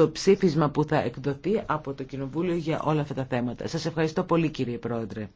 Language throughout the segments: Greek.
Το ψήφισμα που θα εκδοθεί από το Κοινοβούλιο για όλα αυτά τα θέματα. Σας ευχαριστώ πολύ κύριε Πρόεδρε.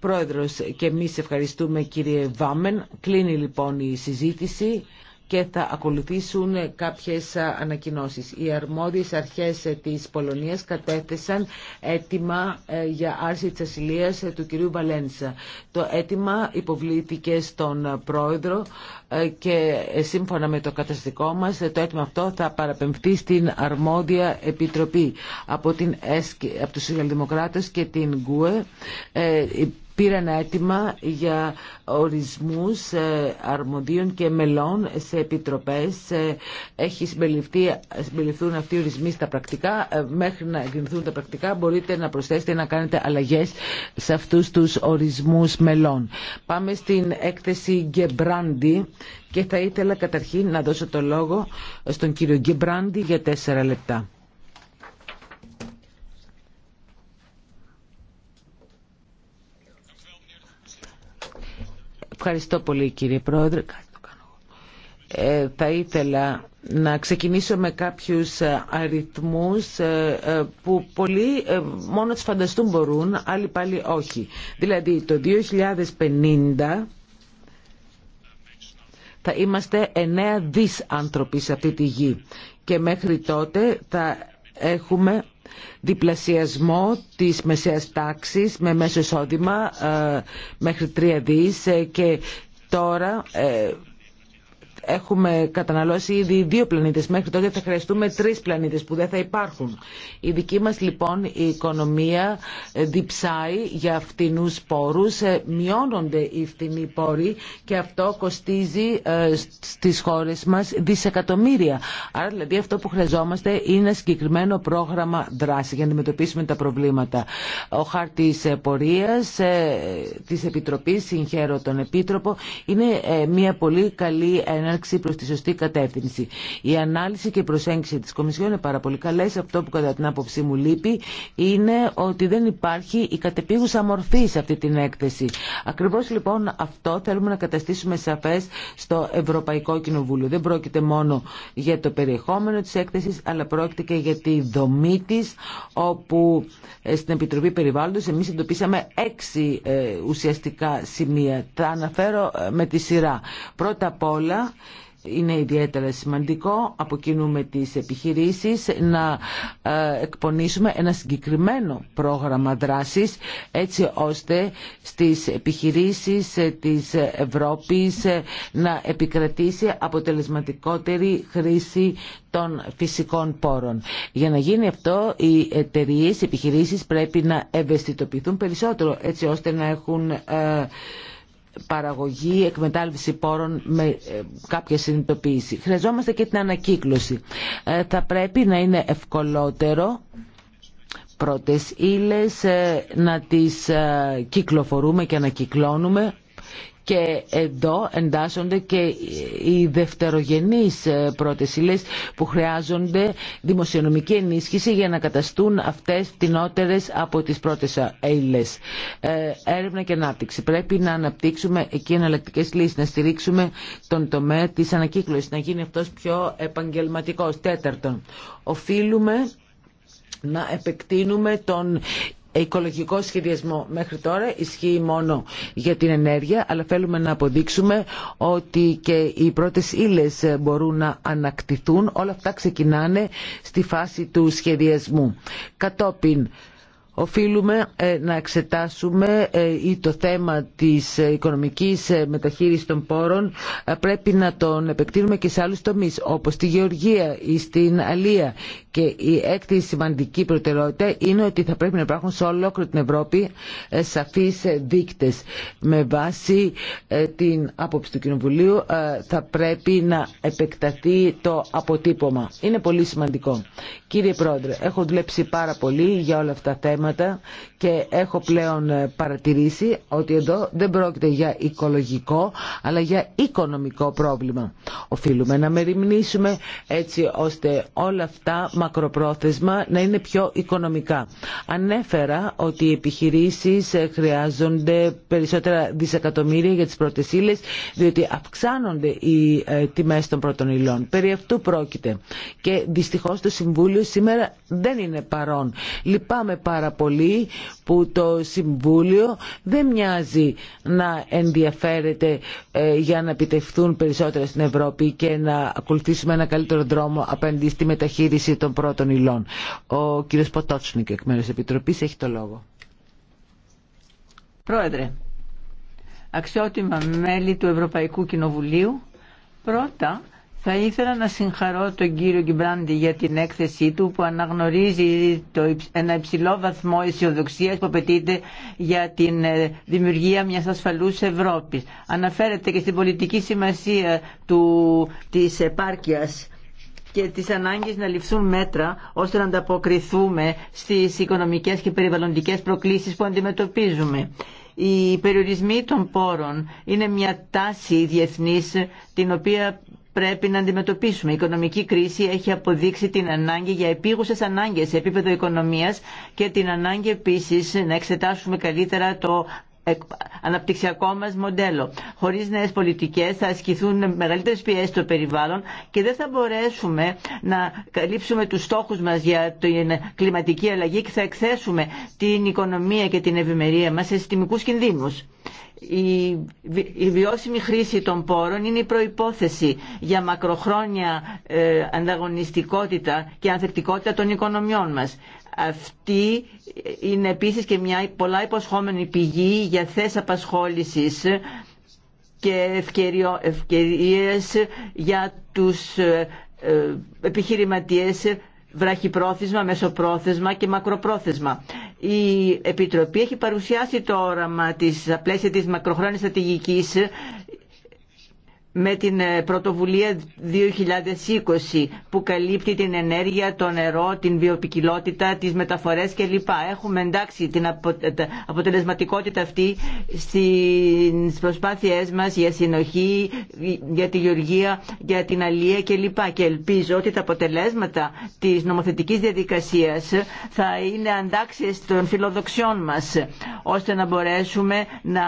Πρόεδρος και εμείς ευχαριστούμε κύριε Βάμεν. Κλείνει λοιπόν η συζήτηση και θα ακολουθήσουν κάποιες ανακοινώσεις. Οι αρμόδιες αρχές της Πολωνίας κατέθεσαν αίτημα ε, για άρση της ασυλίας ε, του κυρίου Βαλένσα. Το αίτημα υποβλήθηκε στον πρόεδρο ε, και σύμφωνα με το καταστικό μας το αίτημα αυτό θα παραπεμφθεί στην αρμόδια επιτροπή από, την, από τους Σοσιαλδημοκράτες και την ΓΚΟΕ πήραν αίτημα για ορισμούς ε, αρμοδίων και μελών σε επιτροπές. Ε, έχει συμπεριληφθούν αυτοί οι ορισμοί στα πρακτικά. Ε, μέχρι να εγκρινθούν τα πρακτικά μπορείτε να προσθέσετε να κάνετε αλλαγές σε αυτούς τους ορισμούς μελών. Πάμε στην έκθεση Γκεμπράντι και θα ήθελα καταρχήν να δώσω το λόγο στον κύριο Γκεμπράντι για τέσσερα λεπτά. Ευχαριστώ πολύ κύριε Πρόεδρε. Ε, θα ήθελα να ξεκινήσω με κάποιους ε, αριθμούς ε, ε, που πολλοί μόνο τους φανταστούν μπορούν, άλλοι πάλι όχι. Δηλαδή το 2050 θα είμαστε εννέα δις άνθρωποι σε αυτή τη γη και μέχρι τότε θα έχουμε διπλασιασμό της μεσαίας τάξης με μέσο εισόδημα ε, μέχρι 3 δις ε, και τώρα ε, έχουμε καταναλώσει ήδη δύο πλανήτες. Μέχρι τότε θα χρειαστούμε τρεις πλανήτες που δεν θα υπάρχουν. Η δική μας λοιπόν η οικονομία διψάει για φτηνούς πόρους, ε, μειώνονται οι φτηνοί πόροι και αυτό κοστίζει ε, στις χώρες μας δισεκατομμύρια. Άρα δηλαδή αυτό που χρειαζόμαστε είναι ένα συγκεκριμένο πρόγραμμα δράση για να αντιμετωπίσουμε τα προβλήματα. Ο χάρτης ε, πορείας της Επιτροπής, συγχαίρω τον Επίτροπο, είναι μια πολύ καλή τάξη προς τη σωστή κατεύθυνση. Η ανάλυση και η προσέγγιση τη Κομισιόν είναι πάρα πολύ καλέ. Αυτό που κατά την άποψή μου λείπει είναι ότι δεν υπάρχει η κατεπίγουσα μορφή σε αυτή την έκθεση. Ακριβώ λοιπόν αυτό θέλουμε να καταστήσουμε σαφέ στο Ευρωπαϊκό Κοινοβούλιο. Δεν πρόκειται μόνο για το περιεχόμενο τη έκθεση, αλλά πρόκειται και για τη δομή τη, όπου ε, στην Επιτροπή περιβάλλοντο, εμεί εντοπίσαμε έξι ε, ουσιαστικά σημεία. Τα αναφέρω ε, με τη σειρά. Πρώτα απ' όλα είναι ιδιαίτερα σημαντικό από κοινού με τις επιχειρήσεις να ε, εκπονήσουμε ένα συγκεκριμένο πρόγραμμα δράσης έτσι ώστε στις επιχειρήσεις της Ευρώπης να επικρατήσει αποτελεσματικότερη χρήση των φυσικών πόρων. Για να γίνει αυτό οι εταιρείε, οι επιχειρήσεις πρέπει να ευαισθητοποιηθούν περισσότερο έτσι ώστε να έχουν ε, παραγωγή, εκμετάλλευση πόρων με ε, κάποια συνειδητοποίηση. Χρειαζόμαστε και την ανακύκλωση. Ε, θα πρέπει να είναι ευκολότερο πρώτες ύλες ε, να τις κυκλοφορούμε και ανακυκλώνουμε και εδώ εντάσσονται και οι δευτερογενείς ε, πρώτες ύλες που χρειάζονται δημοσιονομική ενίσχυση για να καταστούν αυτές φτηνότερες από τις πρώτες ύλες. Ε, έρευνα και ανάπτυξη. Πρέπει να αναπτύξουμε εκεί εναλλακτικέ λύσεις, να στηρίξουμε τον τομέα της ανακύκλωσης, να γίνει αυτός πιο επαγγελματικός. Τέταρτον, οφείλουμε να επεκτείνουμε τον οικολογικό σχεδιασμό. Μέχρι τώρα ισχύει μόνο για την ενέργεια, αλλά θέλουμε να αποδείξουμε ότι και οι πρώτες ύλες μπορούν να ανακτηθούν. Όλα αυτά ξεκινάνε στη φάση του σχεδιασμού. Κατόπιν, οφείλουμε ε, να εξετάσουμε ε, ή το θέμα της ε, οικονομικής μεταχείρισης των πόρων πρέπει να τον επεκτείνουμε και σε άλλους τομείς όπως τη γεωργία ή στην αλία και η έκτη σημαντική προτεραιότητα είναι ότι θα πρέπει να υπάρχουν σε ολόκληρη την Ευρώπη σαφείς δείκτες με βάση την άποψη του Κοινοβουλίου θα πρέπει να επεκταθεί το αποτύπωμα. Είναι πολύ σημαντικό. Κύριε Πρόεδρε, έχω δουλέψει πάρα πολύ για όλα αυτά τα θέματα και έχω πλέον ε, παρατηρήσει ότι εδώ δεν πρόκειται για οικολογικό αλλά για οικονομικό πρόβλημα. Οφείλουμε να μεριμνήσουμε έτσι ώστε όλα αυτά μακροπρόθεσμα να είναι πιο οικονομικά. Ανέφερα ότι οι επιχειρήσεις ε, χρειάζονται περισσότερα δισεκατομμύρια για τις πρώτες ύλες διότι αυξάνονται οι ε, τιμές των πρώτων υλών. Περί αυτού πρόκειται. Και δυστυχώς το Συμβούλιο σήμερα δεν είναι παρόν. Λυπάμαι πάρα πολύ που το Συμβούλιο δεν μοιάζει να ενδιαφέρεται ε, για να επιτευχθούν περισσότερα στην Ευρώπη και να ακολουθήσουμε ένα καλύτερο δρόμο απέναντι στη μεταχείριση των πρώτων υλών. Ο κ. Ποτότσνικ εκ μέρους Επιτροπής έχει το λόγο. Πρόεδρε, αξιότιμα μέλη του Ευρωπαϊκού Κοινοβουλίου, πρώτα θα ήθελα να συγχαρώ τον κύριο Γκυμπράντη για την έκθεσή του που αναγνωρίζει το, ένα υψηλό βαθμό αισιοδοξία που απαιτείται για την ε, δημιουργία μια ασφαλού Ευρώπη. Αναφέρεται και στην πολιτική σημασία του, της επάρκειας και τις ανάγκες να ληφθούν μέτρα ώστε να ανταποκριθούμε στις οικονομικές και περιβαλλοντικές προκλήσεις που αντιμετωπίζουμε. Οι περιορισμοί των πόρων είναι μια τάση διεθνής την οποία πρέπει να αντιμετωπίσουμε. Η οικονομική κρίση έχει αποδείξει την ανάγκη για επίγουσες ανάγκες σε επίπεδο οικονομία και την ανάγκη επίση να εξετάσουμε καλύτερα το αναπτυξιακό μας μοντέλο. Χωρίς νέες πολιτικές θα ασκηθούν μεγαλύτερες πιέσεις στο περιβάλλον και δεν θα μπορέσουμε να καλύψουμε τους στόχους μας για την κλιματική αλλαγή και θα εκθέσουμε την οικονομία και την ευημερία μας σε συστημικούς κινδύνους η, βιώσιμη χρήση των πόρων είναι η προϋπόθεση για μακροχρόνια ε, ανταγωνιστικότητα και ανθεκτικότητα των οικονομιών μας. Αυτή είναι επίσης και μια πολλά υποσχόμενη πηγή για θέσεις απασχόλησης και ευκαιρίες για τους ε, ε, επιχειρηματίες βραχυπρόθεσμα, μεσοπρόθεσμα και μακροπρόθεσμα. Η Επιτροπή έχει παρουσιάσει το όραμα της στα πλαίσια της μακροχρόνιας στρατηγικής με την ε, πρωτοβουλία 2020 που καλύπτει την ενέργεια, το νερό, την βιοπικιλότητα, τις μεταφορές κλπ. Έχουμε εντάξει την αποτελεσματικότητα αυτή στις προσπάθειές μας για συνοχή, για τη γεωργία, για την και κλπ. Και ελπίζω ότι τα αποτελέσματα της νομοθετικής διαδικασίας θα είναι αντάξεις των φιλοδοξιών μας ώστε να μπορέσουμε να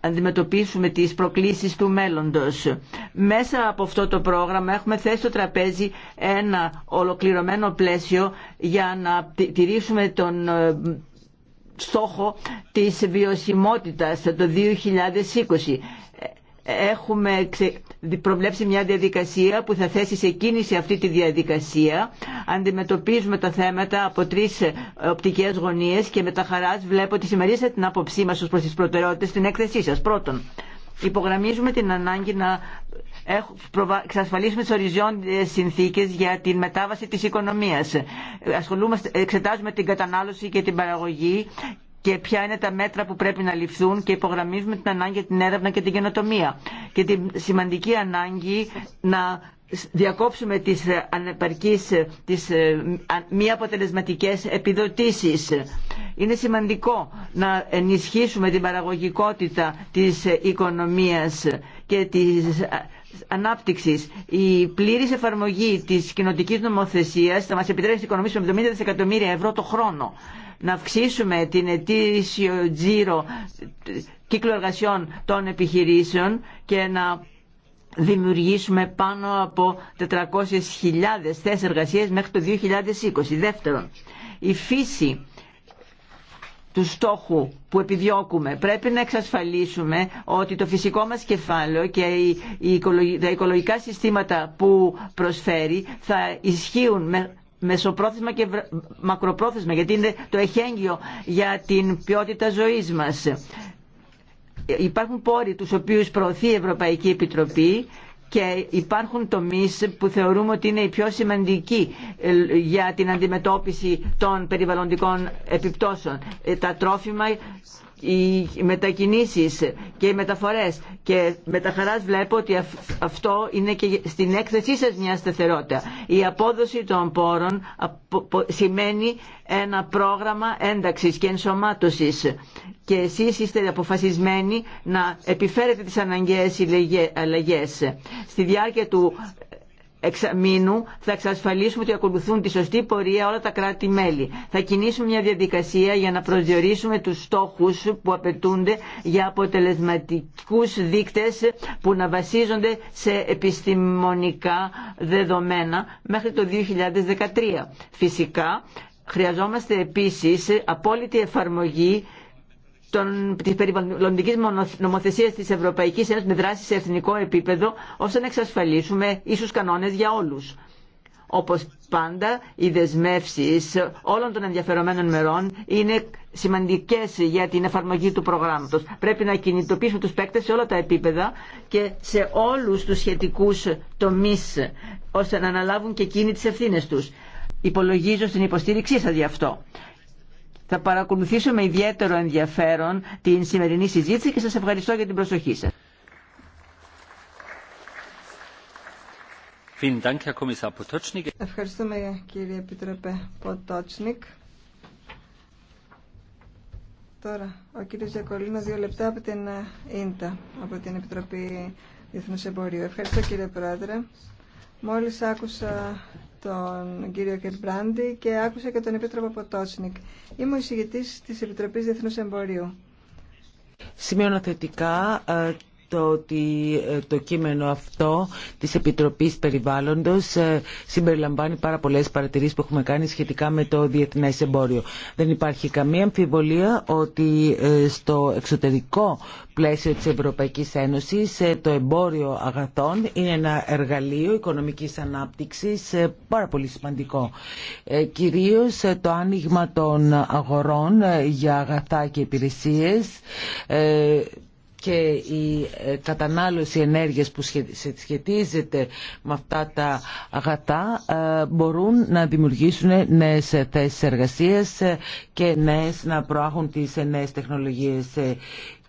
αντιμετωπίσουμε τις προκλήσεις του μέλλοντος μέσα από αυτό το πρόγραμμα έχουμε θέσει στο τραπέζι ένα ολοκληρωμένο πλαίσιο για να τηρήσουμε τον ε, στόχο της βιωσιμότητας το 2020. Έχουμε προβλέψει μια διαδικασία που θα θέσει σε κίνηση αυτή τη διαδικασία. Αντιμετωπίζουμε τα θέματα από τρεις ε, οπτικές γωνίες και με τα χαράς βλέπω ότι συμμερίζεται την άποψή μα προ τι προτεραιότητε στην έκθεσή σας. Πρώτον, υπογραμμίζουμε την ανάγκη να εξασφαλίσουμε τι οριζόντιε συνθήκε για την μετάβαση τη οικονομία. Εξετάζουμε την κατανάλωση και την παραγωγή και ποια είναι τα μέτρα που πρέπει να ληφθούν και υπογραμμίζουμε την ανάγκη για την έρευνα και την καινοτομία και τη σημαντική ανάγκη να διακόψουμε τις ε, ανεπαρκείς, ε, τις ε, μη αποτελεσματικές επιδοτήσεις. Είναι σημαντικό να ενισχύσουμε την παραγωγικότητα της οικονομίας και της ανάπτυξης. Η πλήρης εφαρμογή της κοινοτικής νομοθεσίας θα μας επιτρέψει να οικονομήσουμε 70 δισεκατομμύρια ευρώ το χρόνο. Να αυξήσουμε την ετήσιο τζίρο κύκλο εργασιών των επιχειρήσεων και να δημιουργήσουμε πάνω από 400.000 θέσεις εργασίας μέχρι το 2020. Δεύτερον, η φύση του στόχου που επιδιώκουμε. Πρέπει να εξασφαλίσουμε ότι το φυσικό μας κεφάλαιο και τα οικολογικά συστήματα που προσφέρει θα ισχύουν μεσοπρόθεσμα και μακροπρόθεσμα γιατί είναι το εχέγγυο για την ποιότητα ζωής μας υπάρχουν πόροι τους οποίους προωθεί η Ευρωπαϊκή Επιτροπή και υπάρχουν τομείς που θεωρούμε ότι είναι οι πιο σημαντικοί ε, για την αντιμετώπιση των περιβαλλοντικών επιπτώσεων. Ε, τα τρόφιμα, οι μετακινήσεις και οι μεταφορές και με τα χαράς βλέπω ότι αυτό είναι και στην έκθεσή σας μια σταθερότητα. Η απόδοση των πόρων σημαίνει ένα πρόγραμμα ένταξης και ενσωμάτωσης και εσείς είστε αποφασισμένοι να επιφέρετε τις αναγκαίες αλλαγές. Στη διάρκεια του εξαμήνου θα εξασφαλίσουμε ότι ακολουθούν τη σωστή πορεία όλα τα κράτη-μέλη. Θα κινήσουμε μια διαδικασία για να προσδιορίσουμε τους στόχους που απαιτούνται για αποτελεσματικούς δείκτες που να βασίζονται σε επιστημονικά δεδομένα μέχρι το 2013. Φυσικά χρειαζόμαστε επίσης απόλυτη εφαρμογή Τη περιβαλλοντική νομοθεσία τη Ευρωπαϊκή Ένωση με δράση σε εθνικό επίπεδο ώστε να εξασφαλίσουμε ίσου κανόνε για όλου. Όπω πάντα, οι δεσμεύσει όλων των ενδιαφερομένων μερών είναι σημαντικέ για την εφαρμογή του προγράμματο. Πρέπει να κινητοποιήσουμε του παίκτε σε όλα τα επίπεδα και σε όλου του σχετικού τομεί, ώστε να αναλάβουν και εκείνοι τι ευθύνε του. Υπολογίζω στην υποστήριξή σα. γι' αυτό. Θα παρακολουθήσω με ιδιαίτερο ενδιαφέρον την σημερινή συζήτηση και σας ευχαριστώ για την προσοχή σας. Ευχαριστούμε κύριε Επιτροπέ Ποτότσνικ. Τώρα, ο κύριος Γιακολίνο, δύο λεπτά από την ΙΝΤΑ, ε, από την Επιτροπή Διεθνούς Εμπορίου. Ευχαριστώ κύριε Πρόεδρε. Μόλις άκουσα τον κύριο Κερμπράντη και άκουσα και τον Επίτροπο Ποτόσνικ. Είμαι ο εισηγητής της Επιτροπής Διεθνούς Εμπορίου. Σημειώνω θετικά ε, ότι ε, το κείμενο αυτό της Επιτροπής Περιβάλλοντος ε, συμπεριλαμβάνει πάρα πολλές παρατηρήσεις που έχουμε κάνει σχετικά με το διεθνές εμπόριο. Δεν υπάρχει καμία αμφιβολία ότι ε, στο εξωτερικό πλαίσιο της Ευρωπαϊκής Ένωσης το εμπόριο αγαθών είναι ένα εργαλείο οικονομικής ανάπτυξης πάρα πολύ σημαντικό. Κυρίως το άνοιγμα των αγορών για αγαθά και υπηρεσίες και η ε, κατανάλωση ενέργειας που σχετίζεται με αυτά τα αγατά ε, μπορούν να δημιουργήσουν νέες θέσεις εργασίας ε, και νέες να προάγουν τις νέες τεχνολογίες.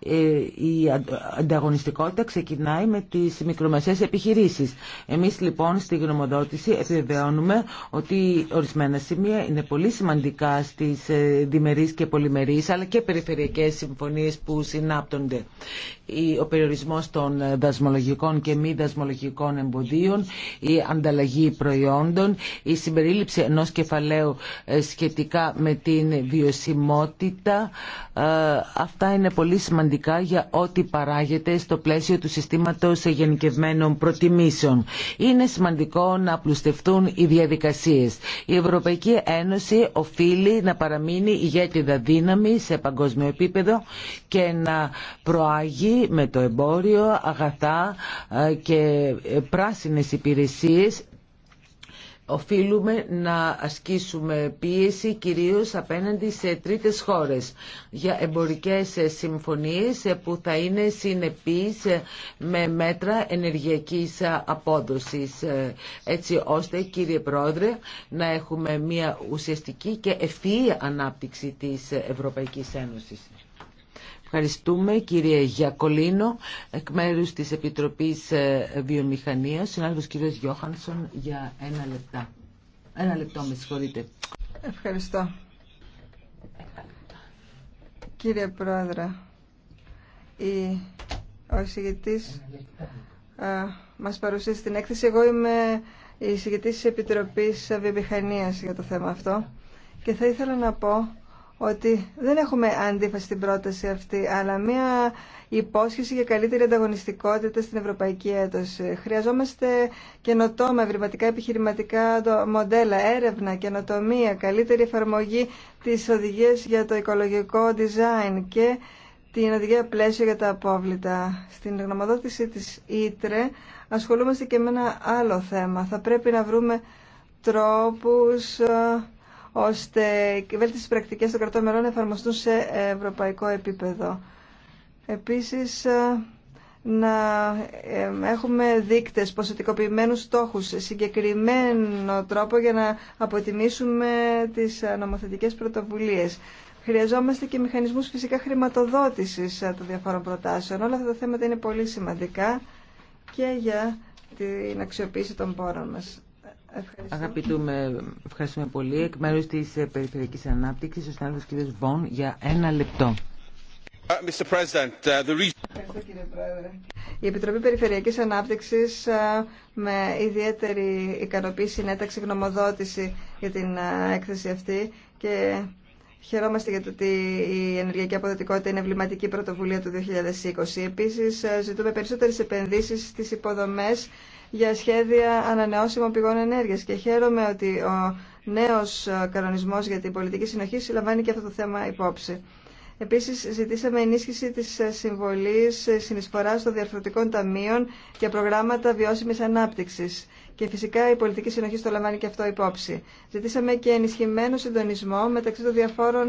Ε, η ανταγωνιστικότητα ξεκινάει με τις μικρομεσαίες επιχειρήσεις. Εμείς λοιπόν στη γνωμοδότηση επιβεβαιώνουμε ότι ορισμένα σημεία είναι πολύ σημαντικά στις ε, διμερείς και πολυμερείς αλλά και περιφερειακές συμφωνίες που συνάπτονται ο περιορισμός των δασμολογικών και μη δασμολογικών εμποδίων, η ανταλλαγή προϊόντων, η συμπερίληψη ενός κεφαλαίου ε, σχετικά με την βιωσιμότητα. Ε, αυτά είναι πολύ σημαντικά για ό,τι παράγεται στο πλαίσιο του συστήματος γενικευμένων προτιμήσεων. Είναι σημαντικό να απλουστευτούν οι διαδικασίες. Η Ευρωπαϊκή Ένωση οφείλει να παραμείνει ηγέτιδα δύναμη σε παγκόσμιο επίπεδο και να προάγει με το εμπόριο, αγαθά ε, και ε, πράσινες υπηρεσίες οφείλουμε να ασκήσουμε πίεση κυρίως απέναντι σε τρίτες χώρες για εμπορικές ε, συμφωνίες που θα είναι συνεπείς με μέτρα ενεργειακής απόδοσης έτσι ώστε κύριε Πρόεδρε να έχουμε μια ουσιαστική και ευφυή ανάπτυξη της Ευρωπαϊκής Ένωσης. Ευχαριστούμε κύριε Γιακολίνο, εκ μέρου τη Επιτροπής ε, Βιομηχανίας, Συνάδελφο κύριο Γιώχανσον για ένα λεπτά. Ένα λεπτό, με συγχωρείτε. Ευχαριστώ. Κύριε Πρόεδρε, η, ο εισηγητή μα ε, μας παρουσίασε την έκθεση. Εγώ είμαι η εισηγητή τη Επιτροπής Βιομηχανίας για το θέμα αυτό και θα ήθελα να πω ότι δεν έχουμε αντίφαση στην πρόταση αυτή, αλλά μία υπόσχεση για καλύτερη ανταγωνιστικότητα στην ευρωπαϊκή Ένωση. Χρειαζόμαστε καινοτόμα ευρηματικά επιχειρηματικά μοντέλα, έρευνα, καινοτομία, καλύτερη εφαρμογή της οδηγίας για το οικολογικό design και την οδηγία πλαίσιο για τα απόβλητα. Στην γνωμοδότηση της ΙΤΡΕ ασχολούμαστε και με ένα άλλο θέμα. Θα πρέπει να βρούμε τρόπους ε, ώστε οι βέλτιστες πρακτικές των κρατών μερών εφαρμοστούν σε ευρωπαϊκό επίπεδο. Επίσης, να έχουμε δείκτες, ποσοτικοποιημένους στόχους, συγκεκριμένο τρόπο για να αποτιμήσουμε τις νομοθετικές πρωτοβουλίες. Χρειαζόμαστε και μηχανισμούς φυσικά χρηματοδότησης ε, των διαφόρων προτάσεων. Όλα αυτά τα θέματα είναι πολύ σημαντικά και για την αξιοποίηση των πόρων μας. Αγαπητούμε, ευχαριστούμε πολύ. Εκ μέρους της ε, Περιφερειακής Ανάπτυξης, ο συνάδελφος κ. Βον για ένα λεπτό. Uh, uh, η Επιτροπή Περιφερειακής Ανάπτυξης ε, με ιδιαίτερη ικανοποίηση συνέταξε γνωμοδότηση για την ε, έκθεση αυτή και Χαιρόμαστε για το ότι η ενεργειακή αποδοτικότητα είναι ευληματική πρωτοβουλία του 2020. Επίσης, ζητούμε περισσότερες επενδύσεις στις υποδομές για σχέδια ανανεώσιμων πηγών ενέργειας και χαίρομαι ότι ο νέος ε, κανονισμός για την πολιτική συνοχή συλλαμβάνει και αυτό το θέμα υπόψη. Επίσης ζητήσαμε ενίσχυση της ε, συμβολής ε, συνεισφοράς των διαρθρωτικών ταμείων για προγράμματα βιώσιμης ανάπτυξης. Και φυσικά η πολιτική συνοχή το λαμβάνει και αυτό υπόψη. Ζητήσαμε και ενισχυμένο συντονισμό μεταξύ των διαφόρων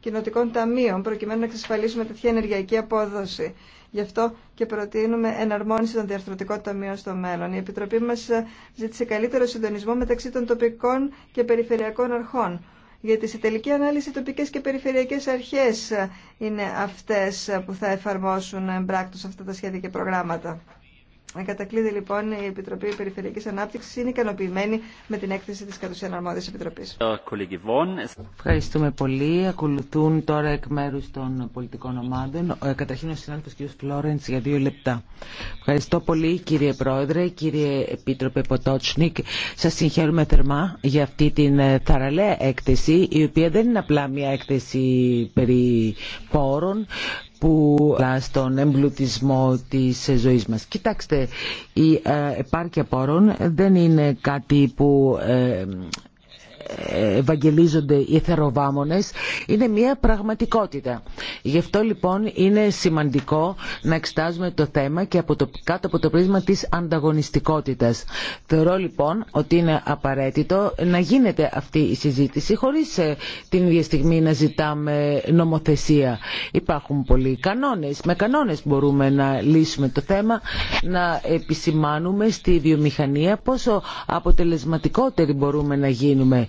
κοινοτικών ταμείων, προκειμένου να εξασφαλίσουμε τέτοια ενεργειακή απόδοση. Γι' αυτό και προτείνουμε εναρμόνιση των διαρθρωτικών ταμείων στο μέλλον. Η Επιτροπή μα ε, ζήτησε καλύτερο συντονισμό μεταξύ των τοπικών και περιφερειακών αρχών. Γιατί σε τελική ανάλυση τοπικέ και περιφερειακέ αρχέ ε, είναι αυτέ ε, που θα εφαρμόσουν εμπράκτω αυτά τα σχέδια και προγράμματα. Αν κατακλείδη λοιπόν η Επιτροπή Περιφερειακής Ανάπτυξης είναι ικανοποιημένη με την έκθεση της κατουσίαν αρμόδιας Επιτροπής. Ε, Ευχαριστούμε πολύ. Ακολουθούν τώρα εκ μέρους των πολιτικών ομάδων. Ε, καταρχήν ο συνάδελφος κ. Φλόρεντς για δύο λεπτά. Ευχαριστώ πολύ κύριε Πρόεδρε, κύριε Επίτροπε Ποτότσνικ. Σας συγχαίρουμε θερμά για αυτή την ε, θαραλέα έκθεση η οποία δεν είναι απλά μια έκθεση περί πόρων που στον εμπλουτισμό της ζωής μας. Κοιτάξτε, η ε, επάρκεια πόρων δεν είναι κάτι που ε, ευαγγελίζονται οι θεροβάμονες είναι μια πραγματικότητα. Γι' αυτό λοιπόν είναι σημαντικό να εξετάζουμε το θέμα και από το, κάτω από το πρίσμα της ανταγωνιστικότητας. Θεωρώ λοιπόν ότι είναι απαραίτητο να γίνεται αυτή η συζήτηση χωρίς ε, την ίδια στιγμή να ζητάμε νομοθεσία. Υπάρχουν πολλοί κανόνες. Με κανόνες μπορούμε να λύσουμε το θέμα, να επισημάνουμε στη βιομηχανία πόσο αποτελεσματικότεροι μπορούμε να γίνουμε.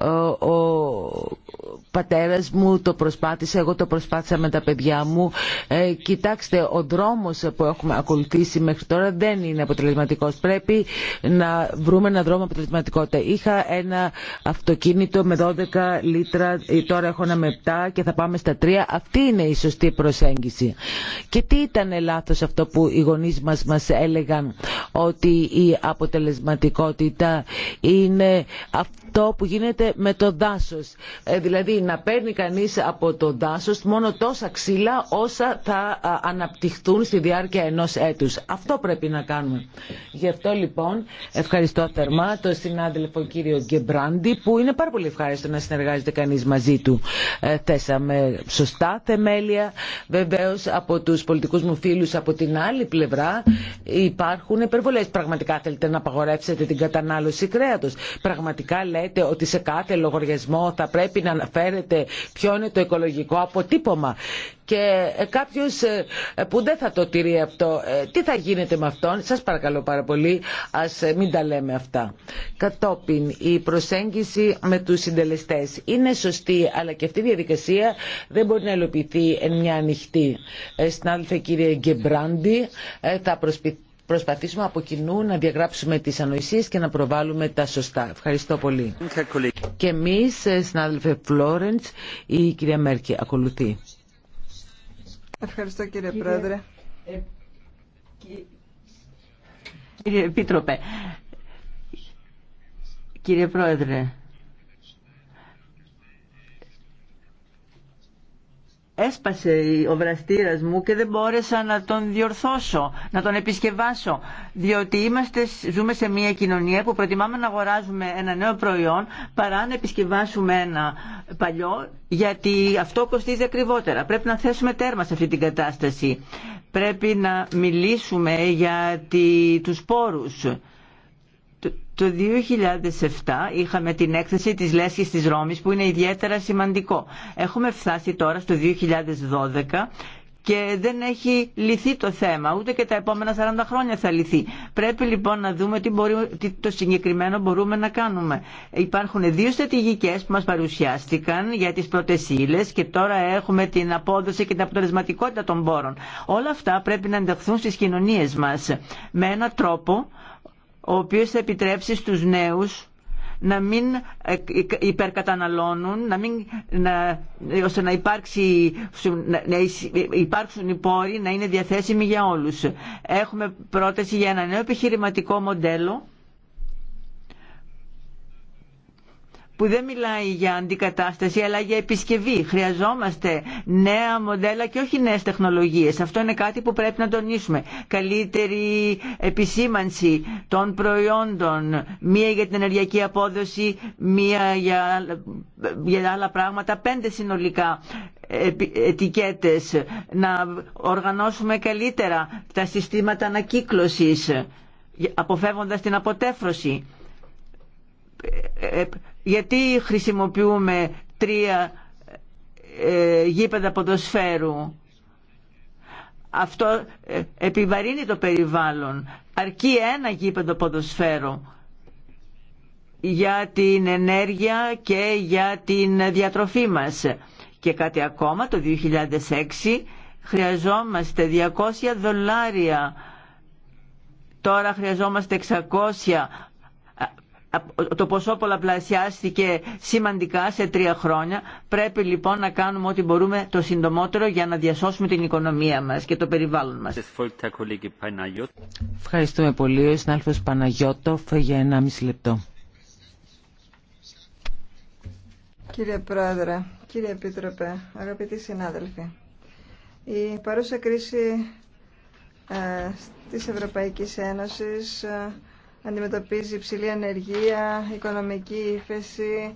Ε, ο πατέρας μου το προσπάθησε, εγώ το προσπάθησα με τα παιδιά μου. Ε, κοιτάξτε, ο δρόμος που έχουμε ακολουθήσει μέχρι τώρα δεν είναι αποτελεσματικός. Πρέπει να βρούμε ένα δρόμο αποτελεσματικότητα. Είχα ένα αυτοκίνητο με 12 λίτρα, ε, τώρα έχω ένα με 7 και θα πάμε στα 3. Αυτή είναι η σωστή προσέγγιση. Και τι ήταν λάθος αυτό που οι γονείς μας μας έλεγαν, ότι η αποτελεσματικότητα είναι αυτό που γίνεται με το δάσος. Ε, δηλαδή να παίρνει κανείς από το δάσος μόνο τόσα ξύλα όσα θα αναπτυχθούν στη διάρκεια ενός έτους. Αυτό πρέπει να κάνουμε. Γι' αυτό λοιπόν ευχαριστώ θερμά τον συνάδελφο κύριο Γκεμπράντι που είναι πάρα πολύ ευχάριστο να συνεργάζεται κανείς μαζί του. Ε, θέσαμε σωστά θεμέλια. Βεβαίως από τους πολιτικούς μου φίλους από την άλλη πλευρά υπάρχουν υπερβολές. Πραγματικά θέλετε να απαγορεύσετε την κατανάλωση κρέατος. Πραγματικά λέτε ότι σε κάθε κάθε λογαριασμό θα πρέπει να αναφέρεται ποιο είναι το οικολογικό αποτύπωμα. Και ε, κάποιο ε, που δεν θα το τηρεί αυτό, ε, τι θα γίνεται με αυτόν, σα παρακαλώ πάρα πολύ, α μην τα λέμε αυτά. Κατόπιν, η προσέγγιση με του συντελεστέ είναι σωστή, αλλά και αυτή η διαδικασία δεν μπορεί να ελοπιθεί εν μια ανοιχτή. Στην Συνάδελφε κύριε Γκεμπράντι, θα προσπιθεί προσπαθήσουμε από κοινού να διαγράψουμε τις ανοησίε και να προβάλλουμε τα σωστά. Ευχαριστώ πολύ. Και εμείς, ε, συνάδελφε Φλόρεντ, η κυρία Μέρκη ακολουθεί. Ευχαριστώ κύριε, Πρόεδρε. Ε, κύριε Επίτροπε, κύριε Πρόεδρε, έσπασε ο βραστήρας μου και δεν μπόρεσα να τον διορθώσω, να τον επισκευάσω. Διότι είμαστε, ζούμε σε μια κοινωνία που προτιμάμε να αγοράζουμε ένα νέο προϊόν παρά να επισκευάσουμε ένα παλιό, γιατί αυτό κοστίζει ακριβότερα. Πρέπει να θέσουμε τέρμα σε αυτή την κατάσταση. Πρέπει να μιλήσουμε για τη, τους πόρους το 2007 είχαμε την έκθεση της Λέσχης της Ρώμης που είναι ιδιαίτερα σημαντικό. Έχουμε φτάσει τώρα στο 2012 και δεν έχει λυθεί το θέμα, ούτε και τα επόμενα 40 χρόνια θα λυθεί. Πρέπει λοιπόν να δούμε τι, το συγκεκριμένο μπορούμε να κάνουμε. Υπάρχουν δύο στρατηγικέ που μας παρουσιάστηκαν για τις πρώτε και τώρα έχουμε την απόδοση και την αποτελεσματικότητα των πόρων. Όλα αυτά πρέπει να ενταχθούν στις κοινωνίες μας με έναν τρόπο ο οποίος θα επιτρέψει στους νέους να μην ε, υπερκαταναλώνουν, να μην, να, ώστε να, υπάρξει, να υπάρξουν οι πόροι να είναι διαθέσιμοι για όλους. Έχουμε πρόταση για ένα νέο επιχειρηματικό μοντέλο που δεν μιλάει για αντικατάσταση αλλά για επισκευή. Χρειαζόμαστε νέα μοντέλα και όχι νέες τεχνολογίες. Αυτό είναι κάτι που πρέπει να τονίσουμε. Καλύτερη επισήμανση των προϊόντων, μία για την ενεργειακή απόδοση, μία για, για άλλα πράγματα, πέντε συνολικά ετικέτες, να οργανώσουμε καλύτερα τα συστήματα ανακύκλωσης, αποφεύγοντας την αποτέφρωση ε, ε, γιατί χρησιμοποιούμε τρία ε, γήπεδα ποδοσφαίρου. Αυτό ε, επιβαρύνει το περιβάλλον. Αρκεί ένα γήπεδο ποδοσφαίρου για την ενέργεια και για την διατροφή μας. Και κάτι ακόμα, το 2006 χρειαζόμαστε 200 δολάρια. Τώρα χρειαζόμαστε 600 το ποσό πολλαπλασιάστηκε σημαντικά σε τρία χρόνια. Πρέπει λοιπόν να κάνουμε ό,τι μπορούμε το συντομότερο για να διασώσουμε την οικονομία μας και το περιβάλλον μας. Ευχαριστούμε πολύ. Ο συνάδελφος Παναγιώτοφ για 1,5 λεπτό. Κύριε Πρόεδρε, κύριε Επίτροπε, αγαπητοί συνάδελφοι, η παρούσα κρίση ε, της Ευρωπαϊκής Ένωσης ε, αντιμετωπίζει υψηλή ανεργία, οικονομική ύφεση,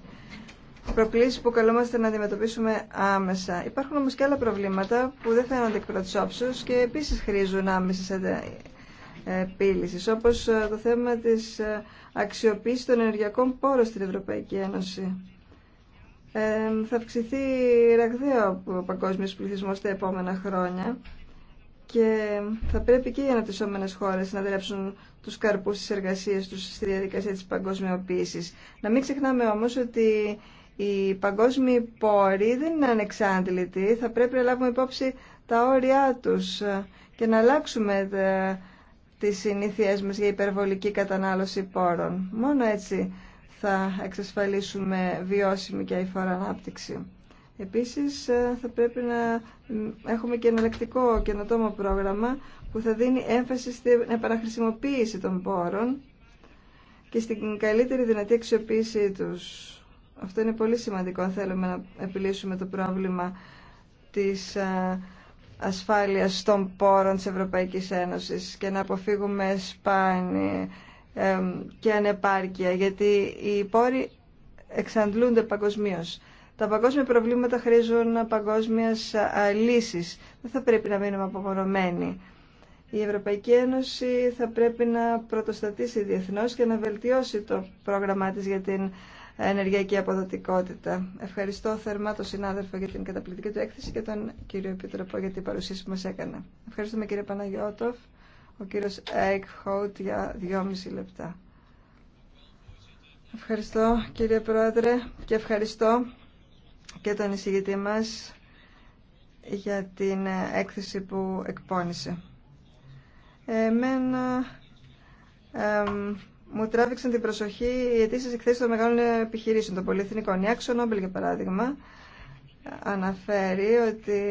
Προκλήσει που καλούμαστε να αντιμετωπίσουμε άμεσα. Υπάρχουν όμω και άλλα προβλήματα που δεν φαίνονται εκ πρώτη όψεω και επίση χρήζουν άμεση ε, επίλυση, Όπω ε, το θέμα τη ε, αξιοποίηση των ενεργειακών πόρων στην Ευρωπαϊκή Ένωση. θα αυξηθεί ραγδαίο ο παγκόσμιο πληθυσμό τα επόμενα χρόνια και θα πρέπει και οι αναπτυσσόμενε χώρε να δρέψουν τους καρπούς της εργασίας τους στη διαδικασία της παγκοσμιοποίησης. Να μην ξεχνάμε όμως ότι οι παγκόσμιοι πόροι δεν είναι ανεξάντλητοι. Θα πρέπει να λάβουμε υπόψη τα όρια τους και να αλλάξουμε τις συνήθειές μας για υπερβολική κατανάλωση πόρων. Μόνο έτσι θα εξασφαλίσουμε βιώσιμη και αηφόρα ανάπτυξη. Επίσης θα πρέπει να έχουμε και εναλλακτικό καινοτόμο πρόγραμμα που θα δίνει έμφαση στην επαναχρησιμοποίηση των πόρων και στην καλύτερη δυνατή αξιοποίησή τους. Αυτό είναι πολύ σημαντικό αν θέλουμε να επιλύσουμε το πρόβλημα της ε, ασφάλειας των πόρων της Ευρωπαϊκής Ένωσης και να αποφύγουμε σπάνι ε, και ανεπάρκεια, γιατί οι πόροι εξαντλούνται παγκοσμίω. Τα παγκόσμια προβλήματα χρήζουν παγκόσμια ε, λύσης. Δεν θα πρέπει να μείνουμε απογορωμένοι η Ευρωπαϊκή Ένωση θα πρέπει να πρωτοστατήσει διεθνώς και να βελτιώσει το πρόγραμμά της για την ενεργειακή αποδοτικότητα. Ευχαριστώ θερμά τον συνάδελφο για την καταπληκτική του έκθεση και τον κύριο Επιτροπό για την παρουσίαση που μας έκανε. Ευχαριστούμε κύριε Παναγιώτοφ, ο κύριος Χόουτ για δυόμιση λεπτά. Ευχαριστώ κύριε Πρόεδρε και ευχαριστώ και τον εισηγητή μας για την έκθεση που εκπώνησε εμένα μου τράβηξαν την προσοχή οι αιτήσει εκθέσει των μεγάλων επιχειρήσεων, των πολυεθνικών. Η Άξο Νόμπελ, για παράδειγμα, αναφέρει ότι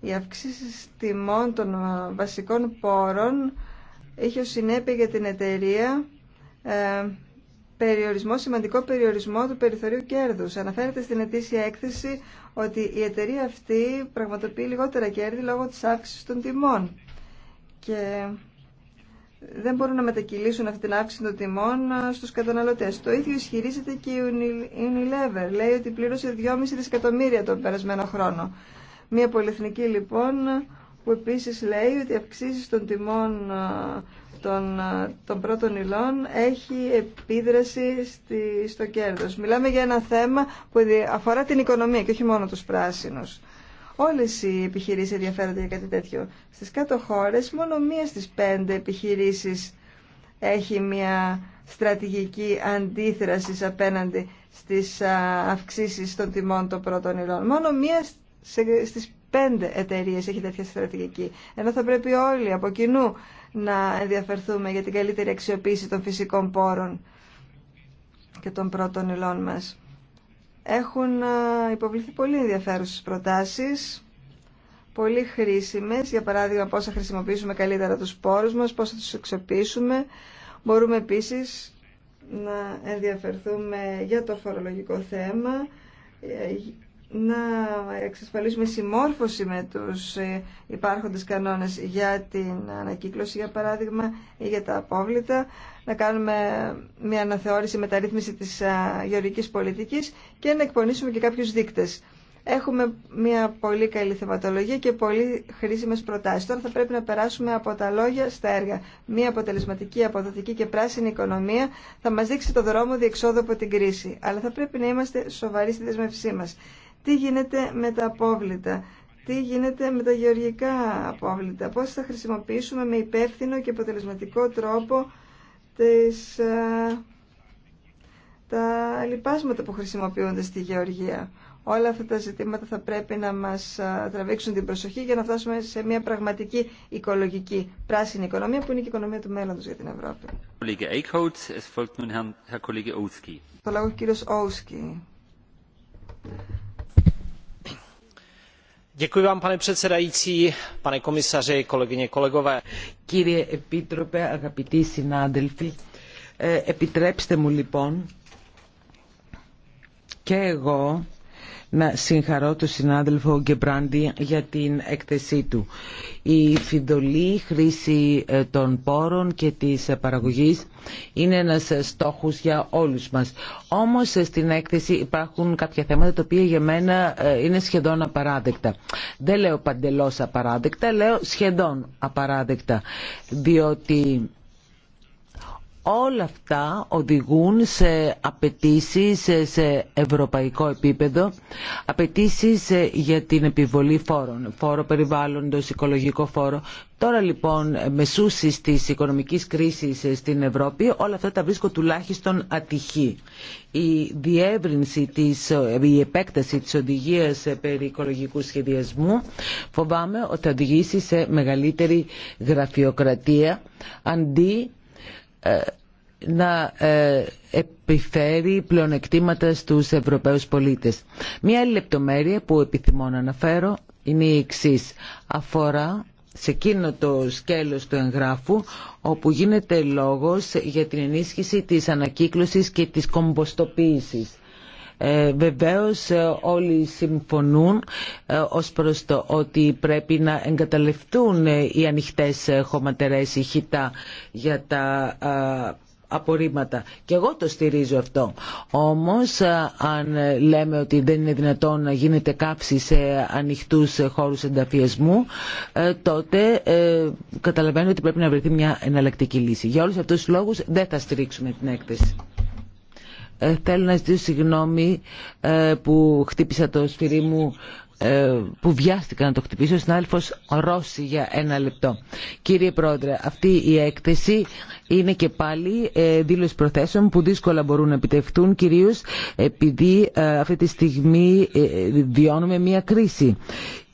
η αυξήσει τιμών των ε, βασικών πόρων είχε ως συνέπεια για την εταιρεία ε, περιορισμό, σημαντικό περιορισμό του περιθωρίου κέρδους. Αναφέρεται στην ετήσια έκθεση ότι η εταιρεία αυτή πραγματοποιεί λιγότερα κέρδη λόγω της αύξησης των τιμών. Και δεν μπορούν να μετακυλήσουν αυτή την αύξηση των τιμών ε, στους καταναλωτές. Το ίδιο ισχυρίζεται και η Unilever. Λέει ότι πλήρωσε 2,5 δισεκατομμύρια τον περασμένο χρόνο. Μια πολυεθνική λοιπόν που επίσης λέει ότι η αυξήσει των τιμών ε, των, ε, των πρώτων υλών έχει επίδραση στη, στο κέρδος. Μιλάμε για ένα θέμα που αφορά την οικονομία και όχι μόνο τους πράσινους. Όλες οι επιχειρήσεις ενδιαφέρονται για κάτι τέτοιο. Στις κάτω μόνο μία στι μόνο μία στι πέντε επιχειρήσεις έχει μία στρατηγική αντίθραση απέναντι στις αυξήσεις των τιμών των πρώτων υλών. Μόνο μία στις πέντε εταιρειε έχει τέτοια στρατηγική. Ενώ θα πρέπει όλοι από κοινού να ενδιαφερθούμε για την καλύτερη αξιοποίηση των φυσικών πόρων και των πρώτων υλών μας. Έχουν ε, υποβληθεί πολύ ενδιαφέρουσες προτάσεις, πολύ χρήσιμες, για παράδειγμα πώς θα χρησιμοποιήσουμε καλύτερα τους σπόρους μας, πώς θα τους εξοπλίσουμε. Μπορούμε επίσης να ενδιαφερθούμε για το φορολογικό θέμα, ε, να εξασφαλίσουμε συμμόρφωση με τους ε, υπάρχοντες κανόνες για την ανακύκλωση για παράδειγμα ή για τα απόβλητα, να κάνουμε μια αναθεώρηση μεταρρύθμιση της ε, γεωργικής πολιτικής και να εκπονήσουμε και κάποιους δείκτες. Έχουμε μια πολύ καλή θεματολογία και πολύ χρήσιμες προτάσεις. Τώρα θα πρέπει να περάσουμε από τα λόγια στα έργα. Μια αποτελεσματική, αποδοτική και πράσινη οικονομία θα μα δείξει το δρόμο διεξόδου από την κρίση. Αλλά θα πρέπει να είμαστε σοβαροί στη δεσμευσή μα τι γίνεται με τα απόβλητα, τι γίνεται με τα γεωργικά απόβλητα, πώς θα χρησιμοποιήσουμε με υπεύθυνο και αποτελεσματικό τρόπο τις, ε, τα λοιπάσματα που χρησιμοποιούνται στη γεωργία. Όλα αυτά τα ζητήματα θα πρέπει να μας ε, τραβήξουν την προσοχή για να φτάσουμε σε μια πραγματική οικολογική πράσινη οικονομία που είναι και η οικονομία του μέλλοντος για την Ευρώπη. Το λόγο κύριος Κύριε Επίτροπε, αγαπητοί συνάδελφοι, ε, επιτρέψτε μου λοιπόν και εγώ να συγχαρώ τον συνάδελφο Γκεμπράντι για την έκθεσή του. Η φιντολή χρήση ε, των πόρων και της ε, παραγωγής είναι ένας ε, στόχος για όλους μας. Όμως στην έκθεση υπάρχουν κάποια θέματα τα οποία για μένα είναι σχεδόν απαράδεκτα. Δεν λέω παντελώς απαράδεκτα, λέω σχεδόν απαράδεκτα, διότι όλα αυτά οδηγούν σε απαιτήσει σε ευρωπαϊκό επίπεδο, απαιτήσει για την επιβολή φόρων, φόρο περιβάλλοντος, οικολογικό φόρο. Τώρα λοιπόν σούσει τη οικονομική κρίση στην Ευρώπη όλα αυτά τα βρίσκω τουλάχιστον ατυχή. Η διεύρυνση, της, η επέκταση τη οδηγία περί οικολογικού σχεδιασμού φοβάμαι ότι θα οδηγήσει σε μεγαλύτερη γραφειοκρατία αντί ε, να ε, επιφέρει πλεονεκτήματα στους Ευρωπαίους πολίτες. Μία άλλη λεπτομέρεια που επιθυμώ να αναφέρω είναι η εξή. Αφορά σε εκείνο το σκέλος του εγγράφου όπου γίνεται λόγος για την ενίσχυση της ανακύκλωσης και της κομποστοποίησης. Ε, βεβαίως ε, όλοι συμφωνούν ε, ως προς το ότι πρέπει να εγκαταλευτούν ε, οι ανοιχτές χωματερές ηχητά για τα απορρίμματα. Και εγώ το στηρίζω αυτό. Όμως αν λέμε ότι δεν είναι δυνατόν να γίνεται κάψη σε ανοιχτούς χώρους ενταφιασμού ε, τότε ε, καταλαβαίνω ότι πρέπει να βρεθεί μια εναλλακτική λύση. Για όλους αυτούς τους λόγους δεν θα στηρίξουμε την έκθεση. Ε, θέλω να ζητήσω συγγνώμη που χτύπησα το σφυρί μου ε, που βιάστηκαν να το χτυπήσει ο συνάδελφος Ρώση για ένα λεπτό. Κύριε Πρόεδρε, αυτή η έκθεση είναι και πάλι ε, δήλωση προθέσεων που δύσκολα μπορούν να επιτευχθούν κυρίως επειδή ε, αυτή τη στιγμή βιώνουμε μια κρίση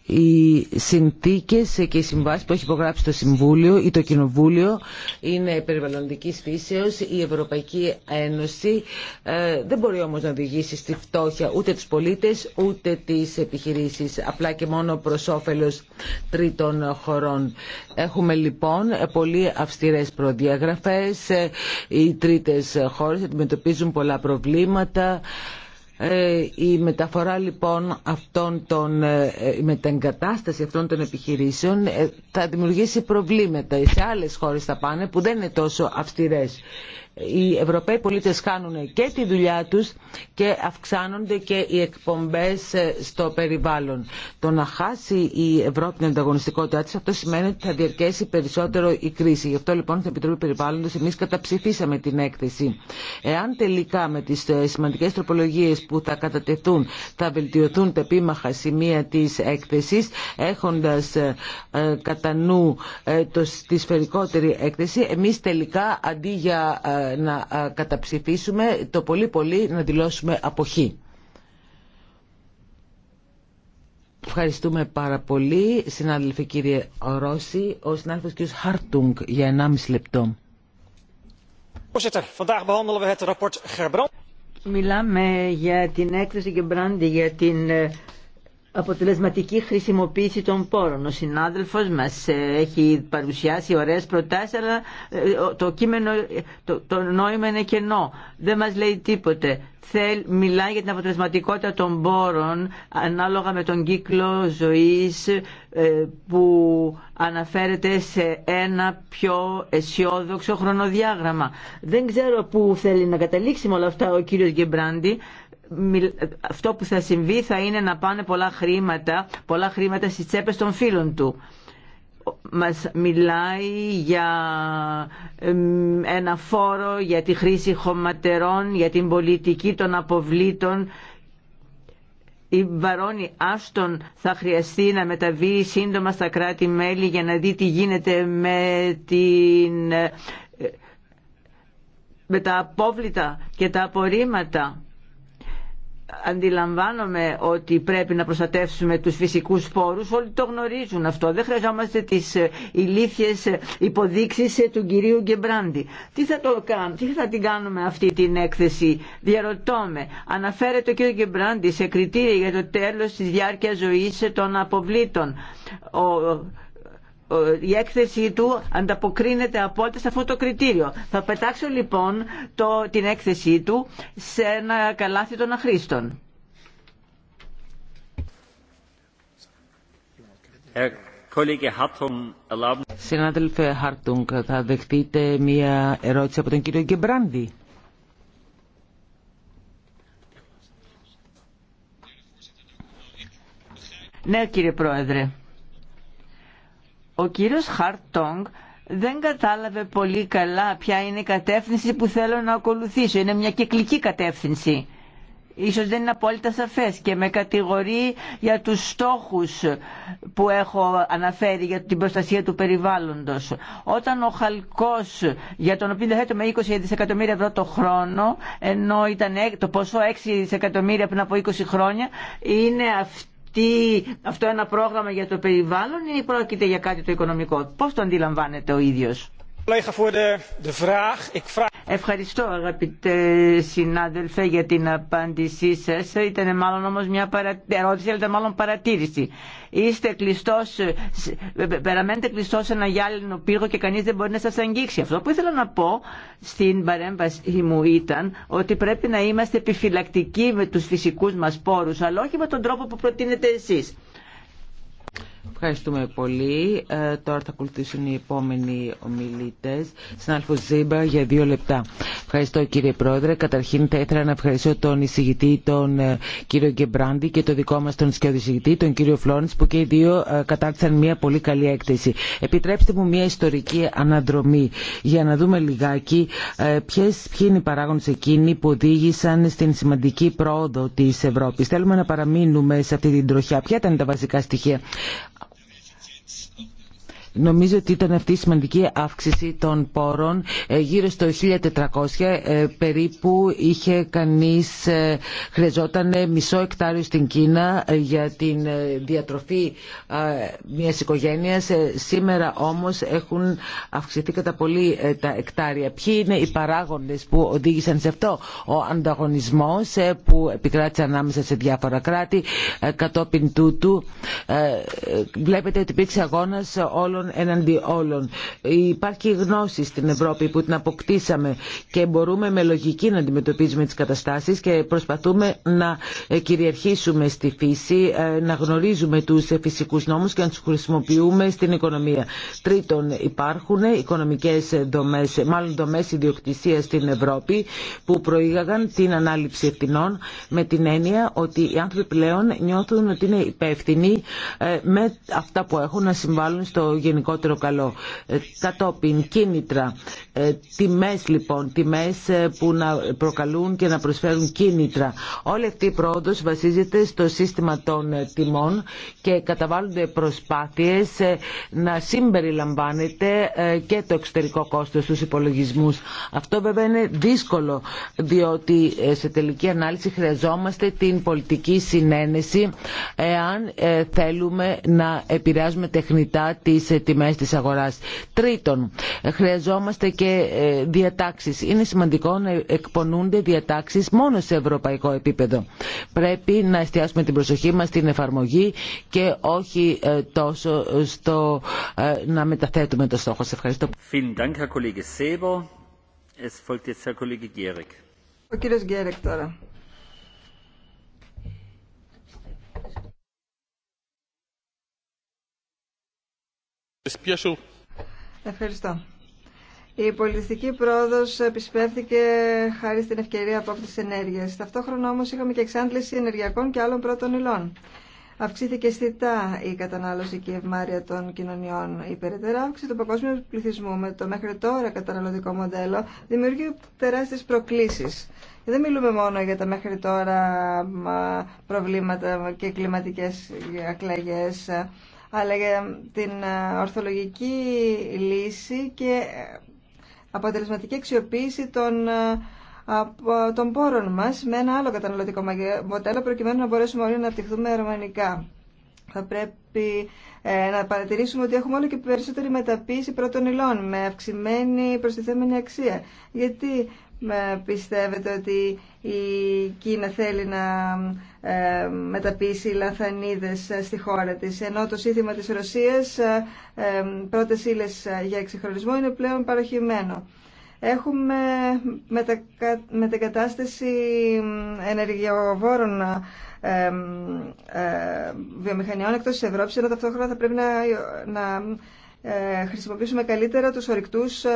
οι συνθήκες και οι συμβάσεις που έχει υπογράψει το Συμβούλιο ή το Κοινοβούλιο είναι περιβαλλοντικής φύσεως. Η Ευρωπαϊκή Ένωση ε, δεν μπορεί όμως να οδηγήσει στη φτώχεια ούτε τους πολίτες ούτε τις επιχειρήσεις, απλά και μόνο προς όφελος τρίτων χωρών. Έχουμε λοιπόν πολύ αυστηρές προδιαγραφές, οι τρίτες χώρε αντιμετωπίζουν πολλά προβλήματα, ε, η μεταφορά λοιπόν αυτών των, ε, ε, η μεταγκατάσταση αυτών των επιχειρήσεων θα δημιουργήσει προβλήματα. Σε άλλες χώρες θα πάνε που δεν είναι τόσο αυστηρές οι Ευρωπαίοι πολίτες κάνουν και τη δουλειά τους και αυξάνονται και οι εκπομπές ε, στο περιβάλλον. Το να χάσει η Ευρώπη την ανταγωνιστικότητά της αυτό σημαίνει ότι θα διαρκέσει περισσότερο η κρίση. Γι' αυτό λοιπόν στην Επιτροπή Περιβάλλοντος εμείς καταψηφίσαμε την έκθεση. Εάν τελικά με τις ε, σημαντικές τροπολογίες που θα κατατεθούν θα βελτιωθούν τα επίμαχα σημεία της έκθεσης έχοντας ε, κατά νου το, τη σφαιρικότερη έκθεση εμείς τελικά αντί για να καταψηφίσουμε, το πολύ πολύ να δηλώσουμε αποχή. Ευχαριστούμε πάρα πολύ, συνάδελφε κύριε Ρώση. Ο συνάδελφος κύριος Χαρτούγκ για 1,5 λεπτό. Μιλάμε για την έκθεση μπράντι για την ε, αποτελεσματική χρησιμοποίηση των πόρων. Ο συνάδελφος μας ε, έχει παρουσιάσει ωραίες προτάσεις, αλλά ε, το κείμενο, ε, το, το νόημα είναι κενό. Δεν μας λέει τίποτε. Θέλ, μιλάει για την αποτελεσματικότητα των πόρων ανάλογα με τον κύκλο ζωής που αναφέρεται σε ένα πιο αισιόδοξο χρονοδιάγραμμα. Δεν ξέρω πού θέλει να καταλήξει με όλα αυτά ο κύριος Γκεμπράντη αυτό που θα συμβεί θα είναι να πάνε πολλά χρήματα, πολλά χρήματα στις τσέπες των φίλων του. Μας μιλάει για ένα φόρο, για τη χρήση χωματερών, για την πολιτική των αποβλήτων. Η Βαρόνη Άστον θα χρειαστεί να μεταβεί σύντομα στα κράτη-μέλη για να δει τι γίνεται με την ε, με τα απόβλητα και τα απορρίμματα αντιλαμβάνομαι ότι πρέπει να προστατεύσουμε τους φυσικούς πόρους, όλοι το γνωρίζουν αυτό. Δεν χρειαζόμαστε τις ε, ηλίθιες ε, υποδείξεις ε, του κυρίου Γκεμπράντη. Τι θα, το, τι θα την κάνουμε αυτή την έκθεση, διαρωτώ με. Αναφέρεται ο κύριο Γκεμπράντη σε κριτήρια για το τέλος της διάρκειας ζωής των αποβλήτων η έκθεσή του ανταποκρίνεται απόλυτα σε αυτό το κριτήριο. Θα πετάξω λοιπόν το, την έκθεσή του σε ένα καλάθι των αχρήστων. Συνάδελφε Χάρτουγκ, θα δεχτείτε μία ερώτηση από τον κύριο Γκεμπράνδη. Ναι, κύριε Πρόεδρε. Ο κύριος Χαρτόγκ δεν κατάλαβε πολύ καλά ποια είναι η κατεύθυνση που θέλω να ακολουθήσω. Είναι μια κυκλική κατεύθυνση. Ίσως δεν είναι απόλυτα σαφές και με κατηγορεί για τους στόχους που έχω αναφέρει για την προστασία του περιβάλλοντος. Όταν ο χαλκός για τον οποίο θέτω με 20 δισεκατομμύρια ευρώ το χρόνο, ενώ ήταν το ποσό 6 δισεκατομμύρια πριν από 20 χρόνια, είναι αυτή αυτή, αυτό ένα πρόγραμμα για το περιβάλλον ή πρόκειται για κάτι το οικονομικό. Πώς το αντιλαμβάνεται ο ίδιος. Ευχαριστώ αγαπητέ συνάδελφε για την απάντησή σας. Ήταν μάλλον όμως μια ερώτηση, αλλά ήταν μάλλον παρατήρηση. Είστε κλειστός, περαμένετε κλειστός σε ένα γυάλινο πύργο και κανείς δεν μπορεί να σας αγγίξει. Αυτό που ήθελα να πω στην παρέμβαση μου ήταν ότι πρέπει να είμαστε επιφυλακτικοί με τους φυσικούς μας πόρους, αλλά όχι με τον τρόπο που προτείνετε εσείς. Ευχαριστούμε πολύ. Ε, τώρα θα ακολουθήσουν οι επόμενοι ομιλητέ. Συνάλφο Ζήμπα για δύο λεπτά. Ευχαριστώ κύριε Πρόεδρε. Καταρχήν θα ήθελα να ευχαριστώ τον εισηγητή, τον ε, κύριο Γκεμπράντη και το δικό μα τον σκιώδη εισηγητή, τον κύριο Φλόρεντ, που και οι δύο ε, κατάρτισαν μια πολύ καλή έκθεση. Επιτρέψτε μου μια ιστορική αναδρομή για να δούμε λιγάκι ε, ποιες, ποιοι είναι οι παράγοντε εκείνοι που οδήγησαν στην σημαντική πρόοδο τη Ευρώπη. Θέλουμε να παραμείνουμε σε αυτή την τροχιά. Ποια ήταν τα βασικά στοιχεία Νομίζω ότι ήταν αυτή η σημαντική αύξηση των πόρων. Ε, γύρω στο 1400 ε, περίπου είχε κανείς, ε, χρειαζόταν μισό εκτάριο στην Κίνα για την διατροφή μιας οικογένειας. Σήμερα όμως έχουν αυξηθεί κατά πολύ τα εκτάρια. Ποιοι είναι οι παράγοντες που οδήγησαν σε αυτό. Ο ανταγωνισμός που επικράτησε ανάμεσα σε διάφορα κράτη κατόπιν τούτου. Βλέπετε ότι υπήρξε αγώνας όλων όλων έναντι όλων. Υπάρχει γνώση στην Ευρώπη που την αποκτήσαμε και μπορούμε με λογική να αντιμετωπίζουμε τις καταστάσεις και προσπαθούμε να ε, κυριαρχήσουμε στη φύση, ε, να γνωρίζουμε τους ε, φυσικούς νόμους και να τους χρησιμοποιούμε στην οικονομία. Τρίτον, υπάρχουν οικονομικές δομές, μάλλον δομές ιδιοκτησία στην Ευρώπη που προήγαγαν την ανάληψη ευθυνών με την έννοια ότι οι άνθρωποι πλέον νιώθουν ότι είναι υπεύθυνοι με αυτά που έχουν να συμβάλλουν στο γενικό γενικότερο καλό. Ε, κατόπιν κίνητρα, ε, τιμέ λοιπόν, τιμές ε, που να προκαλούν και να προσφέρουν κίνητρα. Όλη αυτή η πρόοδο βασίζεται στο σύστημα των τιμών και καταβάλλονται προσπάθειες να συμπεριλαμβάνεται και το εξωτερικό κόστος στου υπολογισμούς. Αυτό βέβαια είναι δύσκολο διότι σε τελική ανάλυση χρειαζόμαστε την πολιτική συνένεση εάν θέλουμε να επηρεάζουμε τεχνητά τις τιμές της αγοράς. Τρίτον, χρειαζόμαστε και ε, διατάξεις. Είναι σημαντικό να εκπονούνται διατάξεις μόνο σε ευρωπαϊκό επίπεδο. Πρέπει να εστιάσουμε την προσοχή μας στην εφαρμογή και όχι ε, τόσο στο ε, να μεταθέτουμε το στόχο. Σε ευχαριστώ. τώρα. Ευχαριστώ. Η πολιτιστική πρόοδο επισπεύθηκε χάρη στην ευκαιρία απόκτηση ενέργεια. Ταυτόχρονα όμω είχαμε και εξάντληση ενεργειακών και άλλων πρώτων υλών. Αυξήθηκε αισθητά η κατανάλωση και η ευμάρεια των κοινωνιών. Η περαιτέρω αύξηση του παγκόσμιου πληθυσμού με το μέχρι τώρα καταναλωτικό μοντέλο δημιουργεί τεράστιε προκλήσει. Δεν μιλούμε μόνο για τα μέχρι τώρα προβλήματα και κλιματικέ ακλαγέ. Ε, αλλά για την ε, ορθολογική λύση και ε, αποτελεσματική αξιοποίηση των, ε, των πόρων μας με ένα άλλο καταναλωτικό μοντέλο προκειμένου να μπορέσουμε όλοι να απτυχθούμε ρωμανικά. Θα πρέπει να παρατηρήσουμε ότι έχουμε όλο και περισσότερη μεταποίηση πρώτων υλών με αυξημένη προστιθέμενη αξία. Γιατί πιστεύετε ότι η Κίνα θέλει να ε, μεταποίηση λαθανίδες ε, στη χώρα της. Ενώ το σύνθημα της Ρωσίας ε, πρώτες ύλε για εξυγχρονισμό είναι πλέον παροχημένο. Έχουμε μετακατάσταση ενεργειοβόρων ε, ε, βιομηχανιών εκτός της Ευρώπης, ενώ ταυτόχρονα θα πρέπει να, να χρησιμοποιήσουμε καλύτερα τους ορυκτούς ε,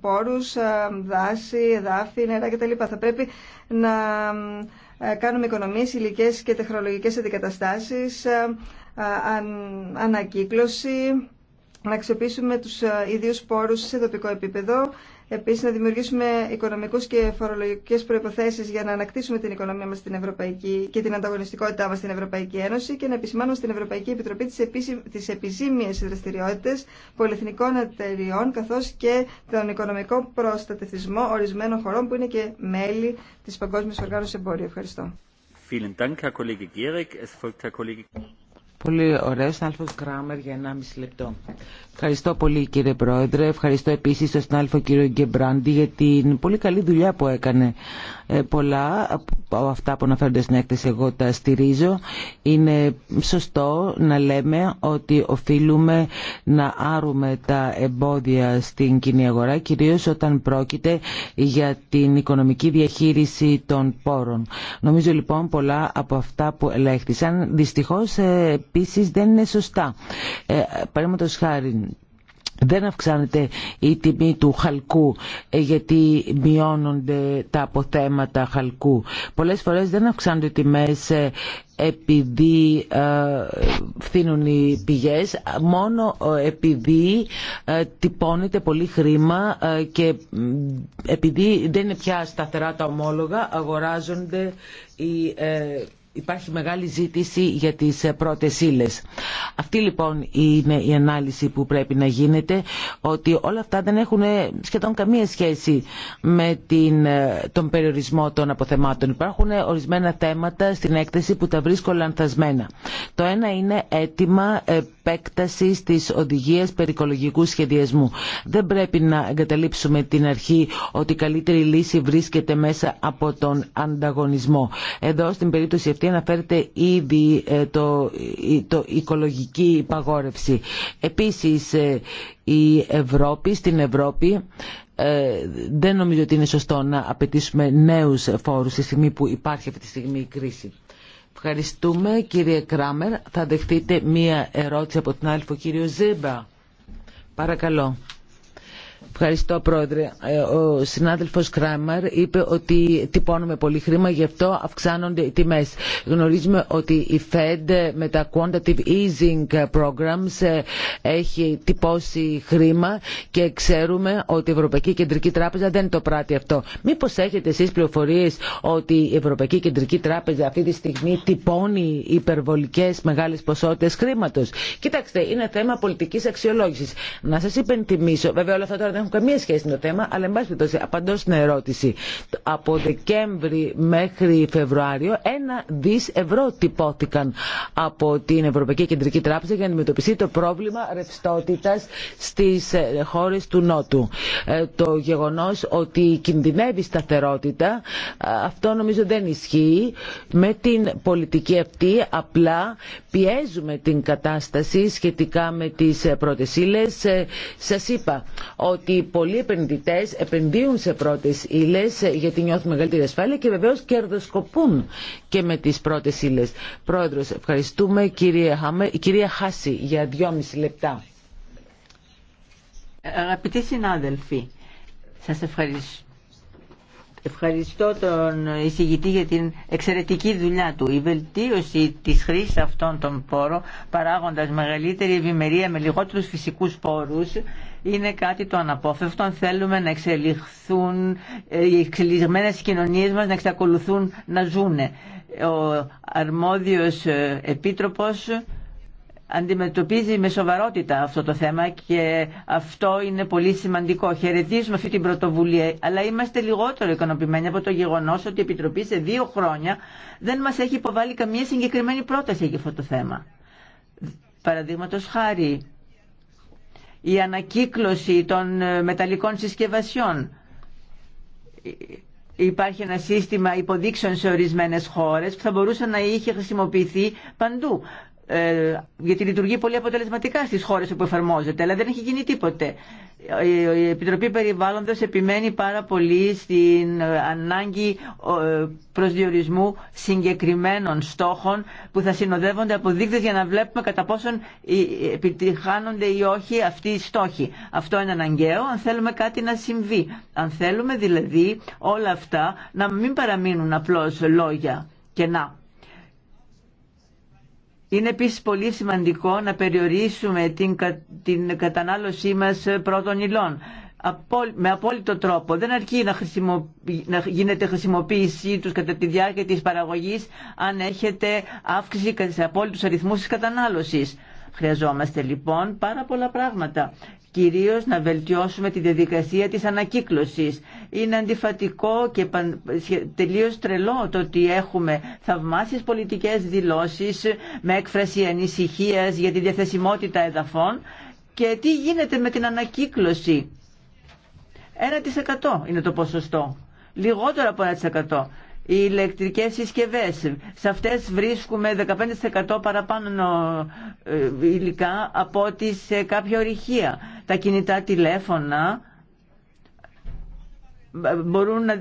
πόρους, δάση, εδάφη, νερά κτλ. Θα πρέπει να ε, κάνουμε οικονομίες, υλικές και τεχνολογικές αντικαταστάσεις, ε, ανακύκλωση, να αξιοποιήσουμε τους ε, ιδίους πόρους σε τοπικό επίπεδο Επίσης να δημιουργήσουμε οικονομικούς και φορολογικές προϋποθέσεις για να ανακτήσουμε την οικονομία μας στην Ευρωπαϊκή και την ανταγωνιστικότητά μας στην Ευρωπαϊκή Ένωση και να επισημάνουμε στην Ευρωπαϊκή Επιτροπή τις, τις επιζήμιες δραστηριότητες πολυεθνικών εταιριών καθώς και τον οικονομικό προστατευτισμό ορισμένων χωρών που είναι και μέλη της Παγκόσμιας Οργάνωσης Εμπορίου. Ευχαριστώ. Πολύ ωραίο, Άλφος Κράμερ για 1,5 λεπτό. Ευχαριστώ πολύ κύριε Πρόεδρε. Ευχαριστώ επίσης τον συνάδελφο κύριο Γκέμπραντι για την πολύ καλή δουλειά που έκανε. Ε, πολλά από αυτά που αναφέρονται στην έκθεση εγώ τα στηρίζω. Είναι σωστό να λέμε ότι οφείλουμε να άρουμε τα εμπόδια στην κοινή αγορά, κυρίως όταν πρόκειται για την οικονομική διαχείριση των πόρων. Νομίζω λοιπόν πολλά από αυτά που ελέγχθησαν δυστυχώς ε, επίσης δεν είναι σωστά. Ε, χάρη δεν αυξάνεται η τιμή του χαλκού ε, γιατί μειώνονται τα αποθέματα χαλκού. Πολλές φορές δεν αυξάνονται οι τιμές ε, επειδή ε, φθήνουν οι πηγές, μόνο επειδή τυπώνεται πολύ χρήμα και επειδή δεν είναι πια σταθερά τα ομόλογα, αγοράζονται οι υπάρχει μεγάλη ζήτηση για τις ε, πρώτες ύλε. Αυτή λοιπόν είναι η ανάλυση που πρέπει να γίνεται ότι όλα αυτά δεν έχουν ε, σχεδόν καμία σχέση με την, ε, τον περιορισμό των αποθεμάτων. Υπάρχουν ορισμένα θέματα στην έκθεση που τα βρίσκω λανθασμένα. Το ένα είναι έτοιμα επέκταση της οδηγίας περικολογικού σχεδιασμού. Δεν πρέπει να εγκαταλείψουμε την αρχή ότι η καλύτερη λύση βρίσκεται μέσα από τον ανταγωνισμό. Εδώ στην περίπτωση αυτή αναφέρεται ήδη ε, το, το οικολογική υπαγόρευση. Επίσης ε, η Ευρώπη, στην Ευρώπη ε, δεν νομίζω ότι είναι σωστό να απαιτήσουμε νέους φόρους στη στιγμή που υπάρχει αυτή τη στιγμή η κρίση. Ευχαριστούμε κύριε Κράμερ. Θα δεχτείτε μία ερώτηση από την άλλη, κύριο Ζήμπα. Παρακαλώ. Ευχαριστώ πρόεδρε. Ε, ο συνάδελφος Κράμαρ είπε ότι τυπώνουμε πολύ χρήμα, γι' αυτό αυξάνονται οι τιμές. Γνωρίζουμε ότι η Fed με τα quantitative easing programs ε, έχει τυπώσει χρήμα και ξέρουμε ότι η Ευρωπαϊκή Κεντρική Τράπεζα δεν το πράττει αυτό. Μήπως έχετε εσείς πληροφορίες ότι η Ευρωπαϊκή Κεντρική Τράπεζα αυτή τη στιγμή τυπώνει υπερβολικές μεγάλες ποσότητες χρήματος. Κοιτάξτε, είναι θέμα πολιτικής αξιολόγησης. Να σας υπενθυμίσω, βέβαια όλα αυτά τώρα δεν έχουν καμία σχέση με το θέμα, αλλά εν πάση περιπτώσει απαντώ στην ερώτηση. Από Δεκέμβρη μέχρι Φεβρουάριο ένα δις ευρώ τυπώθηκαν από την Ευρωπαϊκή Κεντρική Τράπεζα για να αντιμετωπιστεί το πρόβλημα ρευστότητα στις ε, χώρες του Νότου. Ε, το γεγονός ότι κινδυνεύει σταθερότητα, ε, αυτό νομίζω δεν ισχύει. Με την πολιτική αυτή απλά πιέζουμε την κατάσταση σχετικά με τις πρώτε ύλες. Σα είπα ότι ότι πολλοί επενδυτέ επενδύουν σε πρώτε ύλε ε, γιατί νιώθουν μεγαλύτερη ασφάλεια και βεβαίω κερδοσκοπούν και με τι πρώτε ύλε. Πρόεδρο, ευχαριστούμε. Κυρία, κυρία Χάση, για δυόμιση λεπτά. Αγαπητοί συνάδελφοι, σας ευχαριστώ Ευχαριστώ τον εισηγητή για την εξαιρετική δουλειά του. Η βελτίωση της χρήσης αυτών των πόρων, παράγοντας μεγαλύτερη ευημερία με λιγότερους φυσικούς πόρους, είναι κάτι το αναπόφευκτο αν θέλουμε να εξελιχθούν ε, οι εξελιγμένες κοινωνίες μας να εξακολουθούν να ζούνε. Ο αρμόδιος ε, επίτροπος αντιμετωπίζει με σοβαρότητα αυτό το θέμα και αυτό είναι πολύ σημαντικό. Χαιρετίζουμε αυτή την πρωτοβουλία, αλλά είμαστε λιγότερο ικανοποιημένοι από το γεγονό ότι η Επιτροπή σε δύο χρόνια δεν μα έχει υποβάλει καμία συγκεκριμένη πρόταση για αυτό το θέμα. Παραδείγματο χάρη, η ανακύκλωση των ε, μεταλλικών συσκευασιών. Ε, υπάρχει ένα σύστημα υποδείξεων σε ορισμένες χώρες που θα μπορούσε να είχε χρησιμοποιηθεί παντού. Ε, γιατί λειτουργεί πολύ αποτελεσματικά στις χώρες όπου εφαρμόζεται, αλλά δεν έχει γίνει τίποτε. Η Επιτροπή Περιβάλλοντος επιμένει πάρα πολύ στην ανάγκη ε, προσδιορισμού συγκεκριμένων στόχων που θα συνοδεύονται από δείκτες για να βλέπουμε κατά πόσον επιτυχάνονται ή όχι αυτοί οι στόχοι. Αυτό είναι αναγκαίο αν θέλουμε κάτι να συμβεί. Αν θέλουμε δηλαδή όλα αυτά να μην παραμείνουν απλώς λόγια και να είναι επίση πολύ σημαντικό να περιορίσουμε την, την κατανάλωσή μας πρώτων υλών με απόλυτο τρόπο. Δεν αρκεί να, να γίνεται χρησιμοποίησή τους κατά τη διάρκεια της παραγωγής αν έχετε αύξηση σε απόλυτους αριθμούς της κατανάλωσης. Χρειαζόμαστε λοιπόν πάρα πολλά πράγματα κυρίως να βελτιώσουμε τη διαδικασία της ανακύκλωσης. Είναι αντιφατικό και τελείως τρελό το ότι έχουμε θαυμάσεις πολιτικές δηλώσεις με έκφραση ανησυχίας για τη διαθεσιμότητα εδαφών και τι γίνεται με την ανακύκλωση. 1% είναι το ποσοστό. Λιγότερο από 1% οι ηλεκτρικές συσκευές. Σε αυτές βρίσκουμε 15% παραπάνω ε, υλικά από ό,τι σε κάποια ορυχεία. Τα κινητά τηλέφωνα ε, μπορούν να,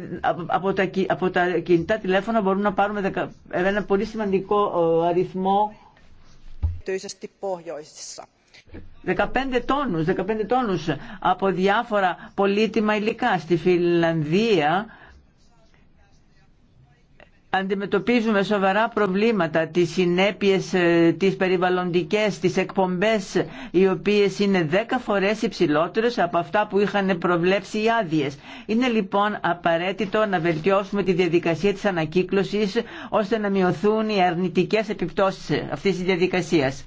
από, τα, από τα κινητά τηλέφωνα μπορούν να πάρουμε ε, ένα πολύ σημαντικό αριθμό 15 τόνους, 15 τόνους από διάφορα πολύτιμα υλικά στη Φιλανδία αντιμετωπίζουμε σοβαρά προβλήματα, τις συνέπειες, ε, τις περιβαλλοντικές, τις εκπομπές, οι οποίες είναι δέκα φορές υψηλότερες από αυτά που είχαν προβλέψει οι άδειε. Είναι λοιπόν απαραίτητο να βελτιώσουμε τη διαδικασία της ανακύκλωσης, ώστε να μειωθούν οι αρνητικές επιπτώσεις αυτής της διαδικασίας.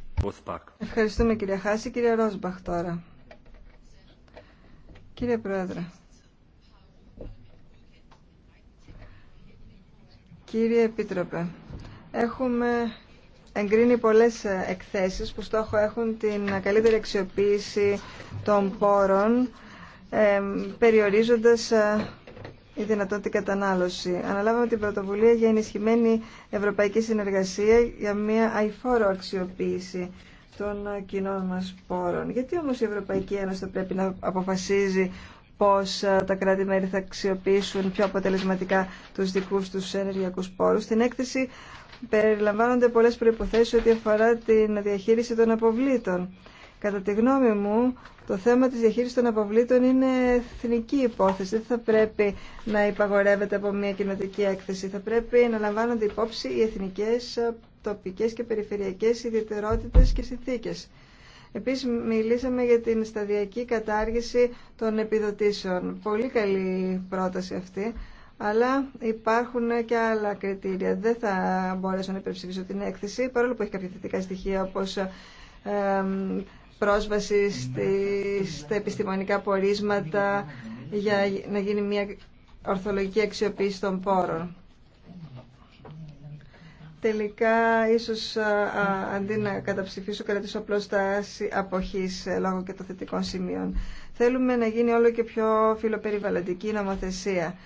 Ευχαριστούμε κύριε Χάση. Κύριε Ρόσμπαχ τώρα. Κύριε Πρόεδρε. Κύριε Επίτροπε, έχουμε εγκρίνει πολλές ε, εκθέσεις που στόχο έχουν την καλύτερη αξιοποίηση των πόρων, ε, περιορίζοντας ε, η δυνατότητα κατανάλωση. Αναλάβαμε την πρωτοβουλία για ενισχυμένη ευρωπαϊκή συνεργασία για μια αιφόρο αξιοποίηση των κοινών μας πόρων. Γιατί όμως η Ευρωπαϊκή Ένωση θα πρέπει να αποφασίζει πώς ε, τα κράτη-μέρη θα αξιοποιήσουν πιο αποτελεσματικά τους δικούς τους ενεργειακούς πόρους. Στην έκθεση περιλαμβάνονται πολλές προϋποθέσεις ό,τι αφορά την διαχείριση των αποβλήτων. Κατά τη γνώμη μου, το θέμα της διαχείρισης των αποβλήτων είναι εθνική υπόθεση. Δεν θα πρέπει να υπαγορεύεται από μια κοινοτική έκθεση. Θα πρέπει να λαμβάνονται υπόψη οι εθνικές, τοπικές και περιφερειακές ιδιαιτερότητες και συνθήκες. Επίσης μιλήσαμε για την σταδιακή κατάργηση των επιδοτήσεων. Πολύ καλή πρόταση αυτή, αλλά υπάρχουν και άλλα κριτήρια. Δεν θα μπορέσω να υπερψηφίσω την έκθεση, παρόλο που έχει κάποια θετικά στοιχεία όπως πρόσβαση στα επιστημονικά πορίσματα για να γίνει μια ορθολογική αξιοποίηση των πόρων τελικά ίσως αντί να καταψηφίσω κρατήσω απλώς τα αποχής ε, λόγω και των θετικών σημείων. Θέλουμε να γίνει όλο και πιο φιλοπεριβαλλοντική νομοθεσία.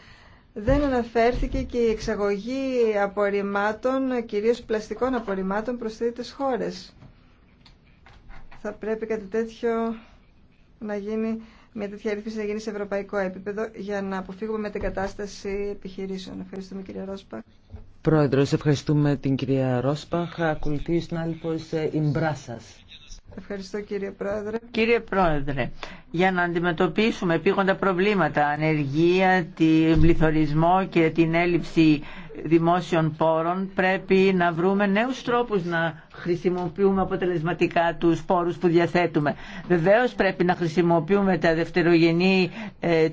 Δεν αναφέρθηκε και η εξαγωγή απορριμμάτων, κυρίως πλαστικών απορριμμάτων προς τρίτες χώρες. Θα πρέπει κάτι τέτοιο να γίνει μια τέτοια ρύθμιση να γίνει σε ευρωπαϊκό επίπεδο για να αποφύγουμε με την κατάσταση επιχειρήσεων. Ευχαριστούμε κυρία Ρόσπαχ. Πρόεδρο, ευχαριστούμε την κυρία Ρόσπαχ. Ακολουθεί ο η ε, μπράσα. Ευχαριστώ κύριε Πρόεδρε. Κύριε Πρόεδρε, για να αντιμετωπίσουμε επίγοντα προβλήματα, ανεργία, την πληθωρισμό και την έλλειψη δημόσιων πόρων πρέπει να βρούμε νέους τρόπους να χρησιμοποιούμε αποτελεσματικά τους πόρους που διαθέτουμε. Βεβαίως πρέπει να χρησιμοποιούμε τα δευτερογενή ε,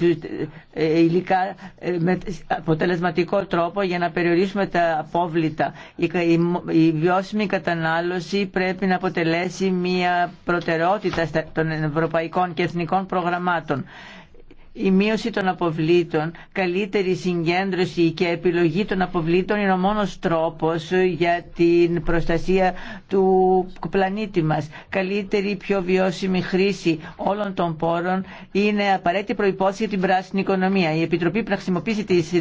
ε, υλικά ε, με αποτελεσματικό τρόπο για να περιορίσουμε τα απόβλητα. Η βιώσιμη κατανάλωση πρέπει να αποτελέσει μια προτεραιότητα των ευρωπαϊκών και εθνικών προγραμμάτων η μείωση των αποβλήτων, καλύτερη συγκέντρωση και επιλογή των αποβλήτων είναι ο μόνος τρόπος για την προστασία του πλανήτη μας. Καλύτερη, πιο βιώσιμη χρήση όλων των πόρων είναι απαραίτητη προϋπόθεση για την πράσινη οικονομία. Η Επιτροπή πρέπει να χρησιμοποιήσει τις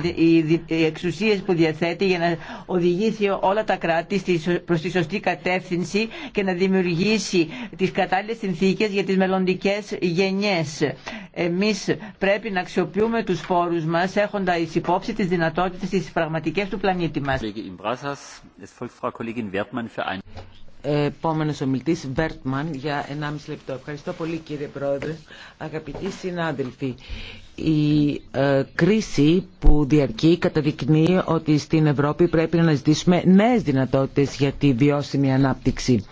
εξουσίες που διαθέτει για να οδηγήσει όλα τα κράτη προς τη σωστή κατεύθυνση και να δημιουργήσει τις κατάλληλες συνθήκες για τις μελλοντικές γενιές πρέπει να αξιοποιούμε τους πόρους μας έχοντας εις υπόψη τις δυνατότητες της πραγματικές του πλανήτη μας. Επόμενος ομιλητής, Βέρτμαν, για 1,5 λεπτό. Ευχαριστώ πολύ κύριε Πρόεδρε. Αγαπητοί συνάδελφοι, η ε, κρίση που διαρκεί καταδεικνύει ότι στην Ευρώπη πρέπει να αναζητήσουμε νέες δυνατότητες για τη βιώσιμη ανάπτυξη.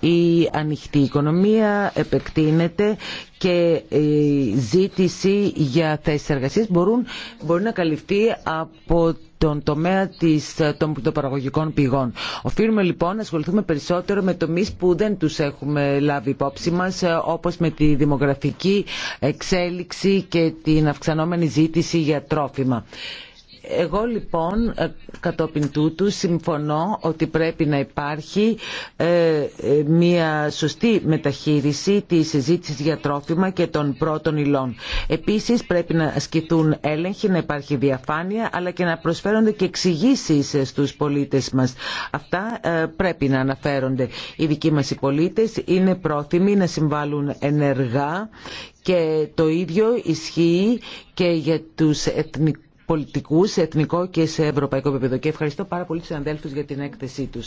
Η ανοιχτή οικονομία επεκτείνεται και η ζήτηση για θέσεις εργασίας μπορούν, μπορεί να καλυφθεί από τον τομέα της, των παραγωγικών πηγών. Οφείλουμε λοιπόν να ασχοληθούμε περισσότερο με τομεί που δεν τους έχουμε λάβει υπόψη μας, ε, όπως με τη δημογραφική εξέλιξη και την αυξανόμενη ζήτηση για τρόφιμα. Εγώ λοιπόν ε, κατόπιν τούτου συμφωνώ ότι πρέπει να υπάρχει ε, ε, μια σωστή μεταχείριση της συζήτηση για τρόφιμα και των πρώτων υλών. Επίσης πρέπει να ασκηθούν έλεγχοι, να υπάρχει διαφάνεια αλλά και να προσφέρονται και εξηγήσει στους πολίτες μας. Αυτά πρέπει να αναφέρονται. Οι δικοί μας οι πολίτες είναι πρόθυμοι να συμβάλλουν ενεργά και το ίδιο ισχύει και για τους εθνικούς πολιτικού σε εθνικό και σε ευρωπαϊκό επίπεδο. Και ευχαριστώ πάρα πολύ του συναδέλφου για την έκθεσή του.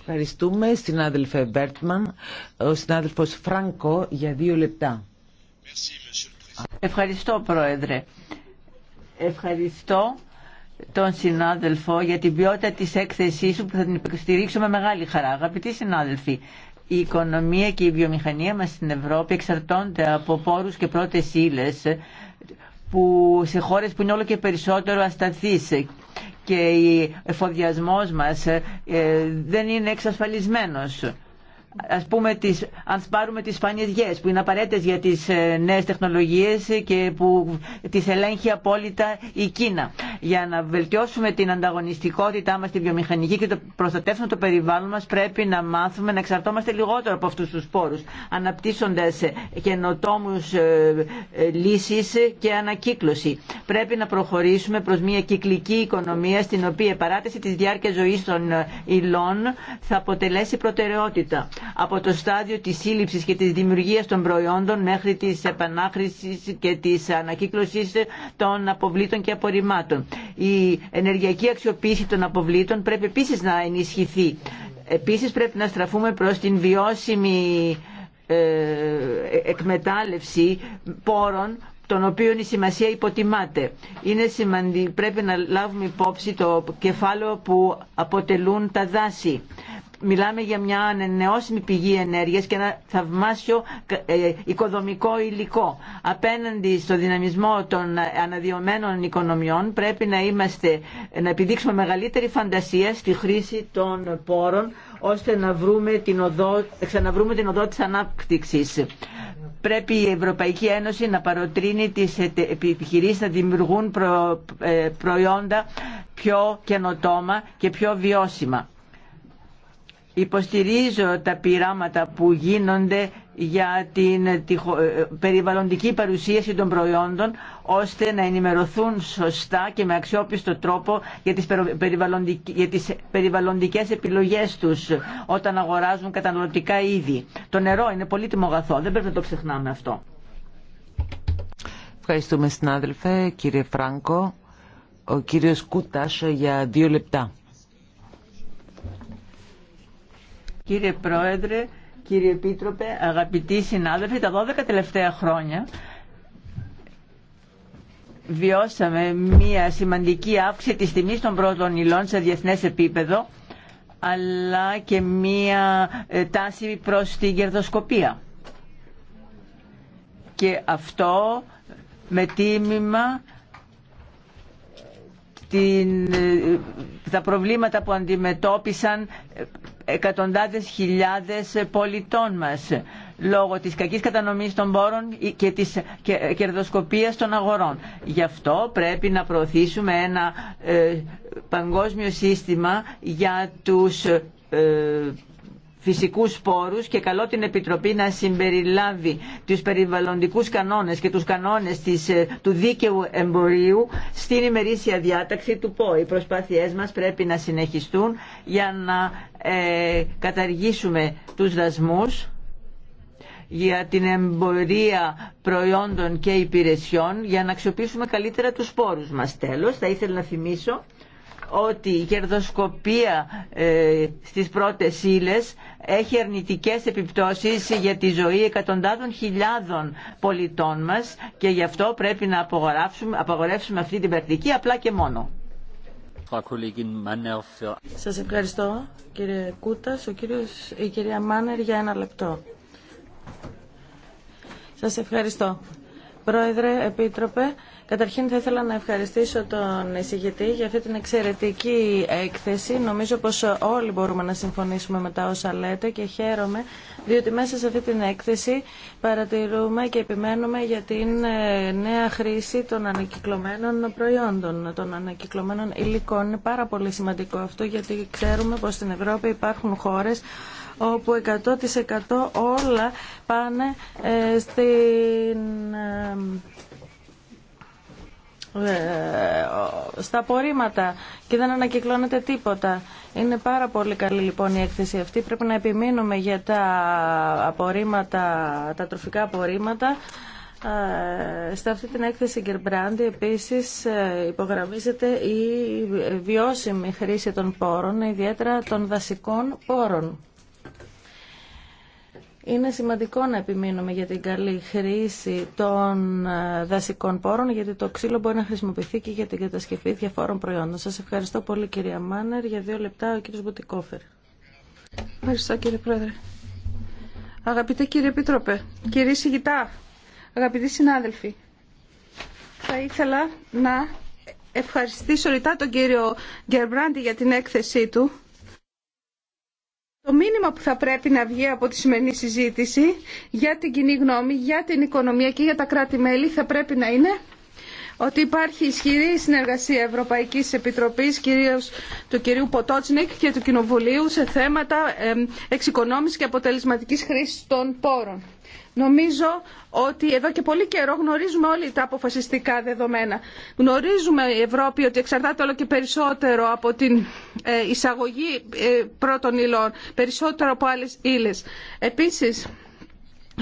Ευχαριστούμε, συνάδελφε Μπέρτμαν. Ο συνάδελφο Φράνκο για δύο λεπτά. Ευχαριστώ, Πρόεδρε. Ευχαριστώ τον συνάδελφο για την ποιότητα της έκθεσή σου που θα την υποστηρίξω με μεγάλη χαρά. Αγαπητοί συνάδελφοι, η οικονομία και η βιομηχανία μας στην Ευρώπη εξαρτώνται από πόρους και πρώτες ύλες που, σε χώρες που είναι όλο και περισσότερο ασταθείς και ο εφοδιασμός μας ε, ε, δεν είναι εξασφαλισμένος ας πούμε, τις, αν πάρουμε τις φανεριές που είναι απαραίτητε για τις ε, νέες τεχνολογίες και που τις ελέγχει απόλυτα η Κίνα. Για να βελτιώσουμε την ανταγωνιστικότητά μας στη βιομηχανική και το προστατεύσουμε το περιβάλλον μας πρέπει να μάθουμε να εξαρτώμαστε λιγότερο από αυτούς τους πόρους αναπτύσσοντας καινοτόμους ε, ε, λύσεις και ανακύκλωση. Πρέπει να προχωρήσουμε προς μια κυκλική οικονομία στην οποία η παράταση της διάρκειας ζωής των υλών θα αποτελέσει προτεραιότητα από το στάδιο της σύλληψης και της δημιουργίας των προϊόντων μέχρι της επανάχρησης και της ανακύκλωσης των αποβλήτων και απορριμμάτων. Η ενεργειακή αξιοποίηση των αποβλήτων πρέπει επίσης να ενισχυθεί. Επίσης πρέπει να στραφούμε προς την βιώσιμη ε, εκμετάλλευση πόρων των οποίων η σημασία υποτιμάται. Είναι πρέπει να λάβουμε υπόψη το κεφάλαιο που αποτελούν τα δάση μιλάμε για μια ανανεώσιμη πηγή ενέργειας και ένα θαυμάσιο ε, οικοδομικό υλικό. Απέναντι στο δυναμισμό των αναδιωμένων οικονομιών πρέπει να, είμαστε, να επιδείξουμε μεγαλύτερη φαντασία στη χρήση των πόρων ώστε να βρούμε την οδό, ξαναβρούμε την οδό της ανάπτυξης. Πρέπει η Ευρωπαϊκή Ένωση να παροτρύνει τις επιχειρήσεις να δημιουργούν ε, προϊόντα πιο καινοτόμα και πιο βιώσιμα Υποστηρίζω τα πειράματα που γίνονται για την ε, περιβαλλοντική παρουσίαση των προϊόντων ώστε να ενημερωθούν σωστά και με αξιόπιστο τρόπο για τις, για περιβαλλοντικές επιλογές τους όταν αγοράζουν καταναλωτικά είδη. Το νερό είναι πολύτιμο αγαθό, δεν πρέπει να το ξεχνάμε αυτό. Ευχαριστούμε συνάδελφε κύριε Φράγκο. Ο κύριος Κούτας για δύο λεπτά. Κύριε Πρόεδρε, κύριε Επίτροπε, αγαπητοί συνάδελφοι, τα 12 τελευταία χρόνια βιώσαμε μια σημαντική αύξηση της τιμής των πρώτων υλών σε διεθνές επίπεδο, αλλά και μια ε, τάση προς την κερδοσκοπία. Και αυτό με τίμημα την, ε, τα προβλήματα που αντιμετώπισαν ε, εκατοντάδες χιλιάδες πολιτών μας λόγω της κακής κατανομής των πόρων και της κερδοσκοπίας των αγορών. Γι' αυτό πρέπει να προωθήσουμε ένα ε, παγκόσμιο σύστημα για τους ε, φυσικούς σπόρους και καλό την Επιτροπή να συμπεριλάβει τους περιβαλλοντικούς κανόνες και τους κανόνες της, ε, του δίκαιου εμπορίου στην ημερήσια διάταξη του ΠΟΗ. Οι προσπάθειές μας πρέπει να συνεχιστούν για να ε, καταργήσουμε τους δασμούς για την εμπορία προϊόντων και υπηρεσιών για να αξιοποιήσουμε καλύτερα τους σπόρους μας. Τέλος, θα ήθελα να θυμίσω ότι η κερδοσκοπία ε, στις πρώτες ύλε έχει αρνητικές επιπτώσεις για τη ζωή εκατοντάδων χιλιάδων πολιτών μας και γι' αυτό πρέπει να απογορεύσουμε, αυτή την πρακτική απλά και μόνο. Σας ευχαριστώ κύριε Κούτας, ο κύριος, η κυρία Μάνερ για ένα λεπτό. Σας ευχαριστώ. Πρόεδρε, Επίτροπε, καταρχήν θα ήθελα να ευχαριστήσω τον εισηγητή για αυτή την εξαιρετική έκθεση. Νομίζω πως όλοι μπορούμε να συμφωνήσουμε με τα όσα λέτε και χαίρομαι διότι μέσα σε αυτή την έκθεση παρατηρούμε και επιμένουμε για την ε, νέα χρήση των ανακυκλωμένων προϊόντων, των ανακυκλωμένων υλικών. Είναι πάρα πολύ σημαντικό αυτό γιατί ξέρουμε πως στην Ευρώπη υπάρχουν χώρες όπου 100% όλα πάνε ε, στην ε, ε, στα απορρίμματα και δεν ανακυκλώνεται τίποτα. Είναι πάρα πολύ καλή λοιπόν η έκθεση αυτή. Πρέπει να επιμείνουμε για τα απορρίμματα, τα τροφικά απορρίμματα. Σε αυτή την έκθεση Γκερμπράντι επίσης υπογραμμίζεται η βιώσιμη χρήση των πόρων, ιδιαίτερα των δασικών πόρων. Είναι σημαντικό να επιμείνουμε για την καλή χρήση των ε, δασικών πόρων, γιατί το ξύλο μπορεί να χρησιμοποιηθεί και για την κατασκευή διαφόρων προϊόντων. Σας ευχαριστώ πολύ κυρία Μάνερ. Για δύο λεπτά ο κύριος Μποτικόφερ. Ευχαριστώ κύριε Πρόεδρε. Αγαπητέ κύριε Επίτροπε, κύριε Συγητά, αγαπητοί συνάδελφοι, θα ήθελα να ευχαριστήσω ρητά τον κύριο Γκέρμπραντι για την έκθεσή του το μήνυμα που θα πρέπει να βγει από τη σημερινή συζήτηση για την κοινή γνώμη, για την οικονομία και για τα κράτη-μέλη θα πρέπει να είναι ότι υπάρχει ισχυρή συνεργασία Ευρωπαϊκής Επιτροπής, κυρίως του κυρίου Ποτότσνικ και του Κοινοβουλίου σε θέματα εξοικονόμησης και αποτελεσματικής χρήσης των πόρων. Νομίζω ότι εδώ και πολύ καιρό γνωρίζουμε όλοι τα αποφασιστικά δεδομένα. Γνωρίζουμε η Ευρώπη ότι εξαρτάται όλο και περισσότερο από την ε, εισαγωγή ε, πρώτων υλών, περισσότερο από άλλες ύλες. Επίσης,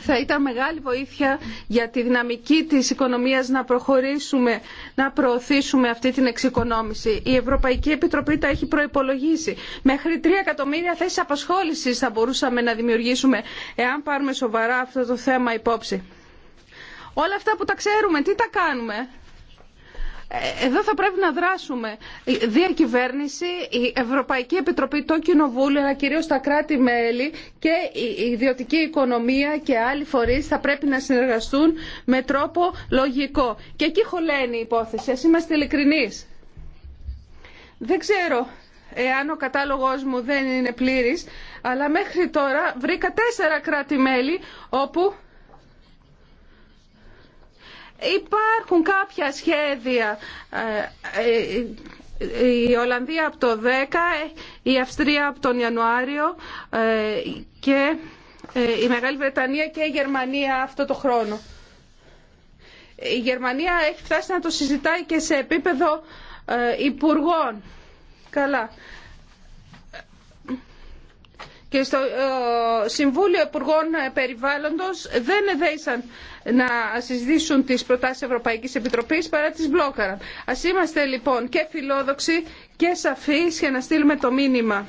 θα ήταν μεγάλη βοήθεια για τη δυναμική της οικονομίας να προχωρήσουμε, να προωθήσουμε αυτή την εξοικονόμηση. Η Ευρωπαϊκή Επιτροπή τα έχει προϋπολογίσει. Μέχρι 3 εκατομμύρια θέσεις απασχόλησης θα μπορούσαμε να δημιουργήσουμε εάν πάρουμε σοβαρά αυτό το θέμα υπόψη. Όλα αυτά που τα ξέρουμε, τι τα κάνουμε. Ε, εδώ θα πρέπει να δράσουμε. Η διακυβέρνηση, η Ευρωπαϊκή Επιτροπή, το Κοινοβούλιο, αλλά κυρίω τα κράτη-μέλη και η ιδιωτική οικονομία και άλλοι φορεί θα πρέπει να συνεργαστούν με τρόπο λογικό. Και εκεί χωλαίνει η υπόθεση. Α είμαστε ειλικρινεί. Δεν ξέρω εάν ο κατάλογος μου δεν είναι πλήρης, αλλά μέχρι τώρα βρήκα τέσσερα κράτη-μέλη όπου Υπάρχουν κάποια σχέδια. Ε, ε, η Ολλανδία από το 10, η Αυστρία από τον Ιανουάριο ε, και η Μεγάλη Βρετανία και η Γερμανία αυτό το χρόνο. Η Γερμανία έχει φτάσει να το συζητάει και σε επίπεδο υπουργών. Καλά. Και στο Συμβούλιο Υπουργών Περιβάλλοντος δεν εδέησαν να συζητήσουν τις προτάσεις Ευρωπαϊκής Επιτροπής παρά τις μπλόκαραν. Ας είμαστε λοιπόν και φιλόδοξοι και σαφείς για να στείλουμε το μήνυμα.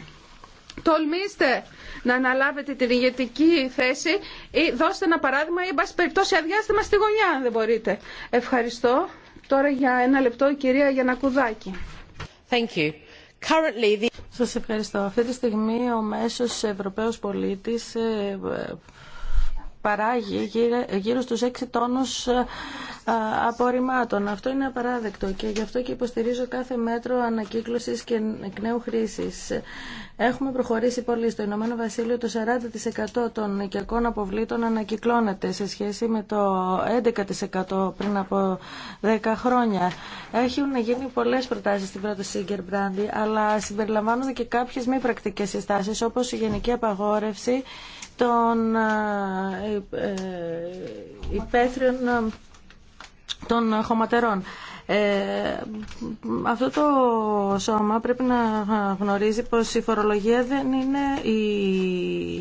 Τολμήστε να αναλάβετε την ηγετική θέση ή δώστε ένα παράδειγμα ή εν περιπτώσει αδειάστε μας στη γωνιά αν δεν μπορείτε. Ευχαριστώ. Τώρα για ένα λεπτό η κυρία Γιανακουδάκη. Thank you. Currently the... Σας ευχαριστώ. Αυτή τη στιγμή ο μέσος Ευρωπαίος πολίτης ε, παράγει γύρω στους 6 τόνους ε, ε, απορριμμάτων. Αυτό είναι απαράδεκτο και γι' αυτό και υποστηρίζω κάθε μέτρο ανακύκλωσης και εκ νέου χρήσης. Έχουμε προχωρήσει πολύ. Στο Ηνωμένο Βασίλειο το 40% των οικιακών αποβλήτων ανακυκλώνεται σε σχέση με το 11% πριν από 10 χρόνια. Έχουν γίνει πολλές προτάσεις στην πρόταση Μπράντι, αλλά συμπεριλαμβάνονται και κάποιες μη πρακτικές συστάσεις όπως η γενική απαγόρευση των ε, ε, υπαίθριων ε, των χωματερών. αυτό το σώμα πρέπει να γνωρίζει πως η φορολογία δεν είναι η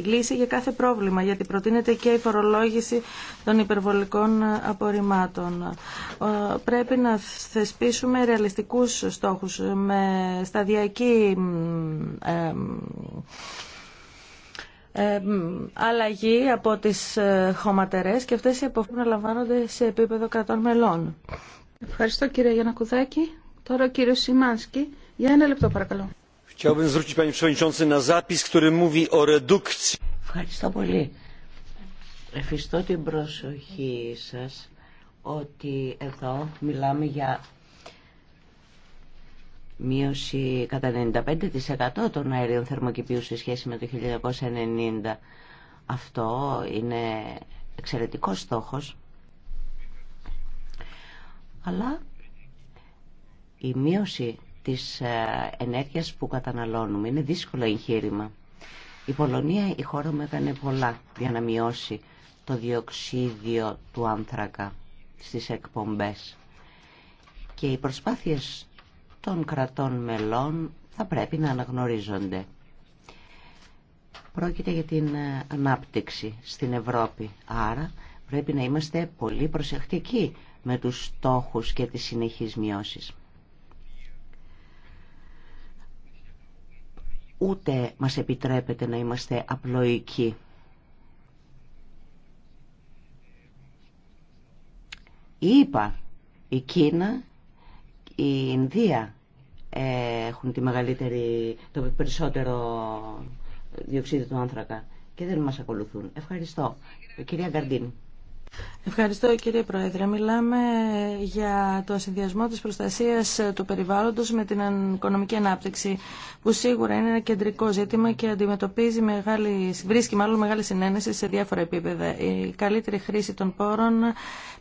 λύση για κάθε πρόβλημα γιατί προτείνεται και η φορολόγηση των υπερβολικών απορριμμάτων. πρέπει να θεσπίσουμε ρεαλιστικούς στόχους με σταδιακή ε, αλλαγή από τις ε, χωματερές και αυτές οι αποφάσεις να λαμβάνονται σε επίπεδο κρατών μελών. Ευχαριστώ κύριε Γιανακουδάκη. Τώρα ο κύριος Σιμάνσκι. Για ένα λεπτό παρακαλώ. Ευχαριστώ πολύ. Ευχαριστώ την προσοχή σας ότι εδώ μιλάμε για μείωση κατά 95% των αερίων θερμοκηπίου σε σχέση με το 1990. Αυτό είναι εξαιρετικός στόχος. Αλλά η μείωση της ε, ενέργειας που καταναλώνουμε είναι δύσκολο εγχείρημα. Η Πολωνία, η χώρα μου έκανε πολλά για να μειώσει το διοξίδιο του άνθρακα στις εκπομπές. Και οι προσπάθειες των κρατών μελών θα πρέπει να αναγνωρίζονται. Πρόκειται για την ε, ανάπτυξη στην Ευρώπη, άρα πρέπει να είμαστε πολύ προσεκτικοί με τους στόχους και τις συνεχείς μειώσεις. Ούτε μας επιτρέπεται να είμαστε απλοϊκοί. Είπα, η Κίνα η Ινδία ε, έχουν τη μεγαλύτερη, το περισσότερο διοξείδιο του άνθρακα και δεν μας ακολουθούν. Ευχαριστώ. Κυρία Γκαρντίν. Ευχαριστώ κύριε Πρόεδρε. Μιλάμε για το συνδυασμό της προστασίας του περιβάλλοντος με την οικονομική ανάπτυξη που σίγουρα είναι ένα κεντρικό ζήτημα και αντιμετωπίζει μεγάλη, βρίσκει μάλλον μεγάλη συνένεση σε διάφορα επίπεδα. Η καλύτερη χρήση των πόρων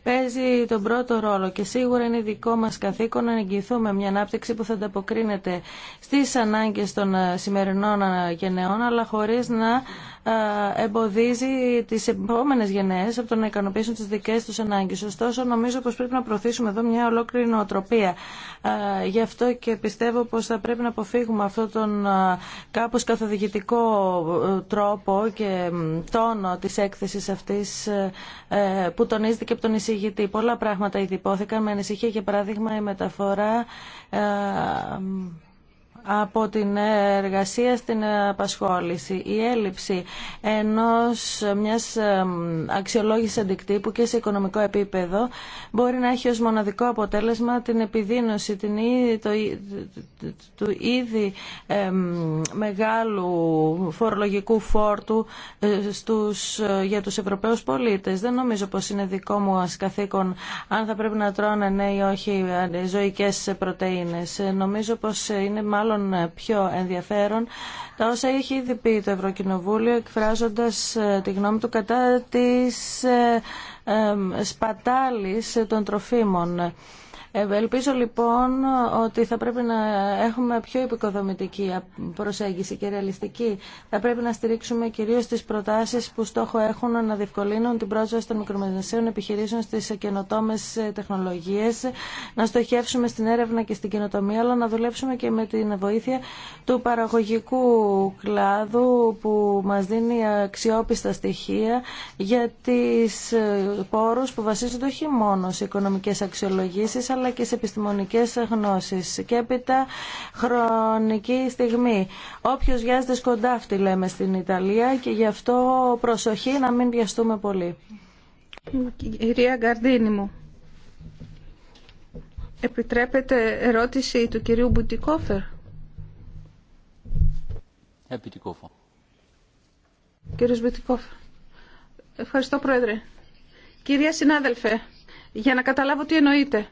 παίζει τον πρώτο ρόλο και σίγουρα είναι δικό μας καθήκον να εγγυηθούμε μια ανάπτυξη που θα ανταποκρίνεται στις ανάγκες των σημερινών γενεών αλλά χωρίς να ε, εμποδίζει τις επόμενες γενναίε από το να ικανοποιήσουν τις δικέ τους ανάγκες. Ωστόσο, νομίζω πως πρέπει να προωθήσουμε εδώ μια ολόκληρη νοοτροπία. Ε, γι' αυτό και πιστεύω πως θα πρέπει να αποφύγουμε αυτόν τον ε, κάπω καθοδηγητικό τρόπο και τόνο της έκθεσης αυτής που τονίζεται και από τον εισηγητή. Πολλά πράγματα ήδη υπόθηκαν. Με ανησυχία, για παράδειγμα, η μεταφορά από την εργασία στην απασχόληση. Η έλλειψη ενός μιας αξιολόγησης αντικτύπου και σε οικονομικό επίπεδο μπορεί να έχει ως μοναδικό αποτέλεσμα την επιδίνωση την ήδη, το, του ήδη μεγάλου φορολογικού φόρτου ε, στους, ε, για τους Ευρωπαίους πολίτες. Δεν νομίζω πως είναι δικό μου καθήκον αν θα πρέπει να τρώνε ναι ή όχι ε, ζωικές πρωτεΐνες. Νομίζω πως είναι μάλλον ε, πιο ενδιαφέρον τα όσα έχει ήδη πει το Ευρωκοινοβούλιο εκφράζοντας ε, τη γνώμη του κατά της ε, σπατάλης των τροφίμων. Ελπίζω λοιπόν ότι θα πρέπει να έχουμε πιο επικοδομητική προσέγγιση και ρεαλιστική. Θα πρέπει να στηρίξουμε κυρίως τις προτάσεις που στόχο έχουν να διευκολύνουν την πρόσβαση των μικρομεσαίων επιχειρήσεων στις καινοτόμες τεχνολογίες, να στοχεύσουμε στην έρευνα και στην καινοτομία, αλλά να δουλέψουμε και με την βοήθεια του παραγωγικού κλάδου που μας δίνει αξιόπιστα στοιχεία για τις πόρους που βασίζονται όχι μόνο σε οικονομικές αξιολογήσεις, αλλά και σε επιστημονικές γνώσεις. Και έπειτα χρονική στιγμή. Όποιος βιάζεται σκοντάφτη λέμε στην Ιταλία και γι' αυτό προσοχή να μην βιαστούμε πολύ. Κυρία Γκαρδίνη μου, επιτρέπετε ερώτηση του κυρίου Μπουτικόφερ. Επιτικόφερ. Κύριος Μπουτικόφερ. Ευχαριστώ Πρόεδρε. Κυρία συνάδελφε, για να καταλάβω τι εννοείτε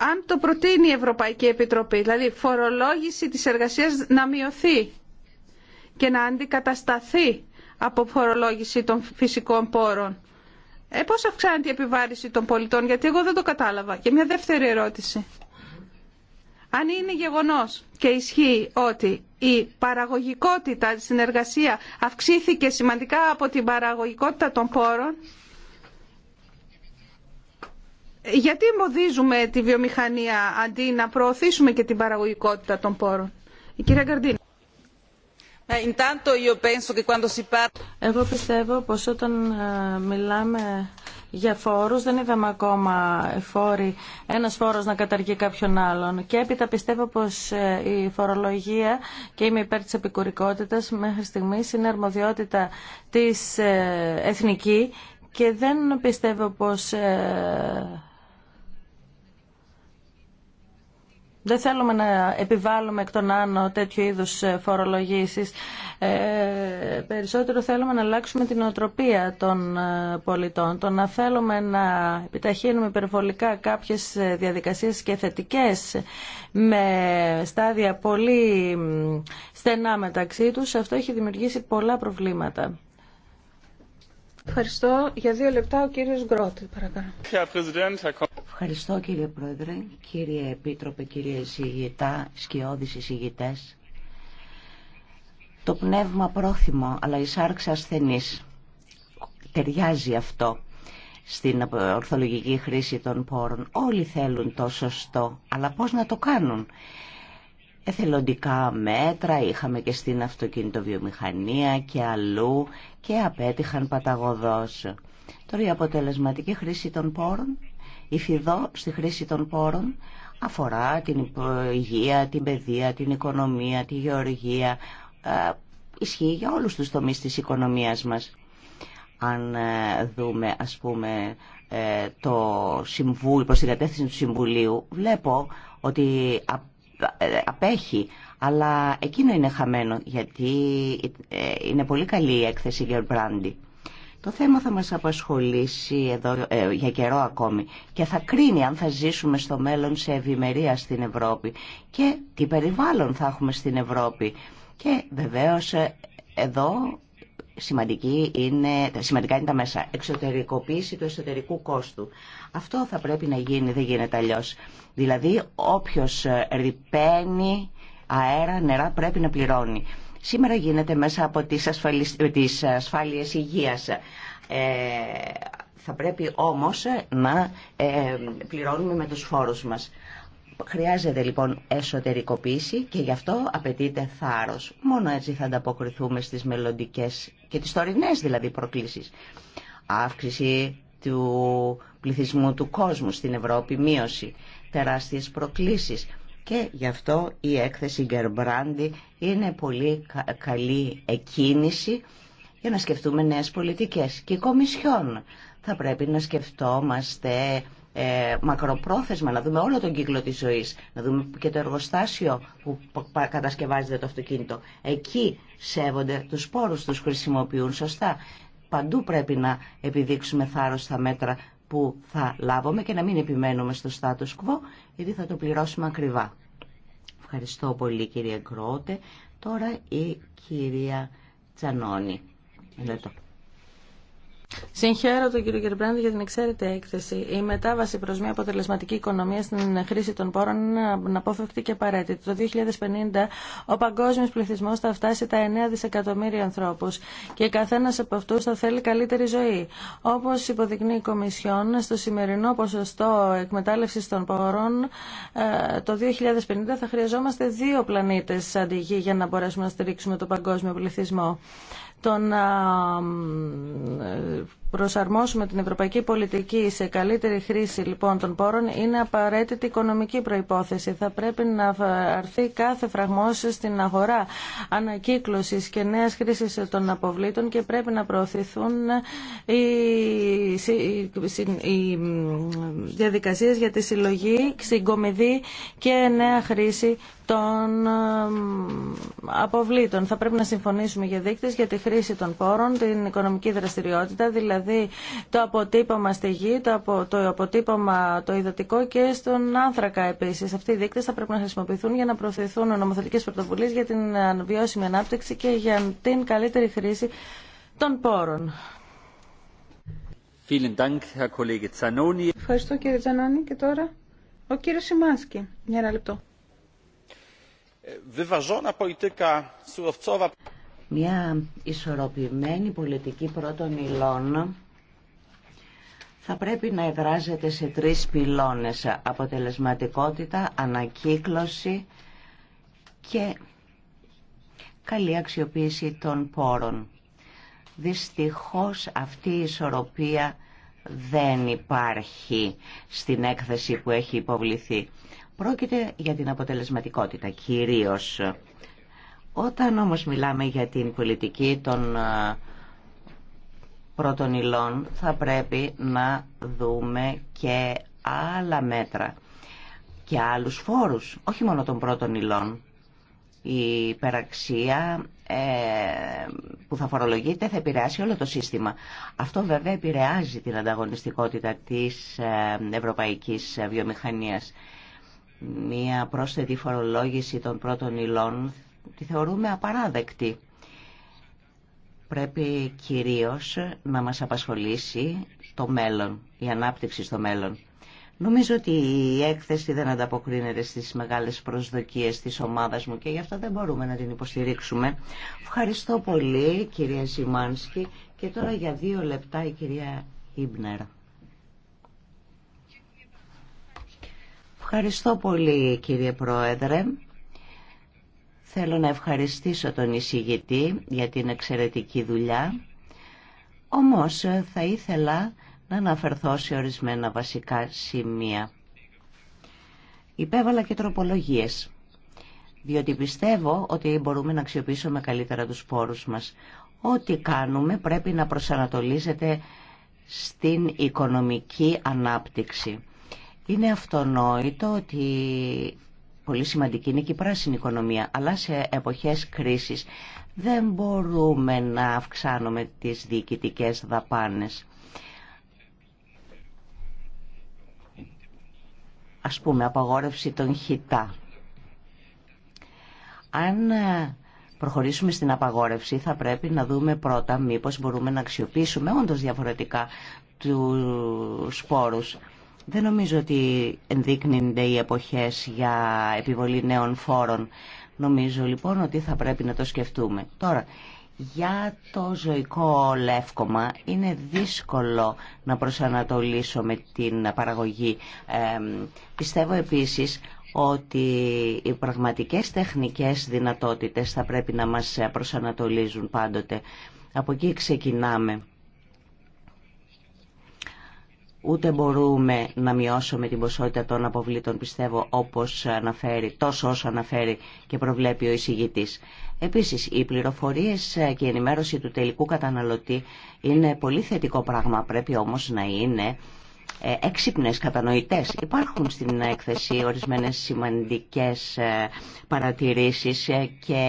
αν το προτείνει η Ευρωπαϊκή Επιτροπή, δηλαδή φορολόγηση της εργασίας να μειωθεί και να αντικατασταθεί από φορολόγηση των φυσικών πόρων. Ε, πώς αυξάνεται η επιβάρηση των πολιτών, γιατί εγώ δεν το κατάλαβα. Και μια δεύτερη ερώτηση. Αν είναι γεγονός και ισχύει ότι η παραγωγικότητα στην εργασία αυξήθηκε σημαντικά από την παραγωγικότητα των πόρων, γιατί εμποδίζουμε τη βιομηχανία αντί να προωθήσουμε και την παραγωγικότητα των πόρων. Η κυρία Γκαρντίνη. Εγώ πιστεύω πως όταν ε, μιλάμε για φόρους δεν είδαμε ακόμα φόροι, ένας φόρος να καταργεί κάποιον άλλον και έπειτα πιστεύω πως ε, η φορολογία και είμαι υπέρ της επικουρικότητας μέχρι στιγμής είναι αρμοδιότητα της ε, εθνική και δεν πιστεύω πως Δεν θέλουμε να επιβάλλουμε εκ των άνω τέτοιου είδους ε, φορολογήσεις. Ε, περισσότερο θέλουμε να αλλάξουμε την οτροπία των ε, πολιτών. Το να θέλουμε να επιταχύνουμε υπερβολικά κάποιες ε, διαδικασίες και θετικές με στάδια πολύ στενά μεταξύ τους, αυτό έχει δημιουργήσει πολλά προβλήματα. Ευχαριστώ. Για δύο λεπτά ο κύριος Γκρότη, παρακαλώ. Ευχαριστώ κύριε Πρόεδρε, κύριε Επίτροπε, κύριε Συγητά, σκιώδης εισηγητές. Το πνεύμα πρόθυμο, αλλά η σάρξ ασθενής. Ταιριάζει αυτό στην ορθολογική χρήση των πόρων. Όλοι θέλουν το σωστό, αλλά πώς να το κάνουν. Εθελοντικά μέτρα είχαμε και στην αυτοκινητοβιομηχανία και αλλού και απέτυχαν παταγωδός. Τώρα η αποτελεσματική χρήση των πόρων η φιδό στη χρήση των πόρων αφορά την υγεία, την παιδεία, την οικονομία, τη γεωργία. Ε, ισχύει για όλους τους τομείς της οικονομίας μας. Αν ε, δούμε, ας πούμε, ε, το συμβούλιο, προς την κατεύθυνση του Συμβουλίου, βλέπω ότι απέχει, αλλά εκείνο είναι χαμένο, γιατί είναι πολύ καλή η έκθεση Μπράντι. Το θέμα θα μας απασχολήσει εδώ, ε, για καιρό ακόμη και θα κρίνει αν θα ζήσουμε στο μέλλον σε ευημερία στην Ευρώπη και τι περιβάλλον θα έχουμε στην Ευρώπη. Και βεβαίως ε, εδώ σημαντική είναι, σημαντικά είναι τα μέσα. Εξωτερικοποίηση του εσωτερικού κόστου. Αυτό θα πρέπει να γίνει, δεν γίνεται αλλιώ. Δηλαδή όποιος ε, ρηπαίνει αέρα, νερά πρέπει να πληρώνει. Σήμερα γίνεται μέσα από τις, ασφαλισ... τις ασφάλειες υγείας. Ε, θα πρέπει όμως να ε, πληρώνουμε με τους φόρους μας. Χρειάζεται λοιπόν εσωτερικοποίηση και γι' αυτό απαιτείται θάρρος. Μόνο έτσι θα ανταποκριθούμε στις μελλοντικέ και τις τωρινές δηλαδή προκλήσεις. Αύξηση του πληθυσμού του κόσμου στην Ευρώπη, μείωση, τεράστιες προκλήσεις και γι' αυτό η έκθεση Γκερμπράντι είναι πολύ καλή εκκίνηση για να σκεφτούμε νέες πολιτικές. Και Κομισιόν θα πρέπει να σκεφτόμαστε ε, μακροπρόθεσμα, να δούμε όλο τον κύκλο της ζωής, να δούμε και το εργοστάσιο που κατασκευάζεται το αυτοκίνητο. Εκεί σέβονται τους πόρους, τους χρησιμοποιούν σωστά. Παντού πρέπει να επιδείξουμε θάρρος στα μέτρα που θα λάβουμε και να μην επιμένουμε στο status quo, γιατί θα το πληρώσουμε ακριβά. Ευχαριστώ πολύ κυρία Γκρότε. Τώρα η κυρία Τσανόνη. Συγχαίρω τον κύριο Γερμπράντη για την εξαίρετη έκθεση. Η μετάβαση προ μια αποτελεσματική οικονομία στην χρήση των πόρων είναι αναπόφευκτη και απαραίτητη. Το 2050 ο παγκόσμιο πληθυσμό θα φτάσει τα 9 δισεκατομμύρια ανθρώπου και καθένα από αυτού θα θέλει καλύτερη ζωή. Όπω υποδεικνύει η Κομισιόν, στο σημερινό ποσοστό εκμετάλλευση των πόρων, ε, το 2050 θα χρειαζόμαστε δύο πλανήτε αντί γη για να μπορέσουμε να στηρίξουμε τον παγκόσμιο πληθυσμό τον προσαρμόσουμε την ευρωπαϊκή πολιτική σε καλύτερη χρήση λοιπόν των πόρων είναι απαραίτητη οικονομική προϋπόθεση. Θα πρέπει να αρθεί κάθε φραγμός στην αγορά ανακύκλωσης και νέας χρήσης των αποβλήτων και πρέπει να προωθηθούν οι, διαδικασίες για τη συλλογή, συγκομιδή και νέα χρήση των αποβλήτων. Θα πρέπει να συμφωνήσουμε για δείκτες για τη χρήση των πόρων, την οικονομική δραστηριότητα, δηλαδή δηλαδή το αποτύπωμα στη γη, το, αποτύπωμα το ιδωτικό και στον άνθρακα επίσης. Αυτοί οι δείκτες θα πρέπει να χρησιμοποιηθούν για να προωθηθούν νομοθετικές πρωτοβουλίες για την βιώσιμη ανάπτυξη και για την καλύτερη χρήση των πόρων. Ευχαριστώ κύριε Τζανόνι και τώρα ο κύριος Σιμάνσκι. Για ένα λεπτό. Μια ισορροπημένη πολιτική πρώτων υλών θα πρέπει να εδράζεται σε τρεις πυλώνες. Αποτελεσματικότητα, ανακύκλωση και καλή αξιοποίηση των πόρων. Δυστυχώς αυτή η ισορροπία δεν υπάρχει στην έκθεση που έχει υποβληθεί. Πρόκειται για την αποτελεσματικότητα κυρίως. Όταν όμως μιλάμε για την πολιτική των ε, πρώτων υλών θα πρέπει να δούμε και άλλα μέτρα και άλλους φόρους, όχι μόνο των πρώτων υλών. Η υπεραξία ε, που θα φορολογείται θα επηρεάσει όλο το σύστημα. Αυτό βέβαια επηρεάζει την ανταγωνιστικότητα της ε, ευρωπαϊκής βιομηχανίας. Μία πρόσθετη φορολόγηση των πρώτων υλών τη θεωρούμε απαράδεκτη. Πρέπει κυρίως να μας απασχολήσει το μέλλον, η ανάπτυξη στο μέλλον. Νομίζω ότι η έκθεση δεν ανταποκρίνεται στις μεγάλες προσδοκίες της ομάδας μου και γι' αυτό δεν μπορούμε να την υποστηρίξουμε. Ευχαριστώ πολύ κυρία Σιμάνσκι και τώρα για δύο λεπτά η κυρία Ήμπνερ. Ευχαριστώ πολύ κύριε Πρόεδρε. Θέλω να ευχαριστήσω τον εισηγητή για την εξαιρετική δουλειά, όμως θα ήθελα να αναφερθώ σε ορισμένα βασικά σημεία. Υπέβαλα και τροπολογίες, διότι πιστεύω ότι μπορούμε να αξιοποιήσουμε καλύτερα τους πόρους μας. Ό,τι κάνουμε πρέπει να προσανατολίζεται στην οικονομική ανάπτυξη. Είναι αυτονόητο ότι Πολύ σημαντική είναι και η πράσινη οικονομία, αλλά σε εποχές κρίσης δεν μπορούμε να αυξάνουμε τις διοικητικές δαπάνες. Ας πούμε, απαγόρευση των χιτά. Αν προχωρήσουμε στην απαγόρευση θα πρέπει να δούμε πρώτα μήπως μπορούμε να αξιοποιήσουμε όντως διαφορετικά τους σπόρους. Δεν νομίζω ότι ενδείκνυνται οι εποχές για επιβολή νέων φόρων. Νομίζω λοιπόν ότι θα πρέπει να το σκεφτούμε. Τώρα, για το ζωικό λεύκομα είναι δύσκολο να προσανατολίσω με την παραγωγή. πιστεύω επίσης ότι οι πραγματικές τεχνικές δυνατότητες θα πρέπει να μας προσανατολίζουν πάντοτε. Από εκεί ξεκινάμε. Ούτε μπορούμε να μειώσουμε την ποσότητα των αποβλήτων, πιστεύω, όπως αναφέρει, τόσο όσο αναφέρει και προβλέπει ο εισηγητής. Επίσης, οι πληροφορίες και η ενημέρωση του τελικού καταναλωτή είναι πολύ θετικό πράγμα. Πρέπει όμως να είναι ε, έξυπνες κατανοητές. Υπάρχουν στην έκθεση ορισμένες σημαντικές ε, παρατηρήσεις ε, και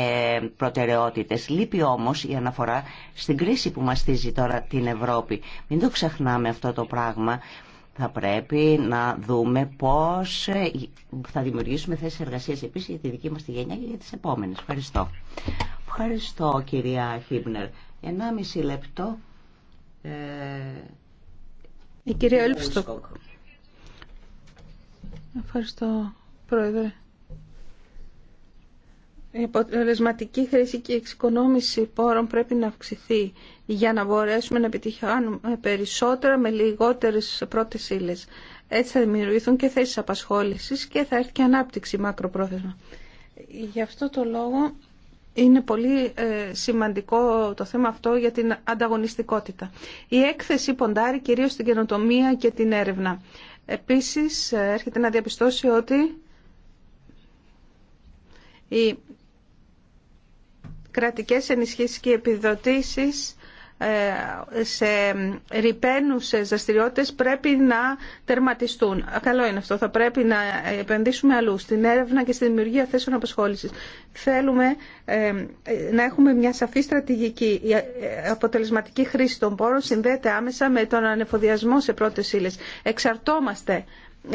προτεραιότητες. Λείπει όμως η αναφορά στην κρίση που μαστίζει τώρα την Ευρώπη. Μην το ξεχνάμε αυτό το πράγμα. Θα πρέπει να δούμε πώς θα δημιουργήσουμε θέσεις εργασίας επίσης για τη δική μας τη γενιά και για τις επόμενες. Ευχαριστώ. Ευχαριστώ κυρία Χίμπνερ. Ενάμιση λεπτό. Ε... Η κυρία Ευχαριστώ, Πρόεδρε. Η αποτελεσματική χρήση και η εξοικονόμηση πόρων πρέπει να αυξηθεί για να μπορέσουμε να επιτυχάνουμε περισσότερα με λιγότερες πρώτες ύλες. Έτσι θα δημιουργηθούν και θέσεις απασχόλησης και θα έρθει και ανάπτυξη μακροπρόθεσμα. Γι' αυτό το λόγο είναι πολύ ε, σημαντικό το θέμα αυτό για την ανταγωνιστικότητα. Η έκθεση ποντάρει κυρίως στην καινοτομία και την έρευνα. Επίσης, ε, έρχεται να διαπιστώσει ότι οι κρατικές ενισχύσεις και επιδοτήσεις ε, σε ρηπαίνουσες δραστηριότητε πρέπει να τερματιστούν. Καλό είναι αυτό. Θα πρέπει να επενδύσουμε αλλού, στην έρευνα και στη δημιουργία θέσεων απασχόληση. Θέλουμε ε, να έχουμε μια σαφή στρατηγική. Η ε, αποτελεσματική χρήση των πόρων συνδέεται άμεσα με τον ανεφοδιασμό σε πρώτε ύλε. Εξαρτόμαστε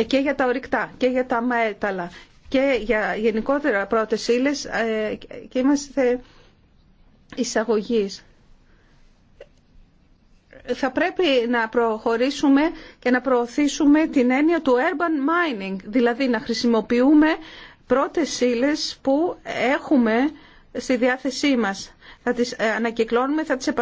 και για τα ορυκτά και για τα μαέταλα και για γενικότερα πρώτες ύλες και είμαστε εισαγωγής θα πρέπει να προχωρήσουμε και να προωθήσουμε την έννοια του urban mining, δηλαδή να χρησιμοποιούμε πρώτες ύλε που έχουμε στη διάθεσή μας. Θα τις ε, ανακυκλώνουμε, θα τις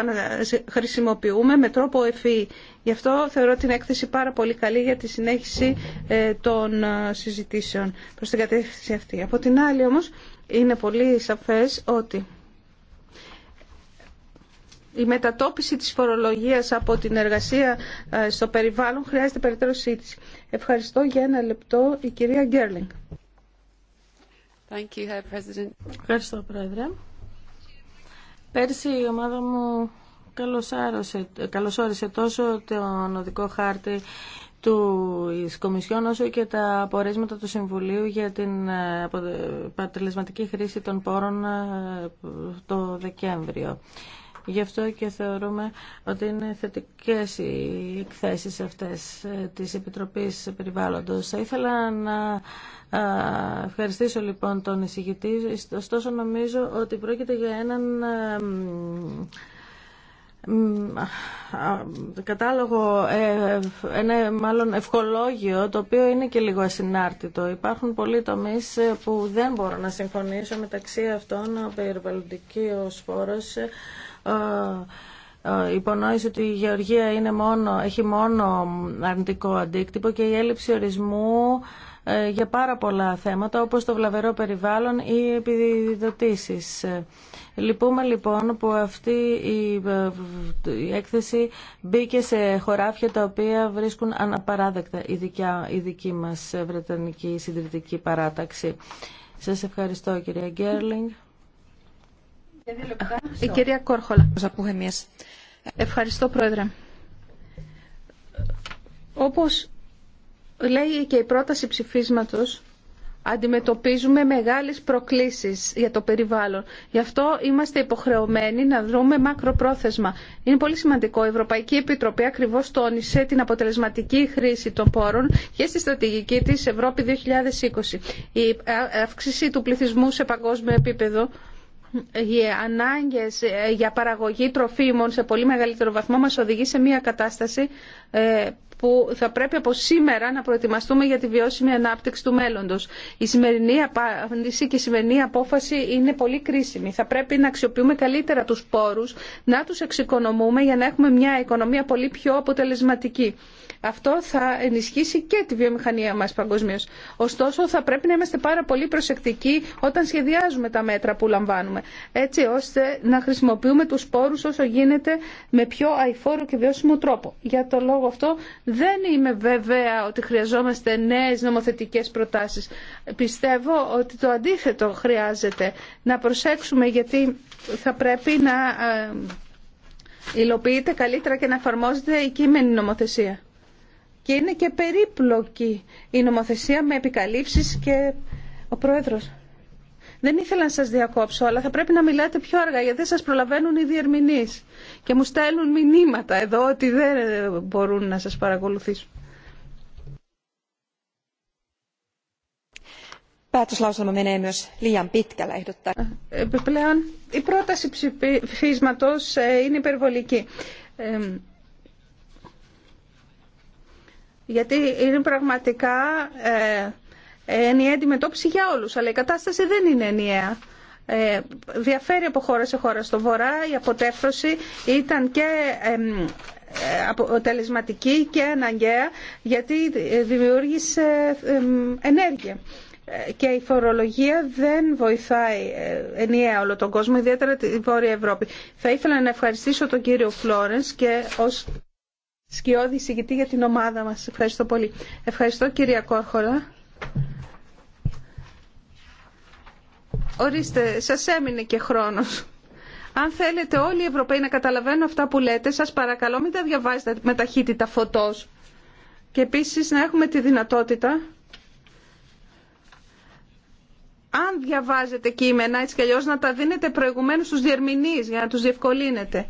χρησιμοποιούμε με τρόπο ευφύ. Γι' αυτό θεωρώ την έκθεση πάρα πολύ καλή για τη συνέχιση ε, των ε, συζητήσεων προς την κατεύθυνση αυτή. Από την άλλη όμως είναι πολύ σαφές ότι η μετατόπιση της φορολογίας από την εργασία ε, στο περιβάλλον χρειάζεται περαιτέρω σύντηση. Ευχαριστώ για ένα λεπτό η κυρία Γκέρλινγκ. Thank you, President. Ευχαριστώ, Πρόεδρε. Πέρσι η ομάδα μου καλωσόρισε, τόσο τον οδικό χάρτη του Κομισιόν όσο και τα απορίσματα του Συμβουλίου για την ε, ε, αποτελεσματική χρήση των πόρων το Δεκέμβριο. Γι' αυτό και θεωρούμε ότι είναι θετικές οι εκθέσεις αυτές ε, της Επιτροπής Περιβάλλοντος. Θα ήθελα να ε, ευχαριστήσω λοιπόν τον εισηγητή, ωστόσο νομίζω ότι πρόκειται για έναν ε, κατάλογο, ένα μάλλον ευχολόγιο, το οποίο είναι και λίγο ασυνάρτητο. Υπάρχουν πολλοί τομείς που δεν μπορώ να συμφωνήσω μεταξύ αυτών ο περιβαλλοντικός φόρο. Ε, ε, υπονόησε ότι η γεωργία είναι μόνο, έχει μόνο αρνητικό αντίκτυπο και η έλλειψη ορισμού ε, για πάρα πολλά θέματα όπως το βλαβερό περιβάλλον ή οι επιδοτήσεις. Λυπούμε λοιπόν που αυτή η μπήκε σε χωράφια τα οποία βρίσκουν αναπαράδεκτα η, δικιά, η δική μας Βρετανική Συντηρητική Παράταξη. Σας ευχαριστώ κυρία Γκέρλινγκ. Η κυρία Κόρχολα. Ευχαριστώ, Πρόεδρε. Όπως λέει και η πρόταση ψηφίσματος, αντιμετωπίζουμε μεγάλες προκλήσεις για το περιβάλλον. Γι' αυτό είμαστε υποχρεωμένοι να δρούμε μακροπρόθεσμα. Είναι πολύ σημαντικό. Η Ευρωπαϊκή Επιτροπή ακριβώς τόνισε την αποτελεσματική χρήση των πόρων και στη στρατηγική της Ευρώπη 2020. Η αύξηση του πληθυσμού σε παγκόσμιο επίπεδο οι ανάγκες ε, για παραγωγή τροφίμων σε πολύ μεγαλύτερο βαθμό μας οδηγεί σε μια κατάσταση ε, που θα πρέπει από σήμερα να προετοιμαστούμε για τη βιώσιμη ανάπτυξη του μέλλοντος. Η σημερινή απάντηση και η σημερινή απόφαση είναι πολύ κρίσιμη. Θα πρέπει να αξιοποιούμε καλύτερα τους πόρους, να τους εξοικονομούμε για να έχουμε μια οικονομία πολύ πιο αποτελεσματική. Αυτό θα ενισχύσει και τη βιομηχανία μας παγκοσμίω. Ωστόσο θα πρέπει να είμαστε πάρα πολύ προσεκτικοί όταν σχεδιάζουμε τα μέτρα που λαμβάνουμε. Έτσι ώστε να χρησιμοποιούμε τους πόρους όσο γίνεται με πιο αηφόρο και βιώσιμο τρόπο. Για το λόγο αυτό δεν είμαι βέβαια ότι χρειαζόμαστε νέες νομοθετικές προτάσεις. Πιστεύω ότι το αντίθετο χρειάζεται να προσέξουμε γιατί θα πρέπει να ε, υλοποιείται καλύτερα και να εφαρμόζεται η κείμενη νομοθεσία και είναι και περίπλοκη η νομοθεσία με επικαλύψεις και ο Πρόεδρος. Δεν ήθελα να σας διακόψω, αλλά θα πρέπει να μιλάτε πιο αργά, γιατί δεν σας προλαβαίνουν οι διερμηνείς. Και μου στέλνουν μηνύματα εδώ ότι δεν μπορούν να σας παρακολουθήσουν. Ε, επιπλέον, η πρόταση ψηφίσματος ε, είναι υπερβολική. Ε, γιατί είναι πραγματικά ε, ενιαία αντιμετώπιση για όλους, αλλά η κατάσταση δεν είναι ενιαία. Ε, διαφέρει από χώρα σε χώρα. Στο βορρά η αποτέφρωση ήταν και ε, αποτελεσματική και αναγκαία γιατί ε, δημιούργησε ενέργεια. Και η φορολογία δεν βοηθάει ενιαία όλο τον κόσμο, ιδιαίτερα τη Βόρεια Ευρώπη. Θα ήθελα να ευχαριστήσω τον κύριο Φλόρενς και ως σκιώδη συγκητή για την ομάδα μας. Ευχαριστώ πολύ. Ευχαριστώ κυρία Κόρχορα. Ορίστε, σας έμεινε και χρόνος. Αν θέλετε όλοι οι Ευρωπαίοι να καταλαβαίνουν αυτά που λέτε, σας παρακαλώ μην τα διαβάζετε με ταχύτητα φωτός. Και επίσης να έχουμε τη δυνατότητα, αν διαβάζετε κείμενα έτσι κι αλλιώς, να τα δίνετε προηγουμένως στους διερμηνείς για να τους διευκολύνετε.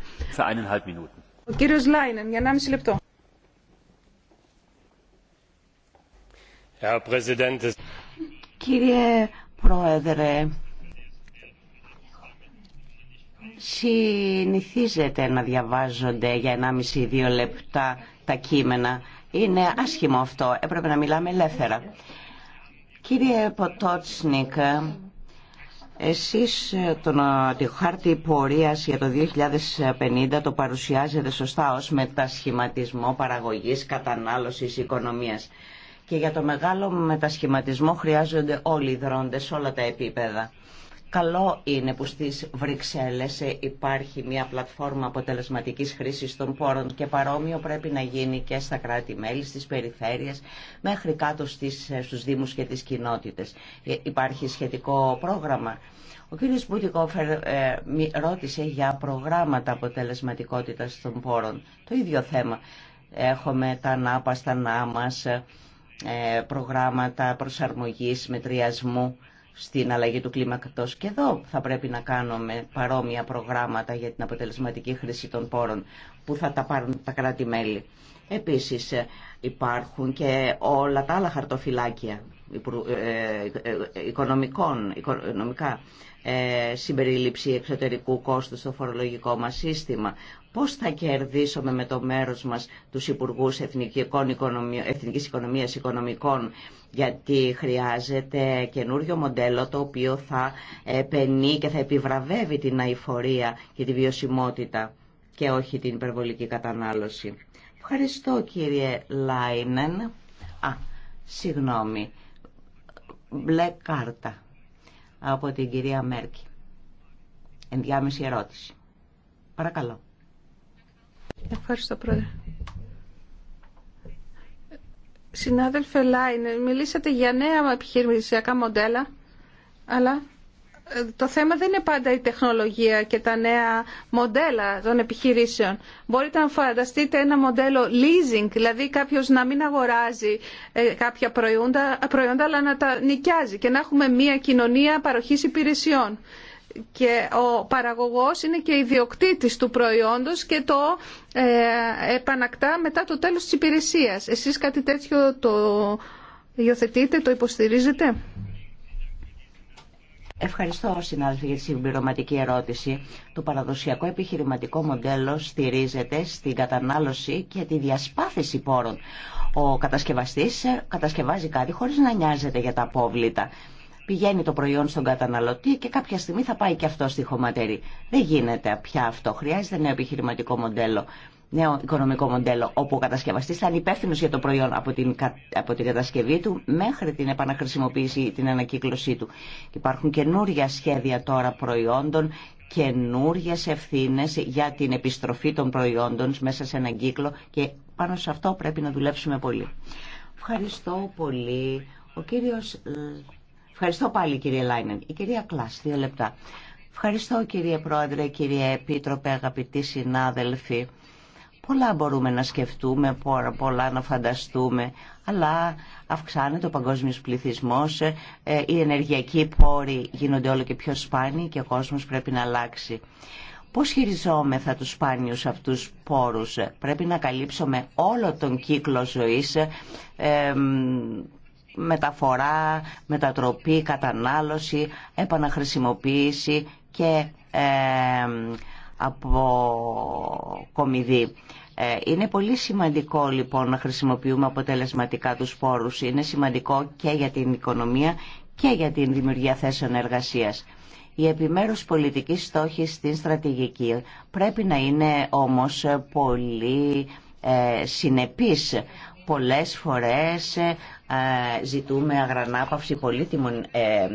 Ο κύριος Λάινεν, για 1,5 λεπτό. Κύριε Πρόεδρε, συνηθίζεται να διαβάζονται για 1,5-2 λεπτά τα κείμενα. Είναι άσχημο αυτό, έπρεπε να μιλάμε ελεύθερα. Κύριε Ποτότσνικ, εσείς ε, τον τη χάρτη πορείας για το 2050 το παρουσιάζετε σωστά ως μετασχηματισμό παραγωγής, κατανάλωσης, οικονομίας. Και για το μεγάλο μετασχηματισμό χρειάζονται όλοι οι δρόντες, όλα τα επίπεδα. Καλό είναι που στις Βρυξέλλες υπάρχει μια πλατφόρμα αποτελεσματικής χρήσης των πόρων και παρόμοιο πρέπει να γίνει και στα κράτη-μέλη, στις περιφέρειες, μέχρι κάτω στις, στους Δήμους και τις κοινότητες. Ε, υπάρχει σχετικό πρόγραμμα. Ο κ. Μπουτικόφερ ε, ρώτησε για προγράμματα αποτελεσματικότητας των πόρων. Το ίδιο θέμα. Έχουμε τα ΝΑΠΑ στα ΝΑΜΑΣ, ε, προγράμματα προσαρμογής, μετριασμού στην αλλαγή του κλίματο. και εδώ θα πρέπει να κάνουμε παρόμοια προγράμματα για την αποτελεσματική χρήση των πόρων που θα τα πάρουν τα κράτη-μέλη. Επίσης ε, υπάρχουν και όλα τα άλλα χαρτοφυλάκια ε, ε, οικονομικών, οικονομικά συμπερίληψη εξωτερικού κόστου στο φορολογικό μας σύστημα. Πώς θα κερδίσουμε με το μέρος μας τους Υπουργούς Εθνικής Οικονομίας Οικονομικών γιατί χρειάζεται καινούριο μοντέλο το οποίο θα επενεί και θα επιβραβεύει την αηφορία και τη βιωσιμότητα και όχι την υπερβολική κατανάλωση. Ευχαριστώ κύριε Λάινεν. Α, συγγνώμη. Μπλε κάρτα από την κυρία Μέρκη. Ενδιάμεση ερώτηση. Παρακαλώ. Ευχαριστώ πρόεδρε. Συνάδελφε Λάιν, μιλήσατε για νέα επιχειρησιακά μοντέλα, αλλά ε, το θέμα δεν είναι πάντα η τεχνολογία και τα νέα μοντέλα των επιχειρήσεων. Μπορείτε να φανταστείτε ένα μοντέλο leasing, δηλαδή κάποιος να μην αγοράζει ε, κάποια προϊόντα, προϊόντα αλλά να τα νοικιάζει και να έχουμε μια κοινωνία παροχής υπηρεσιών και ο παραγωγός είναι και ιδιοκτήτης του προϊόντος και το ε, επανακτά μετά το τέλος της υπηρεσίας. Εσείς κάτι τέτοιο το υιοθετείτε, το υποστηρίζετε. Ευχαριστώ, συνάδελφοι, για τη συμπληρωματική ερώτηση. Το παραδοσιακό επιχειρηματικό μοντέλο στηρίζεται στην κατανάλωση και τη διασπάθηση πόρων. Ο κατασκευαστής κατασκευάζει κάτι χωρίς να νοιάζεται για τα απόβλητα πηγαίνει το προϊόν στον καταναλωτή και κάποια στιγμή θα πάει και αυτό στη χωματερή. Δεν γίνεται πια αυτό. Χρειάζεται νέο επιχειρηματικό μοντέλο, νέο οικονομικό μοντέλο, όπου ο κατασκευαστή, θα είναι υπεύθυνο για το προϊόν από την, από την κατασκευή του μέχρι την επαναχρησιμοποίηση, την ανακύκλωσή του. Υπάρχουν καινούργια σχέδια τώρα προϊόντων καινούριε ευθύνε για την επιστροφή των προϊόντων μέσα σε έναν κύκλο και πάνω σε αυτό πρέπει να δουλέψουμε πολύ. Ευχαριστώ πολύ. Ο κύριος Ευχαριστώ πάλι κύριε Λάινεν. Η κυρία Κλάς, δύο λεπτά. Ευχαριστώ κύριε Πρόεδρε, κύριε Επίτροπε, αγαπητοί συνάδελφοι. Πολλά μπορούμε να σκεφτούμε, πολλά να φανταστούμε, αλλά αυξάνεται ο παγκόσμιος πληθυσμός, ε, οι ενεργειακοί πόροι γίνονται όλο και πιο σπάνιοι και ο κόσμος πρέπει να αλλάξει. Πώς χειριζόμεθα τους σπάνιους αυτούς πόρους. Πρέπει να καλύψουμε όλο τον κύκλο ζωής ε, μεταφορά, μετατροπή, κατανάλωση, επαναχρησιμοποίηση και ε, από κομιδή. Είναι πολύ σημαντικό λοιπόν να χρησιμοποιούμε αποτελεσματικά τους πόρους. Είναι σημαντικό και για την οικονομία και για την δημιουργία θέσεων εργασίας. Η επιμέρους πολιτική στόχη στην στρατηγική πρέπει να είναι όμως πολύ ε, Πολλές φορές ε, ε, ζητούμε αγρανάπαυση πολύτιμων ε,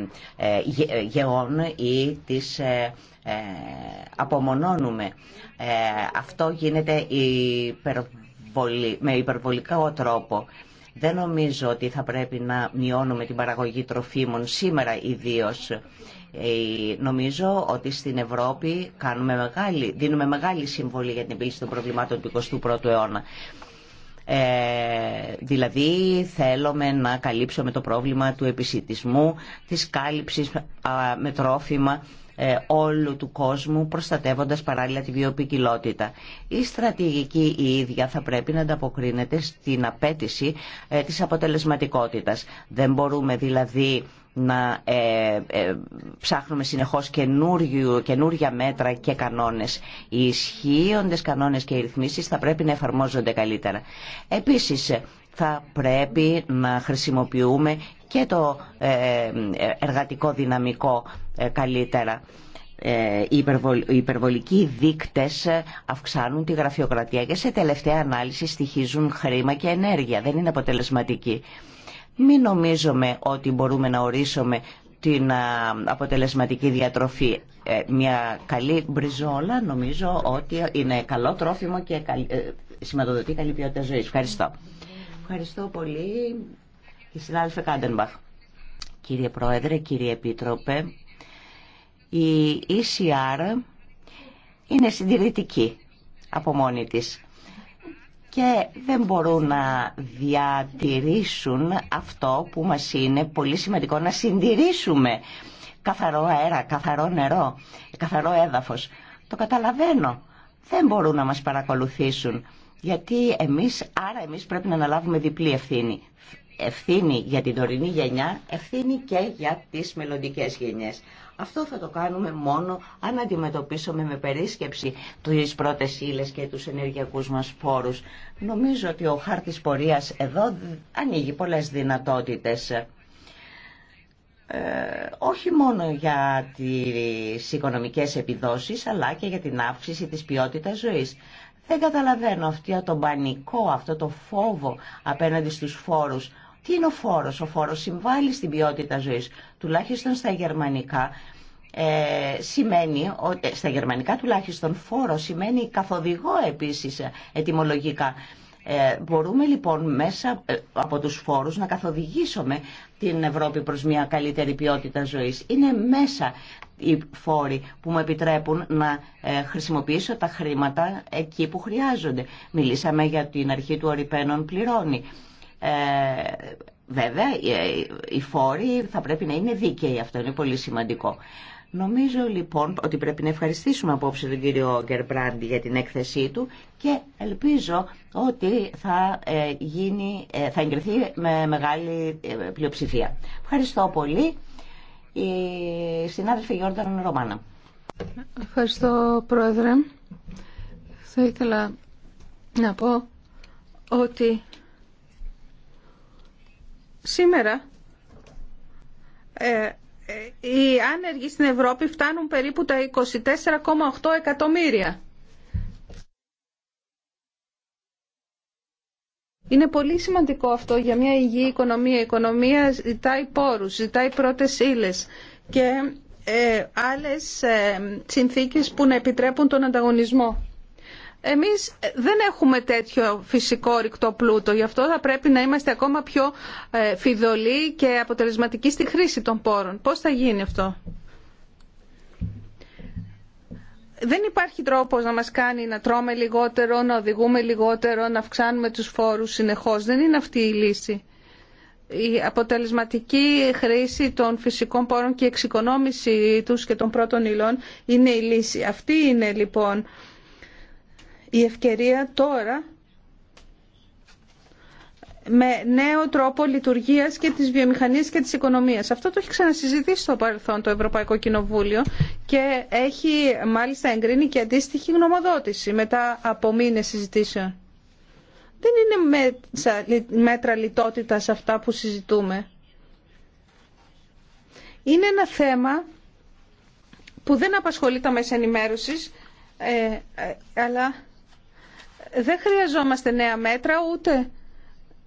γεών ή τις απομονώνουμε. Αυτό γίνεται υπερβολη, με ο τρόπο. Δεν νομίζω ότι θα πρέπει να μειώνουμε την παραγωγή τροφίμων σήμερα ιδίως. Νομίζω ότι στην Ευρώπη κάνουμε μεγάλη, δίνουμε μεγάλη συμβολή για την επίλυση των προβλημάτων του 21ου αιώνα. Ε, δηλαδή θέλουμε να καλύψουμε το πρόβλημα του επισητισμού, της κάλυψης με τρόφιμα ε, όλου του κόσμου προστατεύοντας παράλληλα τη βιοποικιλότητα. Η στρατηγική η ίδια θα πρέπει να ανταποκρίνεται στην απέτηση ε, της αποτελεσματικότητας. Δεν μπορούμε δηλαδή να ε, ε, ψάχνουμε συνεχώς καινούργια μέτρα και κανόνες. Οι ισχύοντες κανόνες και οι ρυθμίσεις θα πρέπει να εφαρμόζονται καλύτερα. Επίσης, θα πρέπει να χρησιμοποιούμε και το ε, εργατικό δυναμικό ε, καλύτερα. Ε, οι υπερβολικοί δείκτες αυξάνουν τη γραφειοκρατία και σε τελευταία ανάλυση στοιχίζουν χρήμα και ενέργεια. Δεν είναι αποτελεσματικοί. Μην νομίζουμε ότι μπορούμε να ορίσουμε την αποτελεσματική διατροφή. Ε, μια καλή μπριζόλα νομίζω ότι είναι καλό τρόφιμο και ε, σηματοδοτεί καλή ποιότητα ζωής. Ευχαριστώ. Ευχαριστώ πολύ τη συνάδελφε Κάντενμπαχ. Κύριε Πρόεδρε, κύριε Επίτροπε, η ECR είναι συντηρητική από μόνη της και δεν μπορούν να διατηρήσουν αυτό που μας είναι πολύ σημαντικό να συντηρήσουμε. Καθαρό αέρα, καθαρό νερό, καθαρό έδαφος. Το καταλαβαίνω. Δεν μπορούν να μας παρακολουθήσουν. Γιατί εμείς, άρα εμείς πρέπει να αναλάβουμε διπλή ευθύνη. Ευθύνη για την τωρινή γενιά, ευθύνη και για τις μελλοντικές γενιές. Αυτό θα το κάνουμε μόνο αν αντιμετωπίσουμε με περίσκεψη τις πρώτες ύλε και τους ενεργειακούς μας φόρους. Νομίζω ότι ο χάρτης πορείας εδώ ανοίγει πολλές δυνατότητες. Ε, όχι μόνο για τις οικονομικές επιδόσεις αλλά και για την αύξηση της ποιότητας ζωής. Δεν καταλαβαίνω αυτό το πανικό, αυτό το φόβο απέναντι στους φόρους τι είναι ο φόρο, Ο φόρος συμβάλλει στην ποιότητα ζωής. Τουλάχιστον στα γερμανικά ε, σημαίνει, ότι, ε, στα γερμανικά τουλάχιστον φόρο σημαίνει καθοδηγό επίσης ε, ετοιμολογικά. Ε, μπορούμε λοιπόν μέσα ε, από τους φόρους να καθοδηγήσουμε την Ευρώπη προς μια καλύτερη ποιότητα ζωής. Είναι μέσα οι φόροι που μου επιτρέπουν να χρησιμοποιήσω τα χρήματα εκεί που χρειάζονται. Μιλήσαμε για την αρχή του ορυπαίνων πληρώνει. Ε, βέβαια, ε, οι φόροι θα πρέπει να είναι δίκαιοι. Αυτό είναι πολύ σημαντικό. Νομίζω λοιπόν ότι πρέπει να ευχαριστήσουμε απόψε τον κύριο Γκερμπράντι για την έκθεσή του και ελπίζω ότι θα, ε, γίνει, θα εγκριθεί με μεγάλη πλειοψηφία. Ευχαριστώ πολύ. Η συνάδελφη Γιόρνταν Ρωμάνα. Ευχαριστώ Πρόεδρε. Θα ήθελα να πω ότι Σήμερα ε, ε, οι άνεργοι στην Ευρώπη φτάνουν περίπου τα 24,8 εκατομμύρια. Είναι πολύ σημαντικό αυτό για μια υγιή οικονομία. Η οικονομία ζητάει πόρους, ζητάει πρώτες ύλε και ε, άλλες συνθήκες που να επιτρέπουν τον ανταγωνισμό. Εμείς δεν έχουμε τέτοιο φυσικό ρηκτό πλούτο, γι' αυτό θα πρέπει να είμαστε ακόμα πιο ε, φιδωλοί και αποτελεσματικοί στη χρήση των πόρων. Πώς θα γίνει αυτό. Δεν υπάρχει τρόπος να μας κάνει να τρώμε λιγότερο, να οδηγούμε λιγότερο, να αυξάνουμε τους φόρους συνεχώς. Δεν είναι αυτή η λύση. Η αποτελεσματική χρήση των φυσικών πόρων και η εξοικονόμηση τους και των πρώτων υλών είναι η λύση. Αυτή είναι λοιπόν η ευκαιρία τώρα με νέο τρόπο λειτουργίας και της βιομηχανίας και της οικονομίας. Αυτό το έχει ξανασυζητήσει στο παρελθόν το Ευρωπαϊκό Κοινοβούλιο και έχει μάλιστα εγκρίνει και αντίστοιχη γνωμοδότηση μετά από μήνες συζητήσεων. Δεν είναι μέτρα λιτότητας αυτά που συζητούμε. Είναι ένα θέμα που δεν απασχολεί τα μέσα ενημέρωσης, ε, ε, αλλά δεν χρειαζόμαστε νέα μέτρα ούτε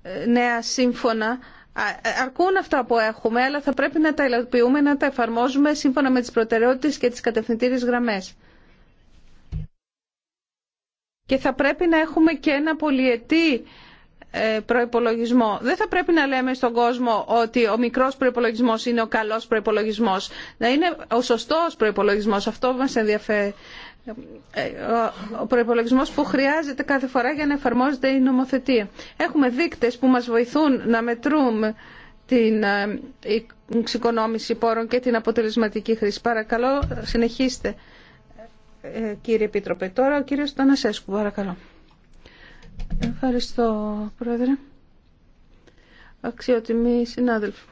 ε, νέα σύμφωνα. Ε, αρκούν αυτά που έχουμε, αλλά θα πρέπει να τα υλοποιούμε, να τα εφαρμόζουμε σύμφωνα με τις προτεραιότητες και τις κατευθυντήριες γραμμές. Και θα πρέπει να έχουμε και ένα πολυετή ε, προπολογισμό. Δεν θα πρέπει να λέμε στον κόσμο ότι ο μικρός προπολογισμό είναι ο καλός προπολογισμό. Να είναι ο σωστός προπολογισμό. Αυτό μα ενδιαφέρει. Ε, ο προπολογισμό που χρειάζεται κάθε φορά για να εφαρμόζεται η νομοθετία. Έχουμε δείκτες που μας βοηθούν να μετρούμε την ε, εξοικονόμηση πόρων και την αποτελεσματική χρήση. Παρακαλώ, συνεχίστε κύριε Επίτροπε. Τώρα ο κύριο Τανασέσκου, παρακαλώ. Ευχαριστώ, Πρόεδρε. Αξιότιμοι συνάδελφοι.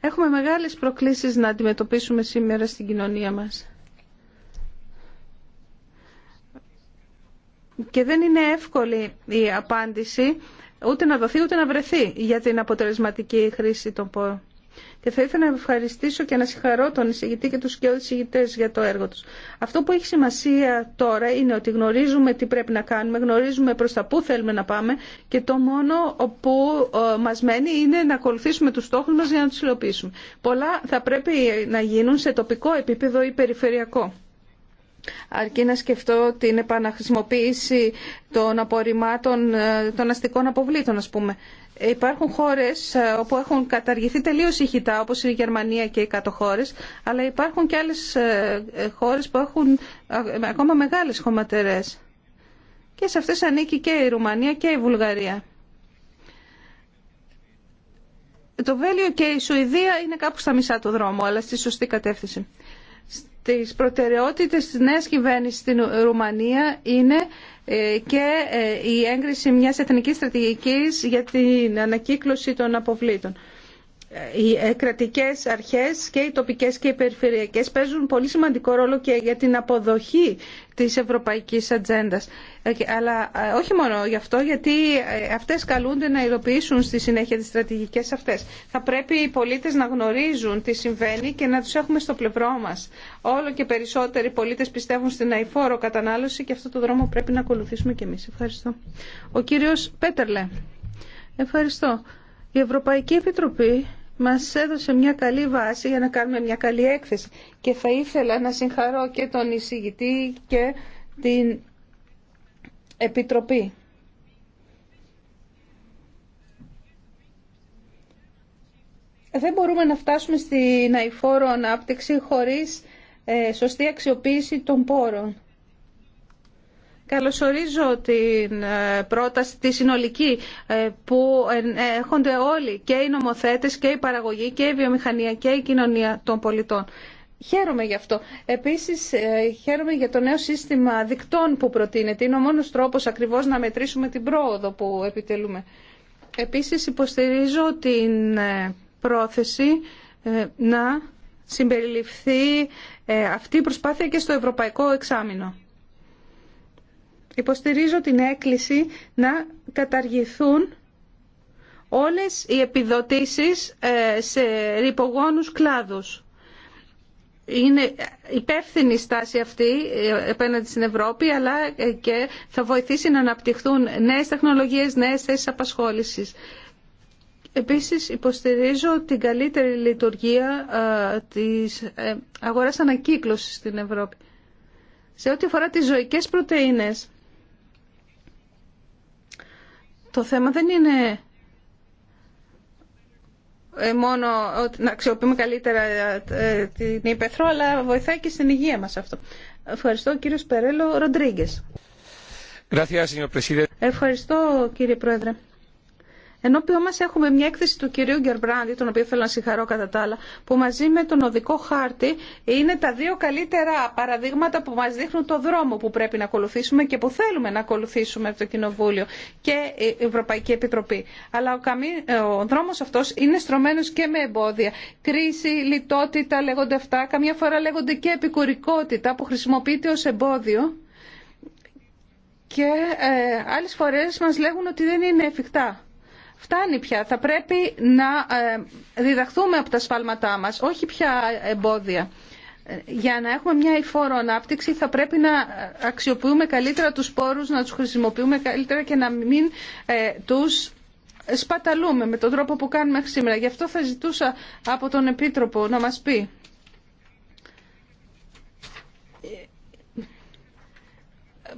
Έχουμε μεγάλες προκλήσεις να αντιμετωπίσουμε σήμερα στην κοινωνία μας. Και δεν είναι εύκολη η απάντηση ούτε να δοθεί ούτε να βρεθεί για την αποτελεσματική χρήση των πόρων. Και θα ήθελα να ευχαριστήσω και να συγχαρώ τον εισηγητή και τους και εισηγητές για το έργο τους. Αυτό που έχει σημασία τώρα είναι ότι γνωρίζουμε τι πρέπει να κάνουμε, γνωρίζουμε προς τα πού θέλουμε να πάμε και το μόνο που ε, μας μένει είναι να ακολουθήσουμε τους στόχους μας για να τους υλοποιήσουμε. Πολλά θα πρέπει να γίνουν σε τοπικό επίπεδο ή περιφερειακό αρκεί να σκεφτώ την επαναχρησιμοποίηση των απορριμμάτων ε, των αστικών αποβλήτων, ας πούμε. Υπάρχουν χώρες ε, όπου έχουν καταργηθεί τελείως ηχητά όπω όπως η Γερμανία και οι κάτω χώρες, αλλά υπάρχουν και άλλες ε, ε, χώρες που έχουν ακόμα μεγάλες χωματερές. Και σε αυτές ανήκει και η Ρουμανία και η Βουλγαρία. Το Βέλιο και η Σουηδία είναι κάπου στα μισά του δρόμου, αλλά στη σωστή κατεύθυνση τις προτεραιότητες της νέας κυβέρνησης στην Ρουμανία είναι ε, και ε, η έγκριση μιας εθνικής στρατηγικής για την ανακύκλωση των αποβλήτων οι ε, κρατικές αρχές και οι τοπικές και οι περιφερειακές παίζουν πολύ σημαντικό ρόλο και για την αποδοχή της ευρωπαϊκής ατζέντα. Ε, αλλά ε, όχι μόνο γι' αυτό, γιατί αυτές καλούνται να υλοποιήσουν στη συνέχεια τις στρατηγικές αυτές. Θα πρέπει οι πολίτες να γνωρίζουν τι συμβαίνει και να τους έχουμε στο πλευρό μας. Όλο και περισσότεροι πολίτες πιστεύουν στην αηφόρο κατανάλωση και αυτό το δρόμο πρέπει να ακολουθήσουμε κι εμείς. Ευχαριστώ. Ο κύριος Πέτερλε. Ευχαριστώ. Η Ευρωπαϊκή Επιτροπή μας έδωσε μια καλή βάση για να κάνουμε μια καλή έκθεση. Και θα ήθελα να συγχαρώ και τον εισηγητή και την Επιτροπή. Δεν μπορούμε να φτάσουμε στην αηφόρο ανάπτυξη χωρίς ε, σωστή αξιοποίηση των πόρων. Καλωσορίζω την ε, πρόταση, τη συνολική, ε, που έχονται όλοι και οι νομοθέτες και η παραγωγή και η βιομηχανία και η κοινωνία των πολιτών. Χαίρομαι γι' αυτό. Επίσης, ε, χαίρομαι για το νέο σύστημα δικτών που προτείνεται. Είναι ο μόνος τρόπος ακριβώς να μετρήσουμε την πρόοδο που επιτελούμε. Επίσης, υποστηρίζω την πρόθεση να συμπεριληφθεί αυτή η προσπάθεια και στο ευρωπαϊκό εξάμεινο. Υποστηρίζω την έκκληση να καταργηθούν όλες οι επιδοτήσεις ε, σε ρηπογόνους κλάδους. Είναι υπεύθυνη η στάση αυτή επέναντι στην Ευρώπη, αλλά ε, και θα βοηθήσει να αναπτυχθούν νέες τεχνολογίες, νέες θέσεις απασχόλησης. Επίσης υποστηρίζω την καλύτερη λειτουργία ε, της αγοράς ανακύκλωσης στην Ευρώπη. Σε ό,τι αφορά τις ζωικές πρωτεΐνες, το θέμα δεν είναι ε, μόνο να αξιοποιούμε καλύτερα ε, την υπεθρό, αλλά βοηθάει και στην υγεία μας αυτό. Ευχαριστώ κύριο Περέλο Ροντρίγκε. Ευχαριστώ κύριε Πρόεδρε. Ενώ ποιό μας έχουμε μια έκθεση του κυρίου Γκερμπράντη, τον οποίο θέλω να συγχαρώ κατά τα άλλα, που μαζί με τον οδικό χάρτη είναι τα δύο καλύτερα παραδείγματα που μας δείχνουν το δρόμο που πρέπει να ακολουθήσουμε και που θέλουμε να ακολουθήσουμε από το Κοινοβούλιο και η Ευρωπαϊκή Επιτροπή. Αλλά ο, καμί... ο δρόμος αυτός είναι στρωμένος και με εμπόδια. Κρίση, λιτότητα λέγονται αυτά, καμιά φορά λέγονται και επικουρικότητα που χρησιμοποιείται ως εμπόδιο και ε, άλλες φορές μας λέγουν ότι δεν είναι εφικτά. Φτάνει πια. Θα πρέπει να ε, διδαχθούμε από τα σφάλματά μας, όχι πια εμπόδια. Για να έχουμε μια υφόρο ανάπτυξη θα πρέπει να αξιοποιούμε καλύτερα τους πόρους, να τους χρησιμοποιούμε καλύτερα και να μην ε, τους σπαταλούμε με τον τρόπο που κάνουμε μέχρι σήμερα. Γι' αυτό θα ζητούσα από τον Επίτροπο να μας πει.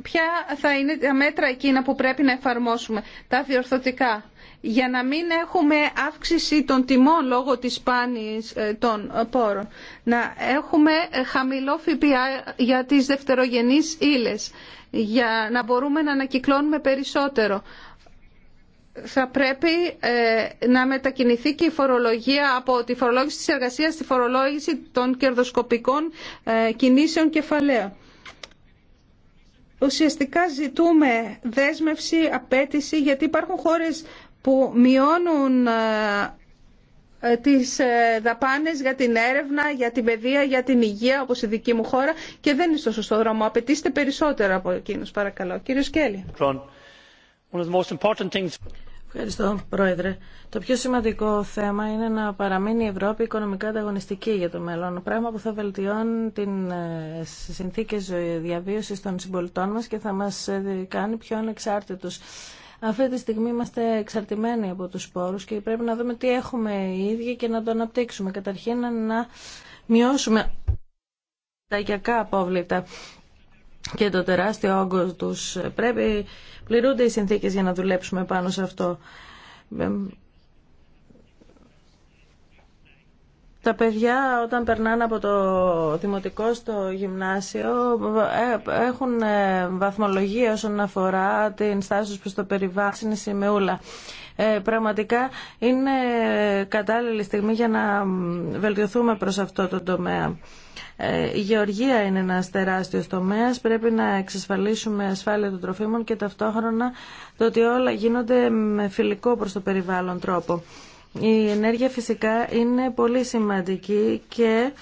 Ποια θα είναι τα μέτρα εκείνα που πρέπει να εφαρμόσουμε, τα διορθωτικά για να μην έχουμε αύξηση των τιμών λόγω της σπάνης ε, των πόρων. Να έχουμε ε, χαμηλό ΦΠΑ για τις δευτερογενείς ύλες, για να μπορούμε να ανακυκλώνουμε περισσότερο. Θα πρέπει ε, να μετακινηθεί και η φορολογία από τη φορολόγηση της εργασίας στη φορολόγηση των κερδοσκοπικών κινήσεων κεφαλαίων. Ουσιαστικά ζητούμε δέσμευση, απέτηση, γιατί υπάρχουν χώρες που μειώνουν ε, τις ε, δαπάνες για την έρευνα, για την παιδεία, για την υγεία, όπως η δική μου χώρα και δεν είναι στο σωστό δρόμο. Απαιτήστε περισσότερα από εκείνους, παρακαλώ. Κύριο Σκέλη. Ευχαριστώ, Πρόεδρε. Το πιο σημαντικό θέμα είναι να παραμείνει η Ευρώπη οικονομικά ανταγωνιστική για το μέλλον. Πράγμα που θα βελτιώνει τι ε, συνθήκε διαβίωση των συμπολιτών μα και θα μα κάνει πιο ανεξάρτητου αυτή τη στιγμή είμαστε εξαρτημένοι από τους σπόρους και πρέπει να δούμε τι έχουμε οι ίδιοι και να το αναπτύξουμε. Καταρχήν να μειώσουμε τα οικιακά απόβλητα και το τεράστιο όγκο τους. Πρέπει πληρούνται οι συνθήκες για να δουλέψουμε πάνω σε αυτό. Τα παιδιά όταν περνάνε από το δημοτικό στο γυμνάσιο ε, έχουν ε, βαθμολογία όσον αφορά την στάση τους προς το περιβάλλον. Είναι σημεούλα. Ε, πραγματικά είναι κατάλληλη στιγμή για να βελτιωθούμε προς αυτό το τομέα. Ε, η γεωργία είναι ένα τεράστιο τομέα, Πρέπει να εξασφαλίσουμε ασφάλεια των τροφίμων και ταυτόχρονα το ότι όλα γίνονται με φιλικό προς το περιβάλλον τρόπο. Η ενέργεια φυσικά είναι πολύ σημαντική και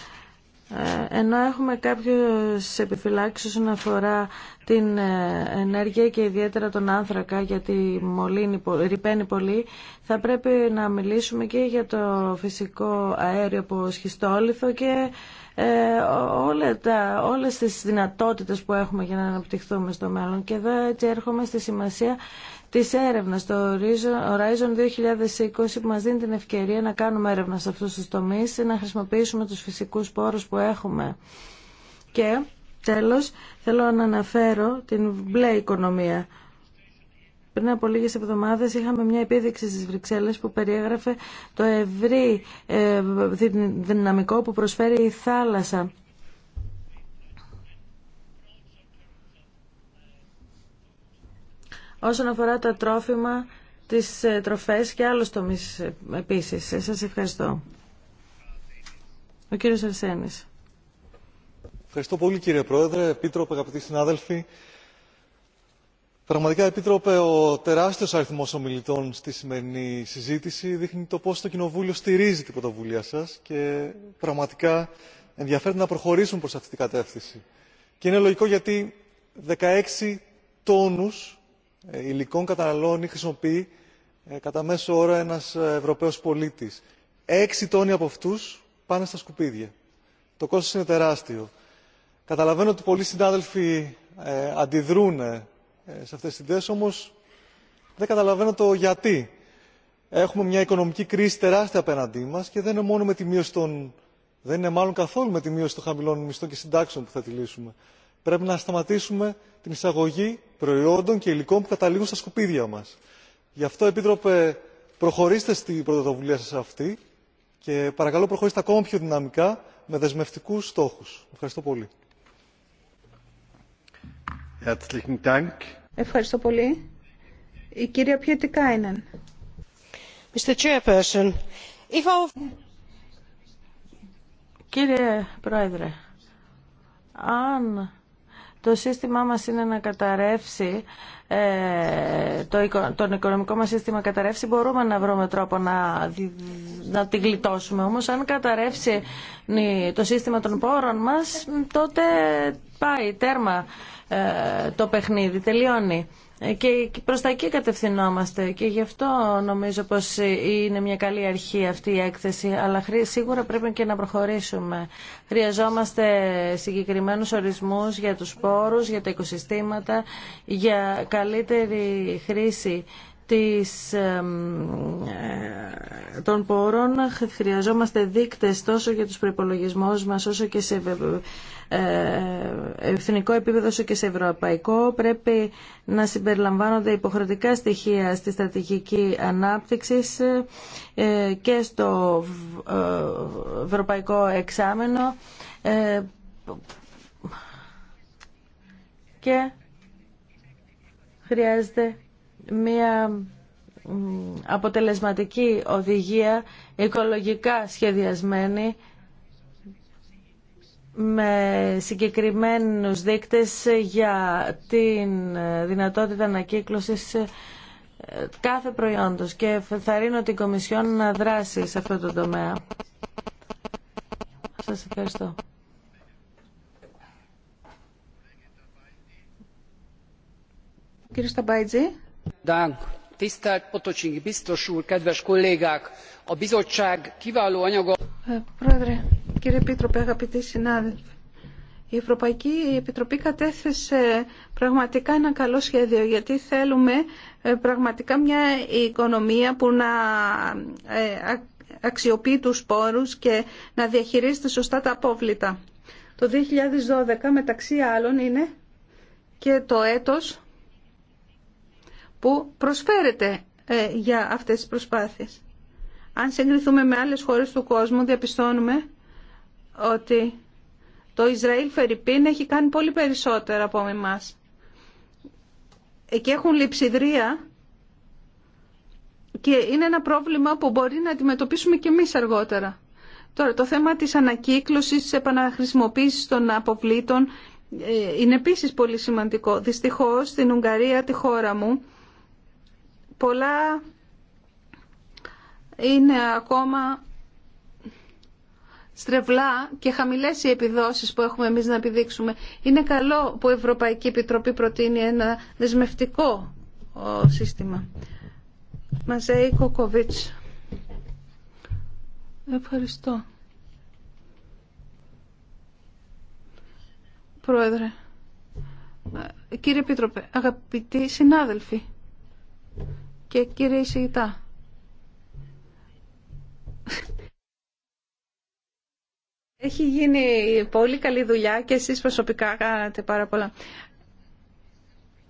ε, ενώ έχουμε κάποιες επιφυλάξεις όσον αφορά την ε, ενέργεια και ιδιαίτερα τον άνθρακα γιατί μολύνει, ρηπαίνει πολύ θα πρέπει να μιλήσουμε και για το φυσικό αέριο από σχιστόλιθο και ε, όλα τα, όλες τις δυνατότητες που έχουμε για να αναπτυχθούμε στο μέλλον και εδώ έτσι έρχομαι στη σημασία της έρευνας. Το Horizon 2020 που μας δίνει την ευκαιρία να κάνουμε έρευνα σε αυτούς τους τομείς, να χρησιμοποιήσουμε τους φυσικούς πόρους που έχουμε. Και τέλος θέλω να αναφέρω την μπλε οικονομία. Πριν από λίγε εβδομάδε είχαμε μια επίδειξη στι Βρυξέλλες που περιέγραφε το ευρύ ε, δυναμικό που προσφέρει η θάλασσα όσον αφορά τα τρόφιμα, τις ε, τροφές και άλλους τομείς ε, επίσης. Ε, σας ευχαριστώ. Ο κύριος Αρσένης. Ευχαριστώ πολύ κύριε Πρόεδρε, Επίτροπε, αγαπητοί συνάδελφοι. Πραγματικά, Επίτροπε, ο τεράστιο αριθμό ομιλητών στη σημερινή συζήτηση δείχνει το πώ το Κοινοβούλιο στηρίζει την πρωτοβουλία σα και πραγματικά ενδιαφέρει να προχωρήσουν προ αυτή την κατεύθυνση. Και είναι λογικό γιατί 16 τόνου ε, υλικών καταναλώνει χρησιμοποιεί ε, κατά μέσο όρο ένας ε, ευρωπαίος πολίτης. έξι τόνοι από αυτού πάνε στα σκουπίδια. το κόστος είναι τεράστιο. καταλαβαίνω ότι πολλοί συνάδελφοι αντιδρούν σε αυτές τις ιδέε, όμως δεν καταλαβαίνω το γιατί. έχουμε μια οικονομική κρίση τεράστια απέναντί μας και δεν είναι μόνο με τη μείωση των δεν είναι μάλλον καθόλου με τη μείωση των χαμηλών μισθών και συντάξεων που θα τη λύσουμε. Πρέπει να σταματήσουμε την εισαγωγή προϊόντων και υλικών που καταλήγουν στα σκουπίδια μα. Γι' αυτό, Επίτροπε, προχωρήστε στην πρωτοβουλία σα αυτή και παρακαλώ προχωρήστε ακόμα πιο δυναμικά με δεσμευτικού στόχου. Ευχαριστώ πολύ. Ευχαριστώ πολύ. Κύριε Πρόεδρε, αν το σύστημά μας είναι να καταρρεύσει, ε, το, τον οικονομικό μας σύστημα καταρρεύσει, μπορούμε να βρούμε τρόπο να, να τη γλιτώσουμε. Όμως αν καταρρεύσει το σύστημα των πόρων μας, τότε πάει τέρμα. Ε, το παιχνίδι τελειώνει. Ε, και προς τα εκεί κατευθυνόμαστε και γι' αυτό νομίζω πως είναι μια καλή αρχή αυτή η έκθεση, αλλά σίγουρα πρέπει και να προχωρήσουμε. Χρειαζόμαστε συγκεκριμένους ορισμούς για τους πόρους, για τα οικοσυστήματα, για καλύτερη χρήση της, ε, των πόρων χρειαζόμαστε δείκτες τόσο για τους προϋπολογισμούς μας όσο και σε ε, εθνικό επίπεδο όσο και σε ευρωπαϊκό πρέπει να συμπεριλαμβάνονται υποχρεωτικά στοιχεία στη στρατηγική ανάπτυξη ε, και στο ευρωπαϊκό εξάμενο και χρειάζεται μια αποτελεσματική οδηγία οικολογικά σχεδιασμένη με συγκεκριμένους δείκτες για την δυνατότητα ανακύκλωσης ε, κάθε προϊόντος και θα ρίνω την Κομισιόν να δράσει σε αυτό το τομέα. Σας ευχαριστώ. Κύριε Σταμπάιτζη. Πρόεδρε, κύριε Επίτροπε, αγαπητοί συνάδελφοι, η Ευρωπαϊκή Επιτροπή κατέθεσε πραγματικά ένα καλό σχέδιο γιατί θέλουμε ε, πραγματικά μια οικονομία που να ε, αξιοποιεί τους πόρους και να διαχειρίζεται σωστά τα απόβλητα. Το 2012 μεταξύ άλλων είναι και το έτος που προσφέρεται ε, για αυτές τις προσπάθειες. Αν συγκριθούμε με άλλες χώρες του κόσμου, διαπιστώνουμε ότι το Ισραήλ Φερρυπίν έχει κάνει πολύ περισσότερα από εμάς. Εκεί έχουν λειψιδρία και είναι ένα πρόβλημα που μπορεί να αντιμετωπίσουμε και εμείς αργότερα. Τώρα, το θέμα της ανακύκλωσης, της επαναχρησιμοποίησης των αποβλήτων ε, είναι επίσης πολύ σημαντικό. Δυστυχώς, στην Ουγγαρία, τη χώρα μου, Πολλά είναι ακόμα στρεβλά και χαμηλές οι επιδόσεις που έχουμε εμείς να επιδείξουμε. Είναι καλό που η Ευρωπαϊκή Επιτροπή προτείνει ένα δεσμευτικό σύστημα. Μαζέη Κοκοβίτς. Ευχαριστώ. Πρόεδρε. Ε, κύριε Επίτροπε, αγαπητοί συνάδελφοι, και κύριε Ισηγητά. Έχει γίνει πολύ καλή δουλειά και εσείς προσωπικά κάνατε πάρα πολλά.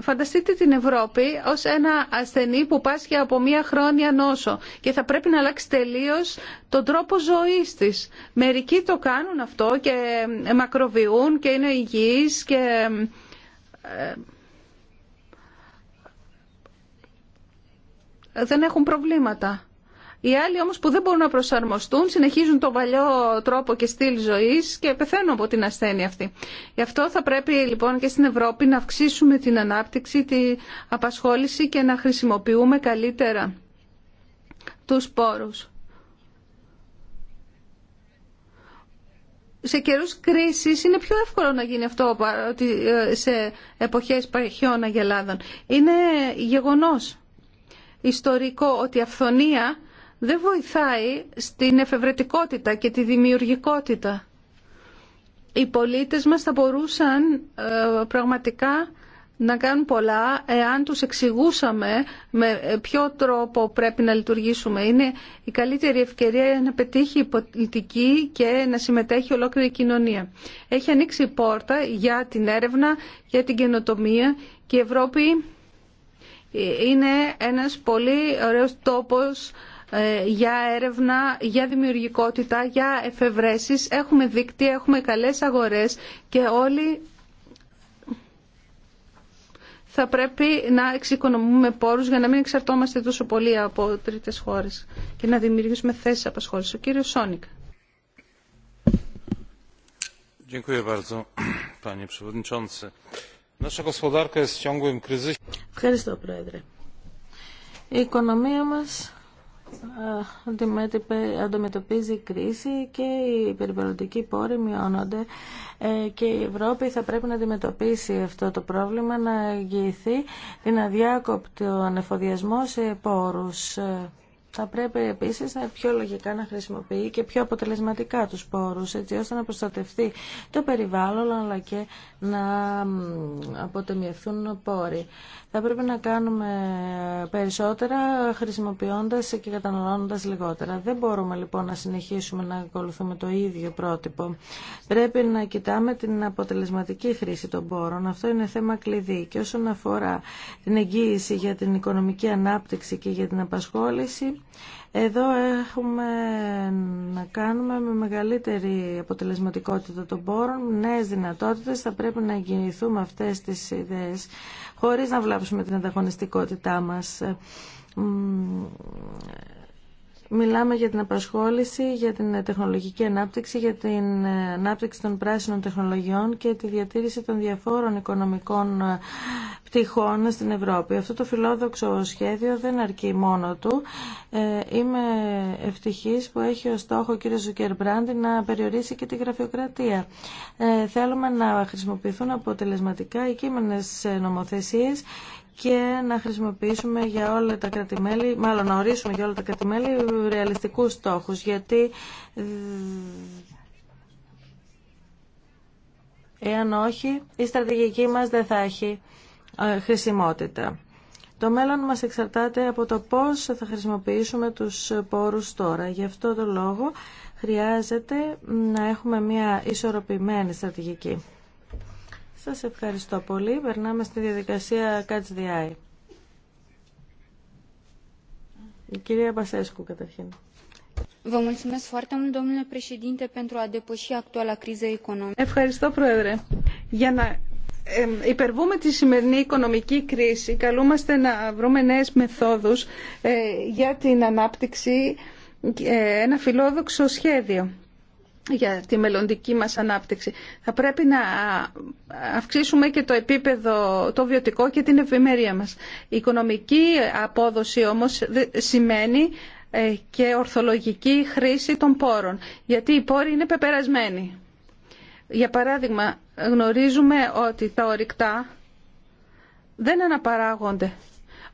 Φανταστείτε την Ευρώπη ως ένα ασθενή που πάσχει από μία χρόνια νόσο και θα πρέπει να αλλάξει τελείως τον τρόπο ζωής της. Μερικοί το κάνουν αυτό και μακροβιούν και είναι υγιείς και ε, δεν έχουν προβλήματα. Οι άλλοι όμως που δεν μπορούν να προσαρμοστούν συνεχίζουν τον παλιό τρόπο και στυλ ζωής και πεθαίνουν από την ασθένεια αυτή. Γι' αυτό θα πρέπει λοιπόν και στην Ευρώπη να αυξήσουμε την ανάπτυξη, την απασχόληση και να χρησιμοποιούμε καλύτερα τους πόρους. σε καιρού κρίση είναι πιο εύκολο να γίνει αυτό ε, σε εποχές παχιών αγελάδων. Είναι γεγονός ιστορικό ότι η αυθονία δεν βοηθάει στην εφευρετικότητα και τη δημιουργικότητα. Οι πολίτες μας θα μπορούσαν ε, πραγματικά να κάνουν πολλά εάν τους εξηγούσαμε με ποιο τρόπο πρέπει να λειτουργήσουμε. Είναι η καλύτερη ευκαιρία να πετύχει η πολιτική και να συμμετέχει ολόκληρη η κοινωνία. Έχει ανοίξει η πόρτα για την έρευνα, για την καινοτομία και η Ευρώπη είναι ένας πολύ ωραίος τόπος ε, για έρευνα, για δημιουργικότητα, για εφευρέσεις. Έχουμε δίκτυα, έχουμε καλές αγορές και όλοι θα πρέπει να εξοικονομούμε πόρους για να μην εξαρτώμαστε τόσο πολύ από τρίτες χώρες και να δημιουργήσουμε θέσεις απασχόλησης. Ο κύριος Σόνικ. Dziękuję bardzo, panie przewodniczący. Ευχαριστώ, Πρόεδρε. Η οικονομία μας ε, αντιμετωπίζει κρίση και οι περιβαλλοντικοί πόροι μειώνονται ε, και η Ευρώπη θα πρέπει να αντιμετωπίσει αυτό το πρόβλημα, να εγγυηθεί την αδιάκοπτη ανεφοδιασμό σε πόρους. Ε, θα πρέπει επίσης να πιο λογικά να χρησιμοποιεί και πιο αποτελεσματικά τους πόρους έτσι ώστε να προστατευτεί το περιβάλλον αλλά και να αποτεμιευθούν πόροι. Θα πρέπει να κάνουμε περισσότερα χρησιμοποιώντας και καταναλώνοντας λιγότερα. Δεν μπορούμε λοιπόν να συνεχίσουμε να ακολουθούμε το ίδιο πρότυπο. Πρέπει να κοιτάμε την αποτελεσματική χρήση των πόρων. Αυτό είναι θέμα κλειδί και όσον αφορά την εγγύηση για την οικονομική ανάπτυξη και για την απασχόληση εδώ έχουμε να κάνουμε με μεγαλύτερη αποτελεσματικότητα των πόρων, νέες δυνατότητες, θα πρέπει να εγγυηθούμε αυτές τις ιδέες χωρίς να βλάψουμε την ανταγωνιστικότητά μας Μιλάμε για την απασχόληση, για την τεχνολογική ανάπτυξη, για την ανάπτυξη των πράσινων τεχνολογιών και τη διατήρηση των διαφόρων οικονομικών ε, πτυχών στην Ευρώπη. Αυτό το φιλόδοξο σχέδιο δεν αρκεί μόνο του. Ε, είμαι ευτυχής που έχει ως στόχο ο κ. Ζουκερμπράντι να περιορίσει και τη γραφειοκρατία. Ε, θέλουμε να χρησιμοποιηθούν αποτελεσματικά οι κείμενες νομοθεσίες και να χρησιμοποιήσουμε για όλα τα κρατημέλη, μάλλον να ορίσουμε για όλα τα κρατημέλη ρεαλιστικούς στόχους, γιατί εάν όχι η στρατηγική μας δεν θα έχει ε, χρησιμότητα. Το μέλλον μας εξαρτάται από το πώς θα χρησιμοποιήσουμε τους πόρους τώρα. Γι' αυτό το λόγο χρειάζεται να έχουμε μια ισορροπημένη στρατηγική. Σας ευχαριστώ πολύ. Περνάμε στη διαδικασία Catch the Eye. Η κυρία Μπασέσκου καταρχήν. Ευχαριστώ, Πρόεδρε. Για να υπερβούμε τη σημερινή οικονομική κρίση, καλούμαστε να βρούμε νέες μεθόδους ε, για την ανάπτυξη, ε, ένα φιλόδοξο σχέδιο για τη μελλοντική μας ανάπτυξη. Θα πρέπει να αυξήσουμε και το επίπεδο το βιωτικό και την ευημερία μας. Η οικονομική απόδοση όμως σημαίνει ε, και ορθολογική χρήση των πόρων, γιατί οι πόροι είναι πεπερασμένοι. Για παράδειγμα, γνωρίζουμε ότι τα ορυκτά δεν αναπαράγονται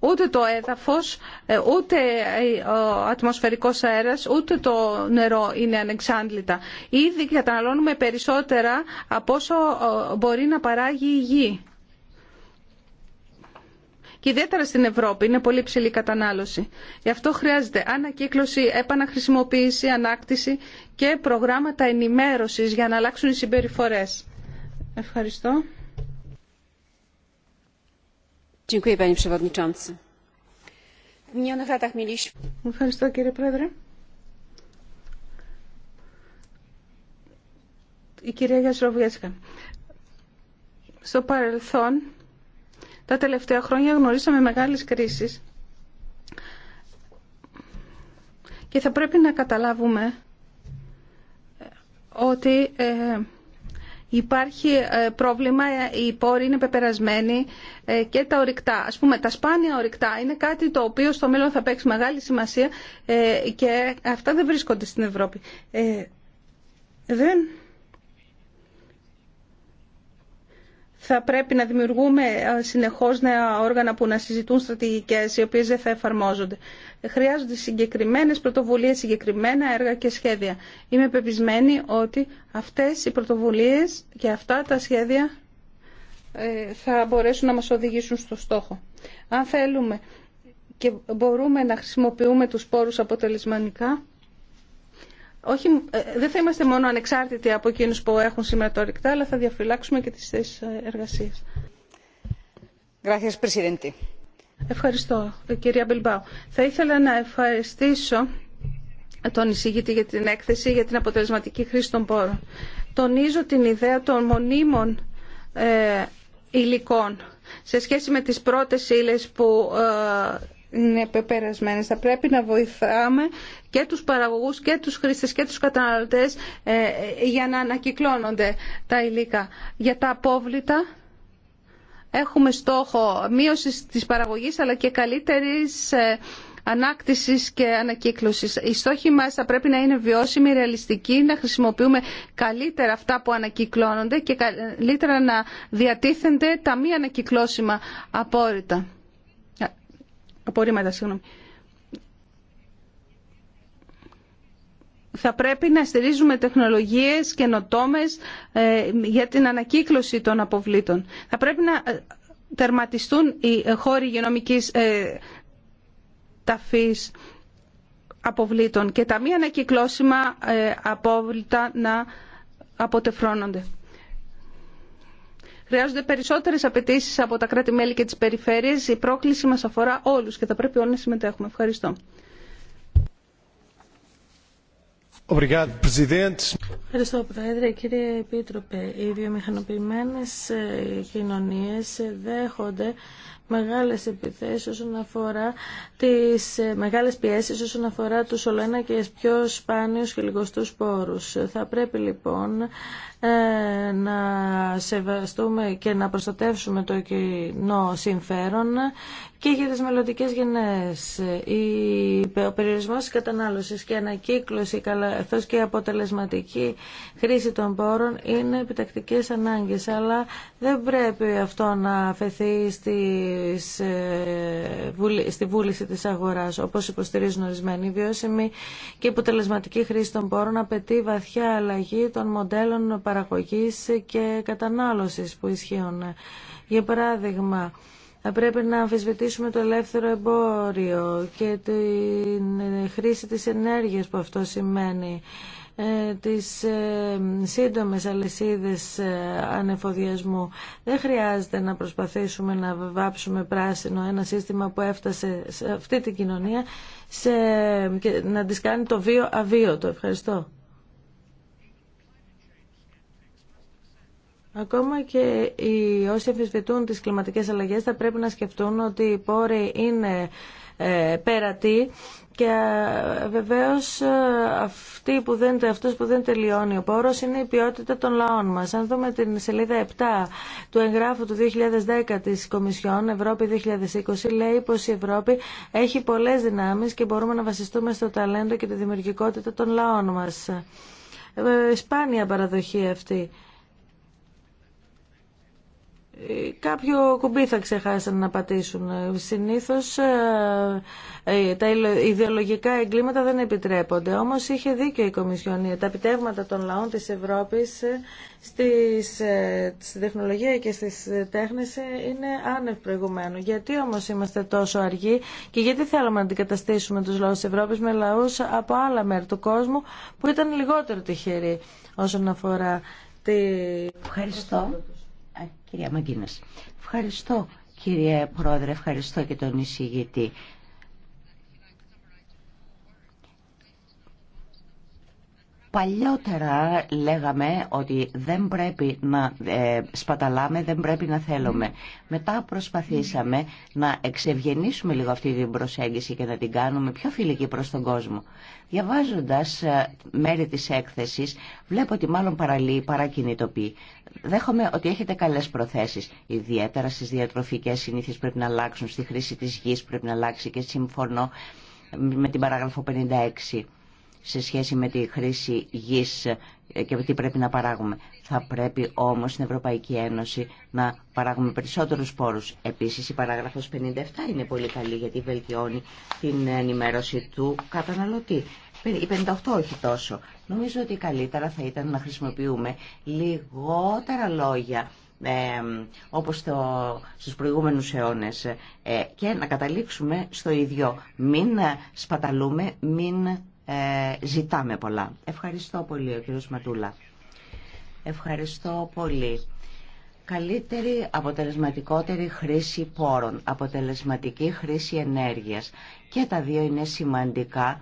Ούτε το έδαφος, ε, ούτε ε, ο ατμοσφαιρικός αέρας, ούτε το νερό είναι ανεξάντλητα. Ήδη καταναλώνουμε περισσότερα από όσο ε, μπορεί να παράγει η γη. Και ιδιαίτερα στην Ευρώπη είναι πολύ ψηλή κατανάλωση. Γι' αυτό χρειάζεται ανακύκλωση, επαναχρησιμοποίηση, ανάκτηση και προγράμματα ενημέρωσης για να αλλάξουν οι συμπεριφορές. Ευχαριστώ. Ευχαριστώ κύριε Πρόεδρε. Η κυρία Γιασροβιέσκα. Στο παρελθόν, τα τελευταία χρόνια γνωρίσαμε μεγάλες κρίσεις και θα πρέπει να καταλάβουμε ότι ε, υπάρχει ε, πρόβλημα, ε, οι πόροι είναι πεπερασμένοι ε, και τα ορυκτά. Ας πούμε, τα σπάνια ορυκτά είναι κάτι το οποίο στο μέλλον θα παίξει μεγάλη σημασία και αυτά δεν βρίσκονται στην Ευρώπη. δεν θα πρέπει να δημιουργούμε ε, συνεχώς νέα όργανα που να συζητούν στρατηγικές οι οποίες δεν θα εφαρμόζονται. Χρειάζονται συγκεκριμένες πρωτοβουλίες, συγκεκριμένα έργα και σχέδια. Είμαι πεπισμένη ότι αυτές οι πρωτοβουλίες και αυτά τα σχέδια ε, θα μπορέσουν να μας οδηγήσουν στο στόχο. Αν θέλουμε και μπορούμε να χρησιμοποιούμε τους πόρους αποτελεσματικά, όχι, ε, ε, δεν θα είμαστε μόνο ανεξάρτητοι από εκείνους που έχουν σήμερα το ρηκτά, αλλά θα διαφυλάξουμε και τις θέσεις ε, εργασίας. Ευχαριστώ, κυρία Μπιλμπάου. Θα ήθελα να ευχαριστήσω τον εισηγητή για την έκθεση για την αποτελεσματική χρήση των πόρων. Τονίζω την ιδέα των μονίμων υλικών σε σχέση με τις πρώτες ύλες που ε, είναι πεπερασμένες. Θα πρέπει να βοηθάμε και τους παραγωγούς και τους χρήστες και τους καταναλωτές ε, για να ανακυκλώνονται τα υλικά. Για τα απόβλητα έχουμε στόχο μείωση της παραγωγής αλλά και καλύτερης ε, ανάκτησης και ανακύκλωσης. Οι στόχοι μας θα πρέπει να είναι βιώσιμοι, ρεαλιστικοί, να χρησιμοποιούμε καλύτερα αυτά που ανακυκλώνονται και καλύτερα να διατίθενται τα μη ανακυκλώσιμα απόρριτα. Θα πρέπει να στηρίζουμε τεχνολογίες καινοτόμες ε, για την ανακύκλωση των αποβλήτων. Θα πρέπει να ε, τερματιστούν οι χώροι γενομικής ε, ταφής αποβλήτων και τα μη ανακυκλώσιμα απόβλητα να αποτεφρώνονται. Χρειάζονται περισσότερε απαιτήσει από τα κράτη-μέλη και τι περιφερειε. Η πρόκληση μα αφορά όλου και θα πρέπει όλοι να συμμετέχουμε. Ευχαριστώ. Ευχαριστώ, Πρόεδρε. Κύριε Επίτροπε, οι βιομηχανοποιημένες ε, κοινωνίες ε, δέχονται μεγάλες επιθέσεις όσον αφορά τις ε, μεγάλες πιέσεις όσον αφορά τους ολοένα και πιο σπάνιους και λιγοστούς πόρους. Θα πρέπει λοιπόν ε, να σεβαστούμε και να προστατεύσουμε το κοινό συμφέρον και για τις μελλοντικέ γενναίες. Ο περιορισμός της κατανάλωσης και ανακύκλωση καθώς και η αποτελεσματική χρήση των πόρων είναι επιτακτικές ανάγκες, αλλά δεν πρέπει αυτό να αφαιθεί στις, ε, στη βούληση της αγοράς, όπως υποστηρίζουν ορισμένοι. βιώσιμοι και αποτελεσματική χρήση των πόρων απαιτεί βαθιά αλλαγή των μοντέλων παραγωγής και κατανάλωσης που ισχύουν. Για παράδειγμα, θα πρέπει να αμφισβητήσουμε το ελεύθερο εμπόριο και την χρήση της ενέργειας που αυτό σημαίνει. Ε, τις ε, σύντομες αλυσίδες ε, ανεφοδιασμού. Δεν χρειάζεται να προσπαθήσουμε να βάψουμε πράσινο ένα σύστημα που έφτασε σε αυτή την κοινωνία σε... και να τις κάνει το βίο αβίωτο. Ευχαριστώ. Ακόμα και οι όσοι αφισβητούν τις κλιματικές αλλαγές θα πρέπει να σκεφτούν ότι οι πόροι είναι ε, πέρατη και ε, βεβαίως ε, αυτοί που δεν, που δεν τελειώνει ο πόρος είναι η ποιότητα των λαών μας. Αν δούμε την σελίδα 7 του εγγράφου του 2010 της Κομισιόν Ευρώπη 2020 λέει πω η Ευρώπη έχει πολλές δυνάμεις και μπορούμε να βασιστούμε στο ταλέντο και τη δημιουργικότητα των λαών μας. Σπάνια παραδοχή αυτή κάποιο κουμπί θα ξεχάσαν να πατήσουν. Συνήθως ε, ε, τα ιδεολογικά εγκλήματα δεν επιτρέπονται. Όμως είχε δίκιο η Κομισιόν. Τα επιτεύγματα των λαών της Ευρώπης ε, στις, στη τεχνολογία και στις τέχνες είναι άνευ προηγουμένου. Γιατί όμως είμαστε τόσο αργοί και γιατί θέλουμε να αντικαταστήσουμε τους λαούς της Ευρώπης με λαούς από άλλα μέρη του κόσμου που ήταν λιγότερο τυχεροί όσον αφορά τη... Ευχαριστώ. Κυρία Μαγκίνας, Ευχαριστώ κύριε Πρόεδρε, ευχαριστώ και τον εισηγητή. Παλιότερα λέγαμε ότι δεν πρέπει να ε, σπαταλάμε, δεν πρέπει να θέλουμε. Μετά προσπαθήσαμε να εξευγενήσουμε λίγο αυτή την προσέγγιση και να την κάνουμε πιο φιλική προς τον κόσμο. Διαβάζοντας ε, μέρη της έκθεσης, βλέπω ότι μάλλον παραλύει, παρακινητοποιεί. Δέχομαι ότι έχετε καλές προθέσεις. Ιδιαίτερα στις διατροφικές συνήθειες πρέπει να αλλάξουν, στη χρήση της γης πρέπει να αλλάξει και συμφωνώ με την παράγραφο 56 σε σχέση με τη χρήση γης ε, και τι πρέπει να παράγουμε. Θα πρέπει όμως στην Ευρωπαϊκή Ένωση να παράγουμε περισσότερους πόρους. Επίσης η παράγραφος 57 είναι πολύ καλή γιατί βελτιώνει την ενημέρωση του καταναλωτή. Η 58 όχι τόσο. Νομίζω ότι καλύτερα θα ήταν να χρησιμοποιούμε λιγότερα λόγια ε, όπως το, στους προηγούμενους αιώνες ε, και να καταλήξουμε στο ίδιο. Μην ε, σπαταλούμε, μην ε, ζητάμε πολλά. Ευχαριστώ πολύ ο κύριος Ματούλα. Ευχαριστώ πολύ. Καλύτερη, αποτελεσματικότερη χρήση πόρων, αποτελεσματική χρήση ενέργειας. Και τα δύο είναι σημαντικά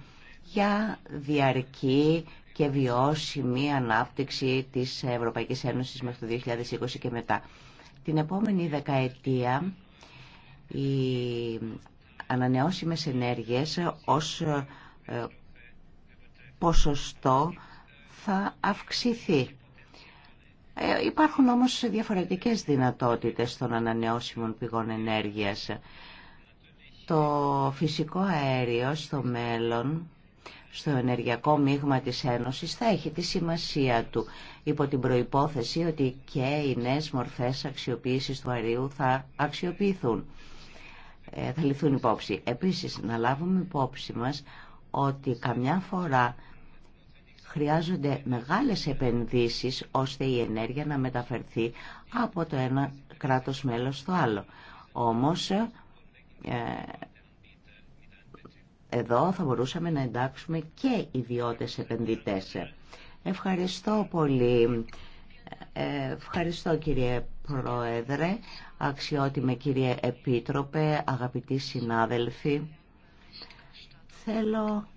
για διαρκή και βιώσιμη ανάπτυξη της Ευρωπαϊκής Ένωσης μέχρι το 2020 και μετά. Την επόμενη δεκαετία οι ανανεώσιμες ενέργειες ως ε, ποσοστό θα αυξηθεί. Ε, υπάρχουν όμως διαφορετικές δυνατότητες των ανανεώσιμων πηγών ενέργειας. Το φυσικό αέριο στο μέλλον, στο ενεργειακό μείγμα της Ένωσης, θα έχει τη σημασία του, υπό την προϋπόθεση ότι και οι νέες μορφές αξιοποίησης του αερίου θα αξιοποιηθούν, ε, θα λυθούν υπόψη. Επίσης, να λάβουμε υπόψη μας ότι καμιά φορά χρειάζονται μεγάλες επενδύσεις ώστε η ενέργεια να μεταφερθεί από το ένα κράτος μέλος στο άλλο. Όμως ε, εδώ θα μπορούσαμε να εντάξουμε και ιδιώτες επενδυτές. Ευχαριστώ πολύ. Ε, ευχαριστώ κύριε Πρόεδρε, αξιότιμε κύριε Επίτροπε, αγαπητοί συνάδελφοι. Θέλω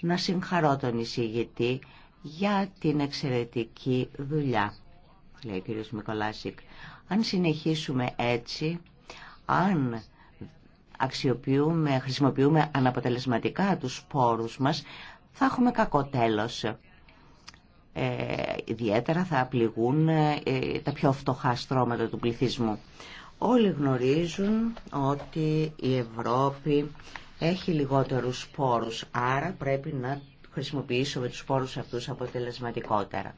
να συγχαρώ τον εισηγητή για την εξαιρετική δουλειά, λέει ο κ. Μικολάσικ. Αν συνεχίσουμε έτσι, αν αξιοποιούμε, χρησιμοποιούμε αναποτελεσματικά τους πόρους μας, θα έχουμε κακό τέλος. Ε, ιδιαίτερα θα πληγούν ε, τα πιο φτωχά στρώματα του πληθυσμού. Όλοι γνωρίζουν ότι η Ευρώπη έχει λιγότερους σπόρους, άρα πρέπει να χρησιμοποιήσουμε τους σπόρους αυτούς αποτελεσματικότερα.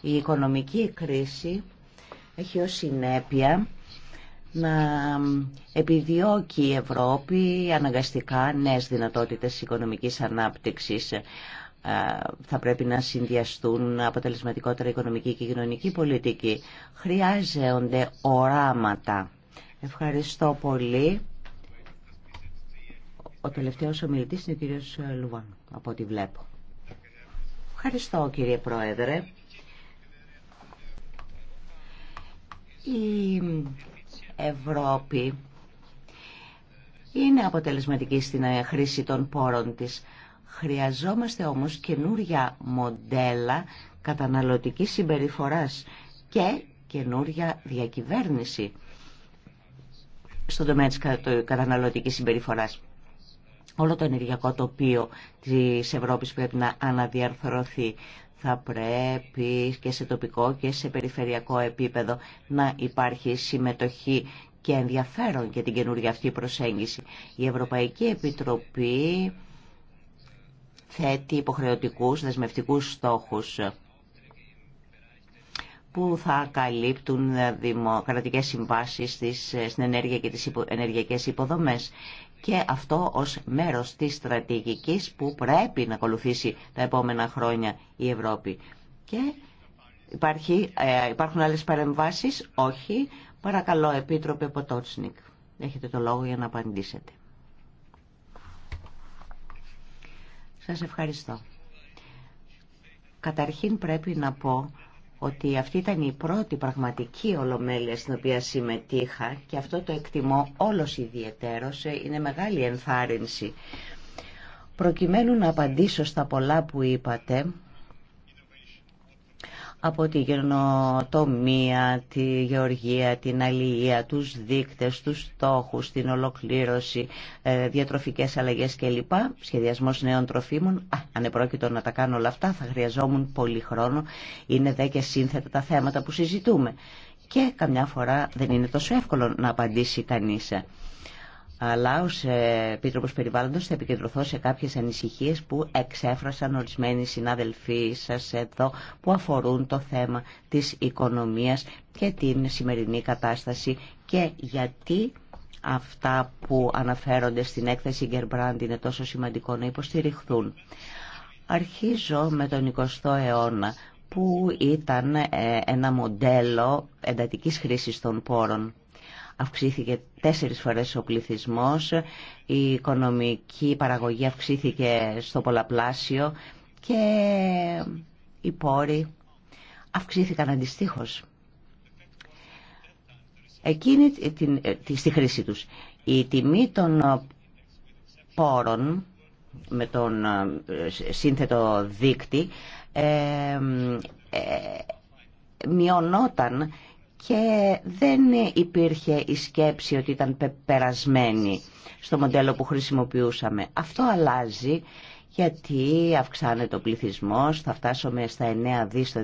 Η οικονομική κρίση έχει ως συνέπεια να επιδιώκει η Ευρώπη αναγκαστικά νέες δυνατότητες οικονομικής ανάπτυξης. Ε, θα πρέπει να συνδυαστούν αποτελεσματικότερα οικονομική και κοινωνική πολιτική. Χρειάζονται οράματα. Ευχαριστώ πολύ. Ο τελευταίος ομιλητής είναι ο κύριος Λουβάν, από ό,τι βλέπω. Ευχαριστώ κύριε Πρόεδρε. Η Ευρώπη είναι αποτελεσματική στην χρήση των πόρων της. Χρειαζόμαστε όμως καινούρια μοντέλα καταναλωτικής συμπεριφοράς και καινούρια διακυβέρνηση στον τομέα της καταναλωτικής συμπεριφοράς όλο το ενεργειακό τοπίο της Ευρώπης πρέπει να αναδιαρθρωθεί. Θα πρέπει και σε τοπικό και σε περιφερειακό επίπεδο να υπάρχει συμμετοχή και ενδιαφέρον για την καινούργια αυτή προσέγγιση. Η Ευρωπαϊκή Επιτροπή θέτει υποχρεωτικούς δεσμευτικούς στόχους που θα καλύπτουν δημοκρατικές συμβάσεις στην ενέργεια και τις ενεργειακές υποδομές και αυτό ως μέρος της στρατηγικής που πρέπει να ακολουθήσει τα επόμενα χρόνια η Ευρώπη. Και υπάρχει, ε, υπάρχουν άλλες παρεμβάσεις. Όχι. Παρακαλώ, Επίτροπε Ποτότσνικ. Έχετε το λόγο για να απαντήσετε. Σας ευχαριστώ. Καταρχήν πρέπει να πω ότι αυτή ήταν η πρώτη πραγματική ολομέλεια στην οποία συμμετείχα και αυτό το εκτιμώ όλος ιδιαιτέρως, ε, είναι μεγάλη ενθάρρυνση. Προκειμένου να απαντήσω στα πολλά που είπατε, από τη γενοτομία, τη γεωργία, την αλληλεία, τους δείκτες, τους στόχους, την ολοκλήρωση, ε, διατροφικές αλλαγές κλπ. Σχεδιασμός νέων τροφίμων. Α, αν επρόκειτο να τα κάνω όλα αυτά θα χρειαζόμουν πολύ χρόνο. Είναι δε και σύνθετα τα θέματα που συζητούμε. Και καμιά φορά δεν είναι τόσο εύκολο να απαντήσει κανείς αλλά ως ε, Επίτροπο Περιβάλλοντος θα επικεντρωθώ σε κάποιες ανησυχίε που εξέφρασαν ορισμένοι συνάδελφοί σα, εδώ που αφορούν το θέμα της οικονομίας και την σημερινή κατάσταση και γιατί αυτά που αναφέρονται στην έκθεση Gerbrand είναι τόσο σημαντικό να υποστηριχθούν. Αρχίζω με τον 20ο αιώνα που ήταν ε, ένα μοντέλο εντατικής χρήσης των πόρων αυξήθηκε τέσσερις φορές ο πληθυσμός, η οικονομική παραγωγή αυξήθηκε στο πολλαπλάσιο και οι πόροι αυξήθηκαν αντιστοίχως. Εκείνη την, στη χρήση τους. Η τιμή των πόρων με τον ε, σύνθετο δίκτυ ε, ε, μειωνόταν και δεν υπήρχε η σκέψη ότι ήταν περασμένη στο μοντέλο που χρησιμοποιούσαμε. Αυτό αλλάζει γιατί αυξάνεται ο πληθυσμός, θα φτάσουμε στα 9 δις το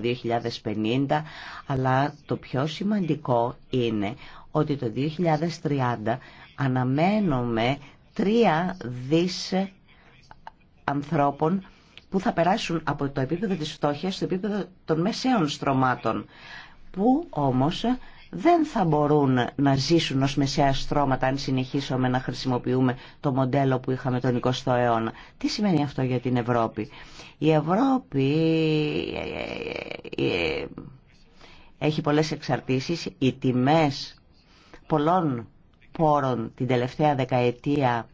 2050, αλλά το πιο σημαντικό είναι ότι το 2030 αναμένουμε 3 δις ανθρώπων που θα περάσουν από το επίπεδο της φτώχειας στο επίπεδο των μεσαίων στρωμάτων που όμως δεν θα μπορούν να ζήσουν ως μεσαία στρώματα αν συνεχίσουμε να χρησιμοποιούμε το μοντέλο που είχαμε τον 20ο αιώνα. Τι σημαίνει αυτό για την Ευρώπη. Η Ευρώπη ε, ε, ε, έχει πολλές εξαρτήσεις. Οι τιμές πολλών πόρων την τελευταία δεκαετία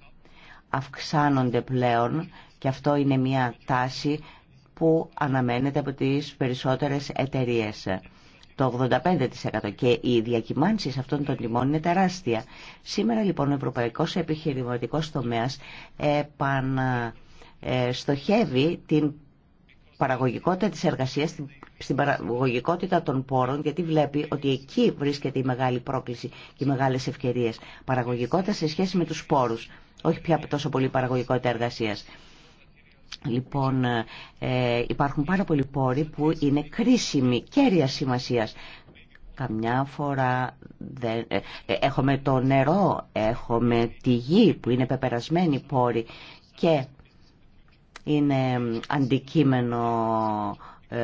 αυξάνονται πλέον και αυτό είναι μια τάση που αναμένεται από τις περισσότερες εταιρείες το 85% και οι διακυμάνσεις αυτών των τιμών είναι τεράστια. Σήμερα λοιπόν ο ευρωπαϊκός επιχειρηματικός τομέας επαναστοχεύει ε, την παραγωγικότητα της εργασίας, στην παραγωγικότητα των πόρων, γιατί βλέπει ότι εκεί βρίσκεται η μεγάλη πρόκληση και οι μεγάλες ευκαιρίες. Παραγωγικότητα σε σχέση με τους πόρους, όχι πια τόσο πολύ παραγωγικότητα εργασίας. Λοιπόν, ε, ε, υπάρχουν πάρα πολλοί πόροι που είναι κρίσιμοι, κέρια σημασίας. Καμιά φορά ε, ε, έχουμε το νερό, έχουμε τη γη που είναι πεπερασμένη πόροι και είναι αντικείμενο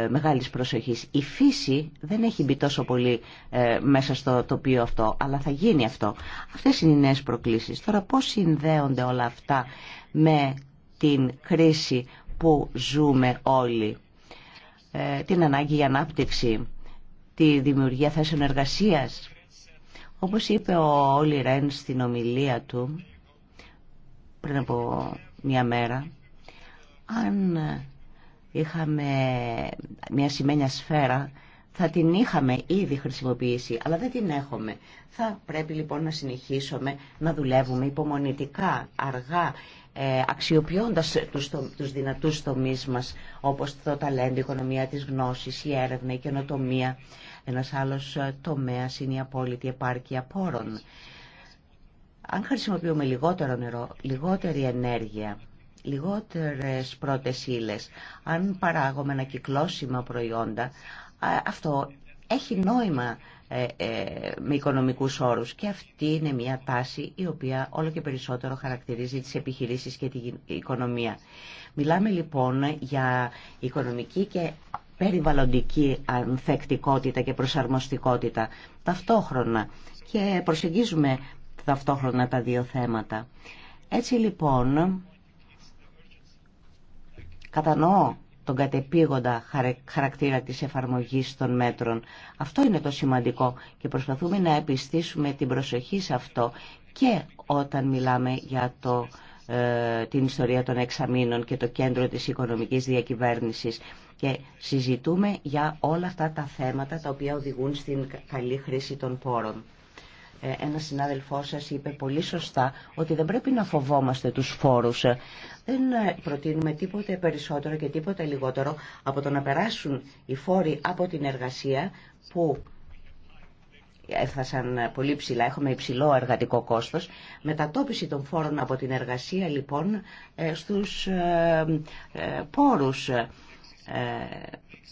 μεγάλης προσοχής. Η φύση δεν έχει μπει τόσο πολύ μέσα στο τοπίο αυτό, αλλά θα γίνει αυτό. Αυτές είναι οι νέες προκλήσεις. Τώρα πώς συνδέονται όλα αυτά με την κρίση που ζούμε όλοι, ε, την ανάγκη για ανάπτυξη, τη δημιουργία θέσεων εργασίας. Όπως είπε ο Όλι Ρέν στην ομιλία του πριν από μια μέρα, αν είχαμε μια σημαίνια σφαίρα, θα την είχαμε ήδη χρησιμοποιήσει, αλλά δεν την έχουμε. Θα πρέπει λοιπόν να συνεχίσουμε να δουλεύουμε υπομονητικά, αργά, ε, αξιοποιώντας τους, το, τους δυνατούς τομείς μας όπως το ταλέντο, η οικονομία της γνώσης, η έρευνα, η καινοτομία. Ένας άλλος ε, τομέας είναι η απόλυτη επάρκεια πόρων. Αν χρησιμοποιούμε λιγότερο νερό, λιγότερη ενέργεια, λιγότερες πρώτες ύλες, αν παράγουμε ανακυκλώσιμα προϊόντα, αυτό έχει νόημα ε, ε, με οικονομικούς όρους. Και αυτή είναι μια τάση η οποία όλο και περισσότερο χαρακτηρίζει τις επιχειρήσεις και την οικονομία. Μιλάμε λοιπόν για οικονομική και περιβαλλοντική ανθεκτικότητα και προσαρμοστικότητα ταυτόχρονα και προσεγγίζουμε ταυτόχρονα τα δύο θέματα. Έτσι λοιπόν, κατανοώ τον κατεπήγοντα χαρακτήρα της εφαρμογής των μέτρων. Αυτό είναι το σημαντικό και προσπαθούμε να επιστήσουμε την προσοχή σε αυτό και όταν μιλάμε για το, ε, την ιστορία των εξαμήνων και το κέντρο της οικονομικής διακυβέρνησης και συζητούμε για όλα αυτά τα θέματα τα οποία οδηγούν στην καλή χρήση των πόρων. Ε, ένας συνάδελφός σας είπε πολύ σωστά ότι δεν πρέπει να φοβόμαστε τους φόρους. Ε, δεν ε, προτείνουμε τίποτε περισσότερο και τίποτε λιγότερο από το να περάσουν οι φόροι από την εργασία που έφτασαν πολύ ψηλά, έχουμε υψηλό εργατικό κόστος. Μετατόπιση των φόρων από την εργασία λοιπόν στους πόρους.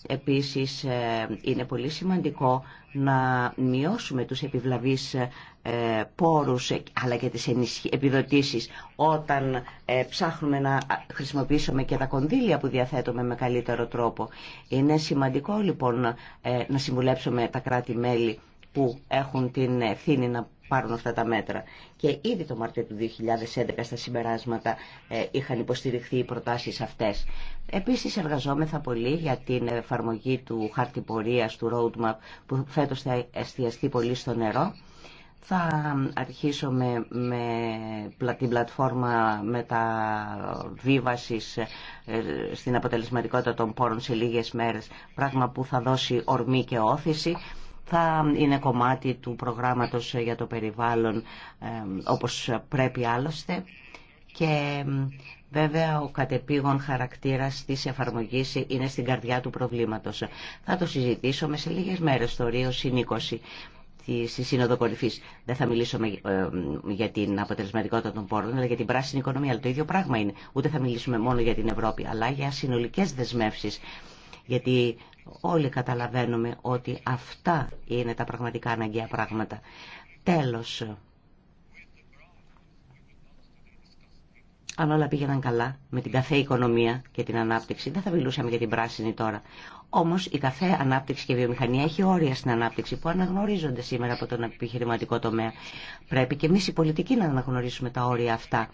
Επίσης είναι πολύ σημαντικό να μειώσουμε τους επιβλαβείς ε, πόρους ε, αλλά και τις επιδοτήσεις όταν ε, ψάχνουμε να χρησιμοποιήσουμε και τα κονδύλια που διαθέτουμε με καλύτερο τρόπο. Είναι σημαντικό λοιπόν να συμβουλέψουμε τα κράτη-μέλη που έχουν την ευθύνη να πάρουν αυτά τα μέτρα. Και ήδη το Μάρτιο του 2011 στα συμπεράσματα ε, είχαν υποστηριχθεί οι προτάσεις αυτές. Επίσης εργαζόμεθα πολύ για την εφαρμογή του χάρτη πορείας, του roadmap που φέτος θα εστιαστεί πολύ στο νερό. Θα αρχίσω με, με την πλατφόρμα μεταβίβασης ε, στην αποτελεσματικότητα των πόρων σε λίγες μέρες, πράγμα που θα δώσει ορμή και όθηση θα είναι κομμάτι του προγράμματος για το περιβάλλον όπως πρέπει άλλωστε και Βέβαια, ο κατεπήγον χαρακτήρας της εφαρμογής είναι στην καρδιά του προβλήματος. Θα το συζητήσουμε σε λίγες μέρες στο Ρίο συνήκωση στη Σύνοδο Κορυφή. Δεν θα μιλήσω για την αποτελεσματικότητα των πόρων, αλλά για την πράσινη οικονομία. Αλλά το ίδιο πράγμα είναι. Ούτε θα μιλήσουμε μόνο για την Ευρώπη, αλλά για συνολικέ δεσμεύσει. Γιατί Όλοι καταλαβαίνουμε ότι αυτά είναι τα πραγματικά αναγκαία πράγματα. Τέλος, αν όλα πήγαιναν καλά με την καφέ οικονομία και την ανάπτυξη, δεν θα μιλούσαμε για την πράσινη τώρα. Όμω η καφέ ανάπτυξη και βιομηχανία έχει όρια στην ανάπτυξη που αναγνωρίζονται σήμερα από τον επιχειρηματικό τομέα. Πρέπει και εμεί οι πολιτικοί να αναγνωρίσουμε τα όρια αυτά.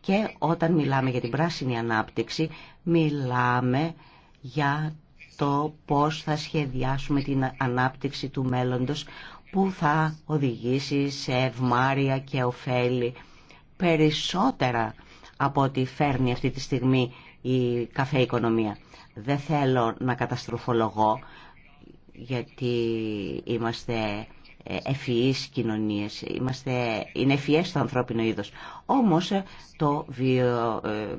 Και όταν μιλάμε για την πράσινη ανάπτυξη, μιλάμε για το πώς θα σχεδιάσουμε την ανάπτυξη του μέλλοντος που θα οδηγήσει σε ευμάρεια και ωφέλη περισσότερα από ό,τι φέρνει αυτή τη στιγμή η καφέ οικονομία. Δεν θέλω να καταστροφολογώ γιατί είμαστε ε, ευφυείς κοινωνίες, είμαστε, είναι ευφυές το ανθρώπινο είδος. Όμως ε, το βιο, ε,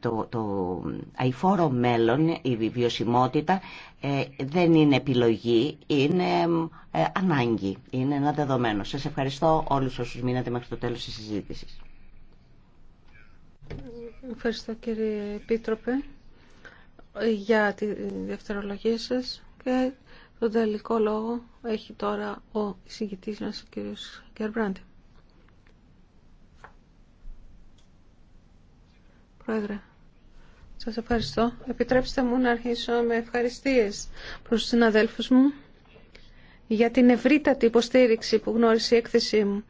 το, το αηφόρο μέλλον, η βιωσιμότητα ε, δεν είναι επιλογή, είναι ε, ανάγκη, είναι ένα δεδομένο. Σας ευχαριστώ όλους όσους μείνατε μέχρι το τέλος της συζήτησης. Ευχαριστώ κύριε Επίτροπε για τη δευτερολογία σας και τον τελικό λόγο έχει τώρα ο συγκητής μας ο κύριος Κερμπράντη. Πρόεδρε. Σας ευχαριστώ. Επιτρέψτε μου να αρχίσω με ευχαριστίες προς τους συναδέλφους μου για την ευρύτατη υποστήριξη που γνώρισε η έκθεσή μου.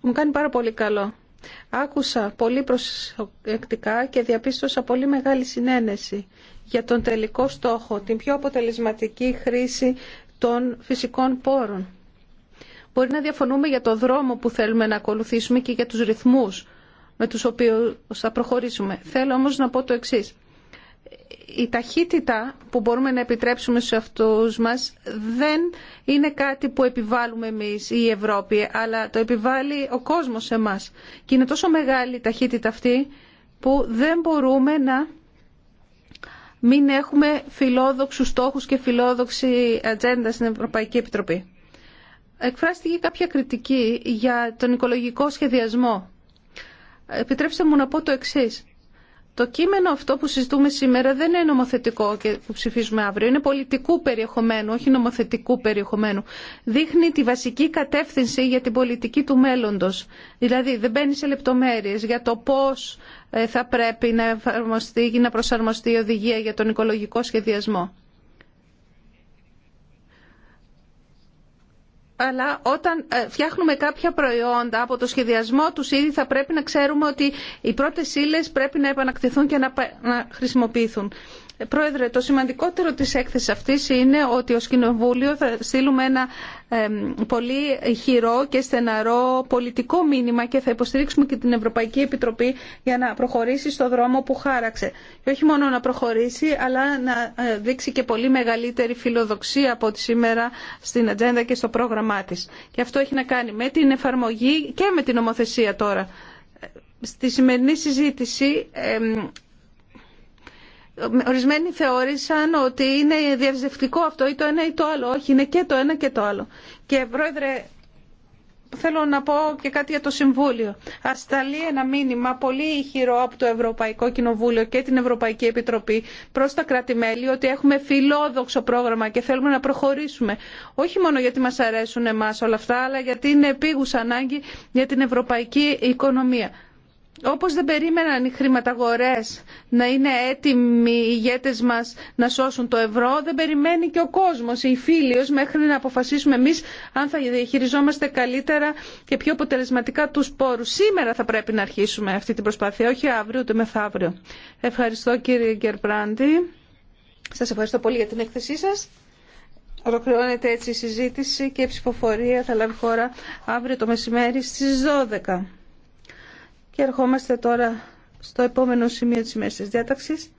Μου κάνει πάρα πολύ καλό. Άκουσα πολύ προσεκτικά και διαπίστωσα πολύ μεγάλη συνένεση για τον τελικό στόχο, την πιο αποτελεσματική χρήση των φυσικών πόρων. Μπορεί να διαφωνούμε για το δρόμο που θέλουμε να ακολουθήσουμε και για τους ρυθμούς με τους οποίους θα προχωρήσουμε. Θέλω όμως να πω το εξής. Η ταχύτητα που μπορούμε να επιτρέψουμε σε αυτούς μας δεν είναι κάτι που επιβάλλουμε εμείς η Ευρώπη, αλλά το επιβάλλει ο κόσμος σε μας. Και είναι τόσο μεγάλη η ταχύτητα αυτή που δεν μπορούμε να μην έχουμε φιλόδοξους στόχους και φιλόδοξη ατζέντα στην Ευρωπαϊκή Επιτροπή. Εκφράστηκε κάποια κριτική για τον οικολογικό σχεδιασμό Επιτρέψτε μου να πω το εξή: Το κείμενο αυτό που συζητούμε σήμερα δεν είναι νομοθετικό και που ψηφίζουμε αύριο. Είναι πολιτικού περιεχομένου, όχι νομοθετικού περιεχομένου. Δείχνει τη βασική κατεύθυνση για την πολιτική του μέλλοντος. Δηλαδή δεν μπαίνει σε λεπτομέρειες για το πώς ε, θα πρέπει να, να προσαρμοστεί η οδηγία για τον οικολογικό σχεδιασμό. αλλά όταν ε, φτιάχνουμε κάποια προϊόντα από το σχεδιασμό τους ήδη θα πρέπει να ξέρουμε ότι οι πρώτες ύλε πρέπει να επανακτηθούν και να χρησιμοποιηθούν. Πρόεδρε, το σημαντικότερο της έκθεσης αυτής είναι ότι ως Κοινοβούλιο θα στείλουμε ένα πολύ χειρό και στεναρό πολιτικό μήνυμα και θα υποστηρίξουμε και την Ευρωπαϊκή Επιτροπή για να προχωρήσει στο δρόμο που χάραξε. Και όχι μόνο να προχωρήσει, αλλά να ε, δείξει και πολύ μεγαλύτερη φιλοδοξία από τη σήμερα στην ατζέντα και στο πρόγραμμά της. Και αυτό έχει να κάνει με την εφαρμογή και με την νομοθεσία τώρα. Στη σημερινή συζήτηση Ορισμένοι θεώρησαν ότι είναι διαζευτικό αυτό ή το ένα ή το άλλο. Όχι, είναι και το ένα και το άλλο. Και πρόεδρε, θέλω να πω και κάτι για το Συμβούλιο. Ασταλεί ένα μήνυμα πολύ ηχηρό από το Ευρωπαϊκό Κοινοβούλιο και την Ευρωπαϊκή Επιτροπή προς τα κράτη-μέλη ότι έχουμε φιλόδοξο πρόγραμμα και θέλουμε να προχωρήσουμε. Όχι μόνο γιατί μας αρέσουν εμάς όλα αυτά, αλλά γιατί είναι επίγουσα ανάγκη για την ευρωπαϊκή οικονομία. Όπως δεν περίμεναν οι χρηματαγορές να είναι έτοιμοι οι ηγέτες μας να σώσουν το ευρώ, δεν περιμένει και ο κόσμος, οι φίλοι μέχρι να αποφασίσουμε εμείς αν θα διαχειριζόμαστε καλύτερα και πιο αποτελεσματικά τους πόρους. Σήμερα θα πρέπει να αρχίσουμε αυτή την προσπάθεια, όχι αύριο ούτε μεθαύριο. Ευχαριστώ κύριε Γκερπράντη. Σας ευχαριστώ πολύ για την έκθεσή σας. Ολοκληρώνεται έτσι η συζήτηση και η ψηφοφορία θα λάβει χώρα αύριο το μεσημέρι στις 12. Και ερχόμαστε τώρα στο επόμενο σημείο της μέσης διάταξης.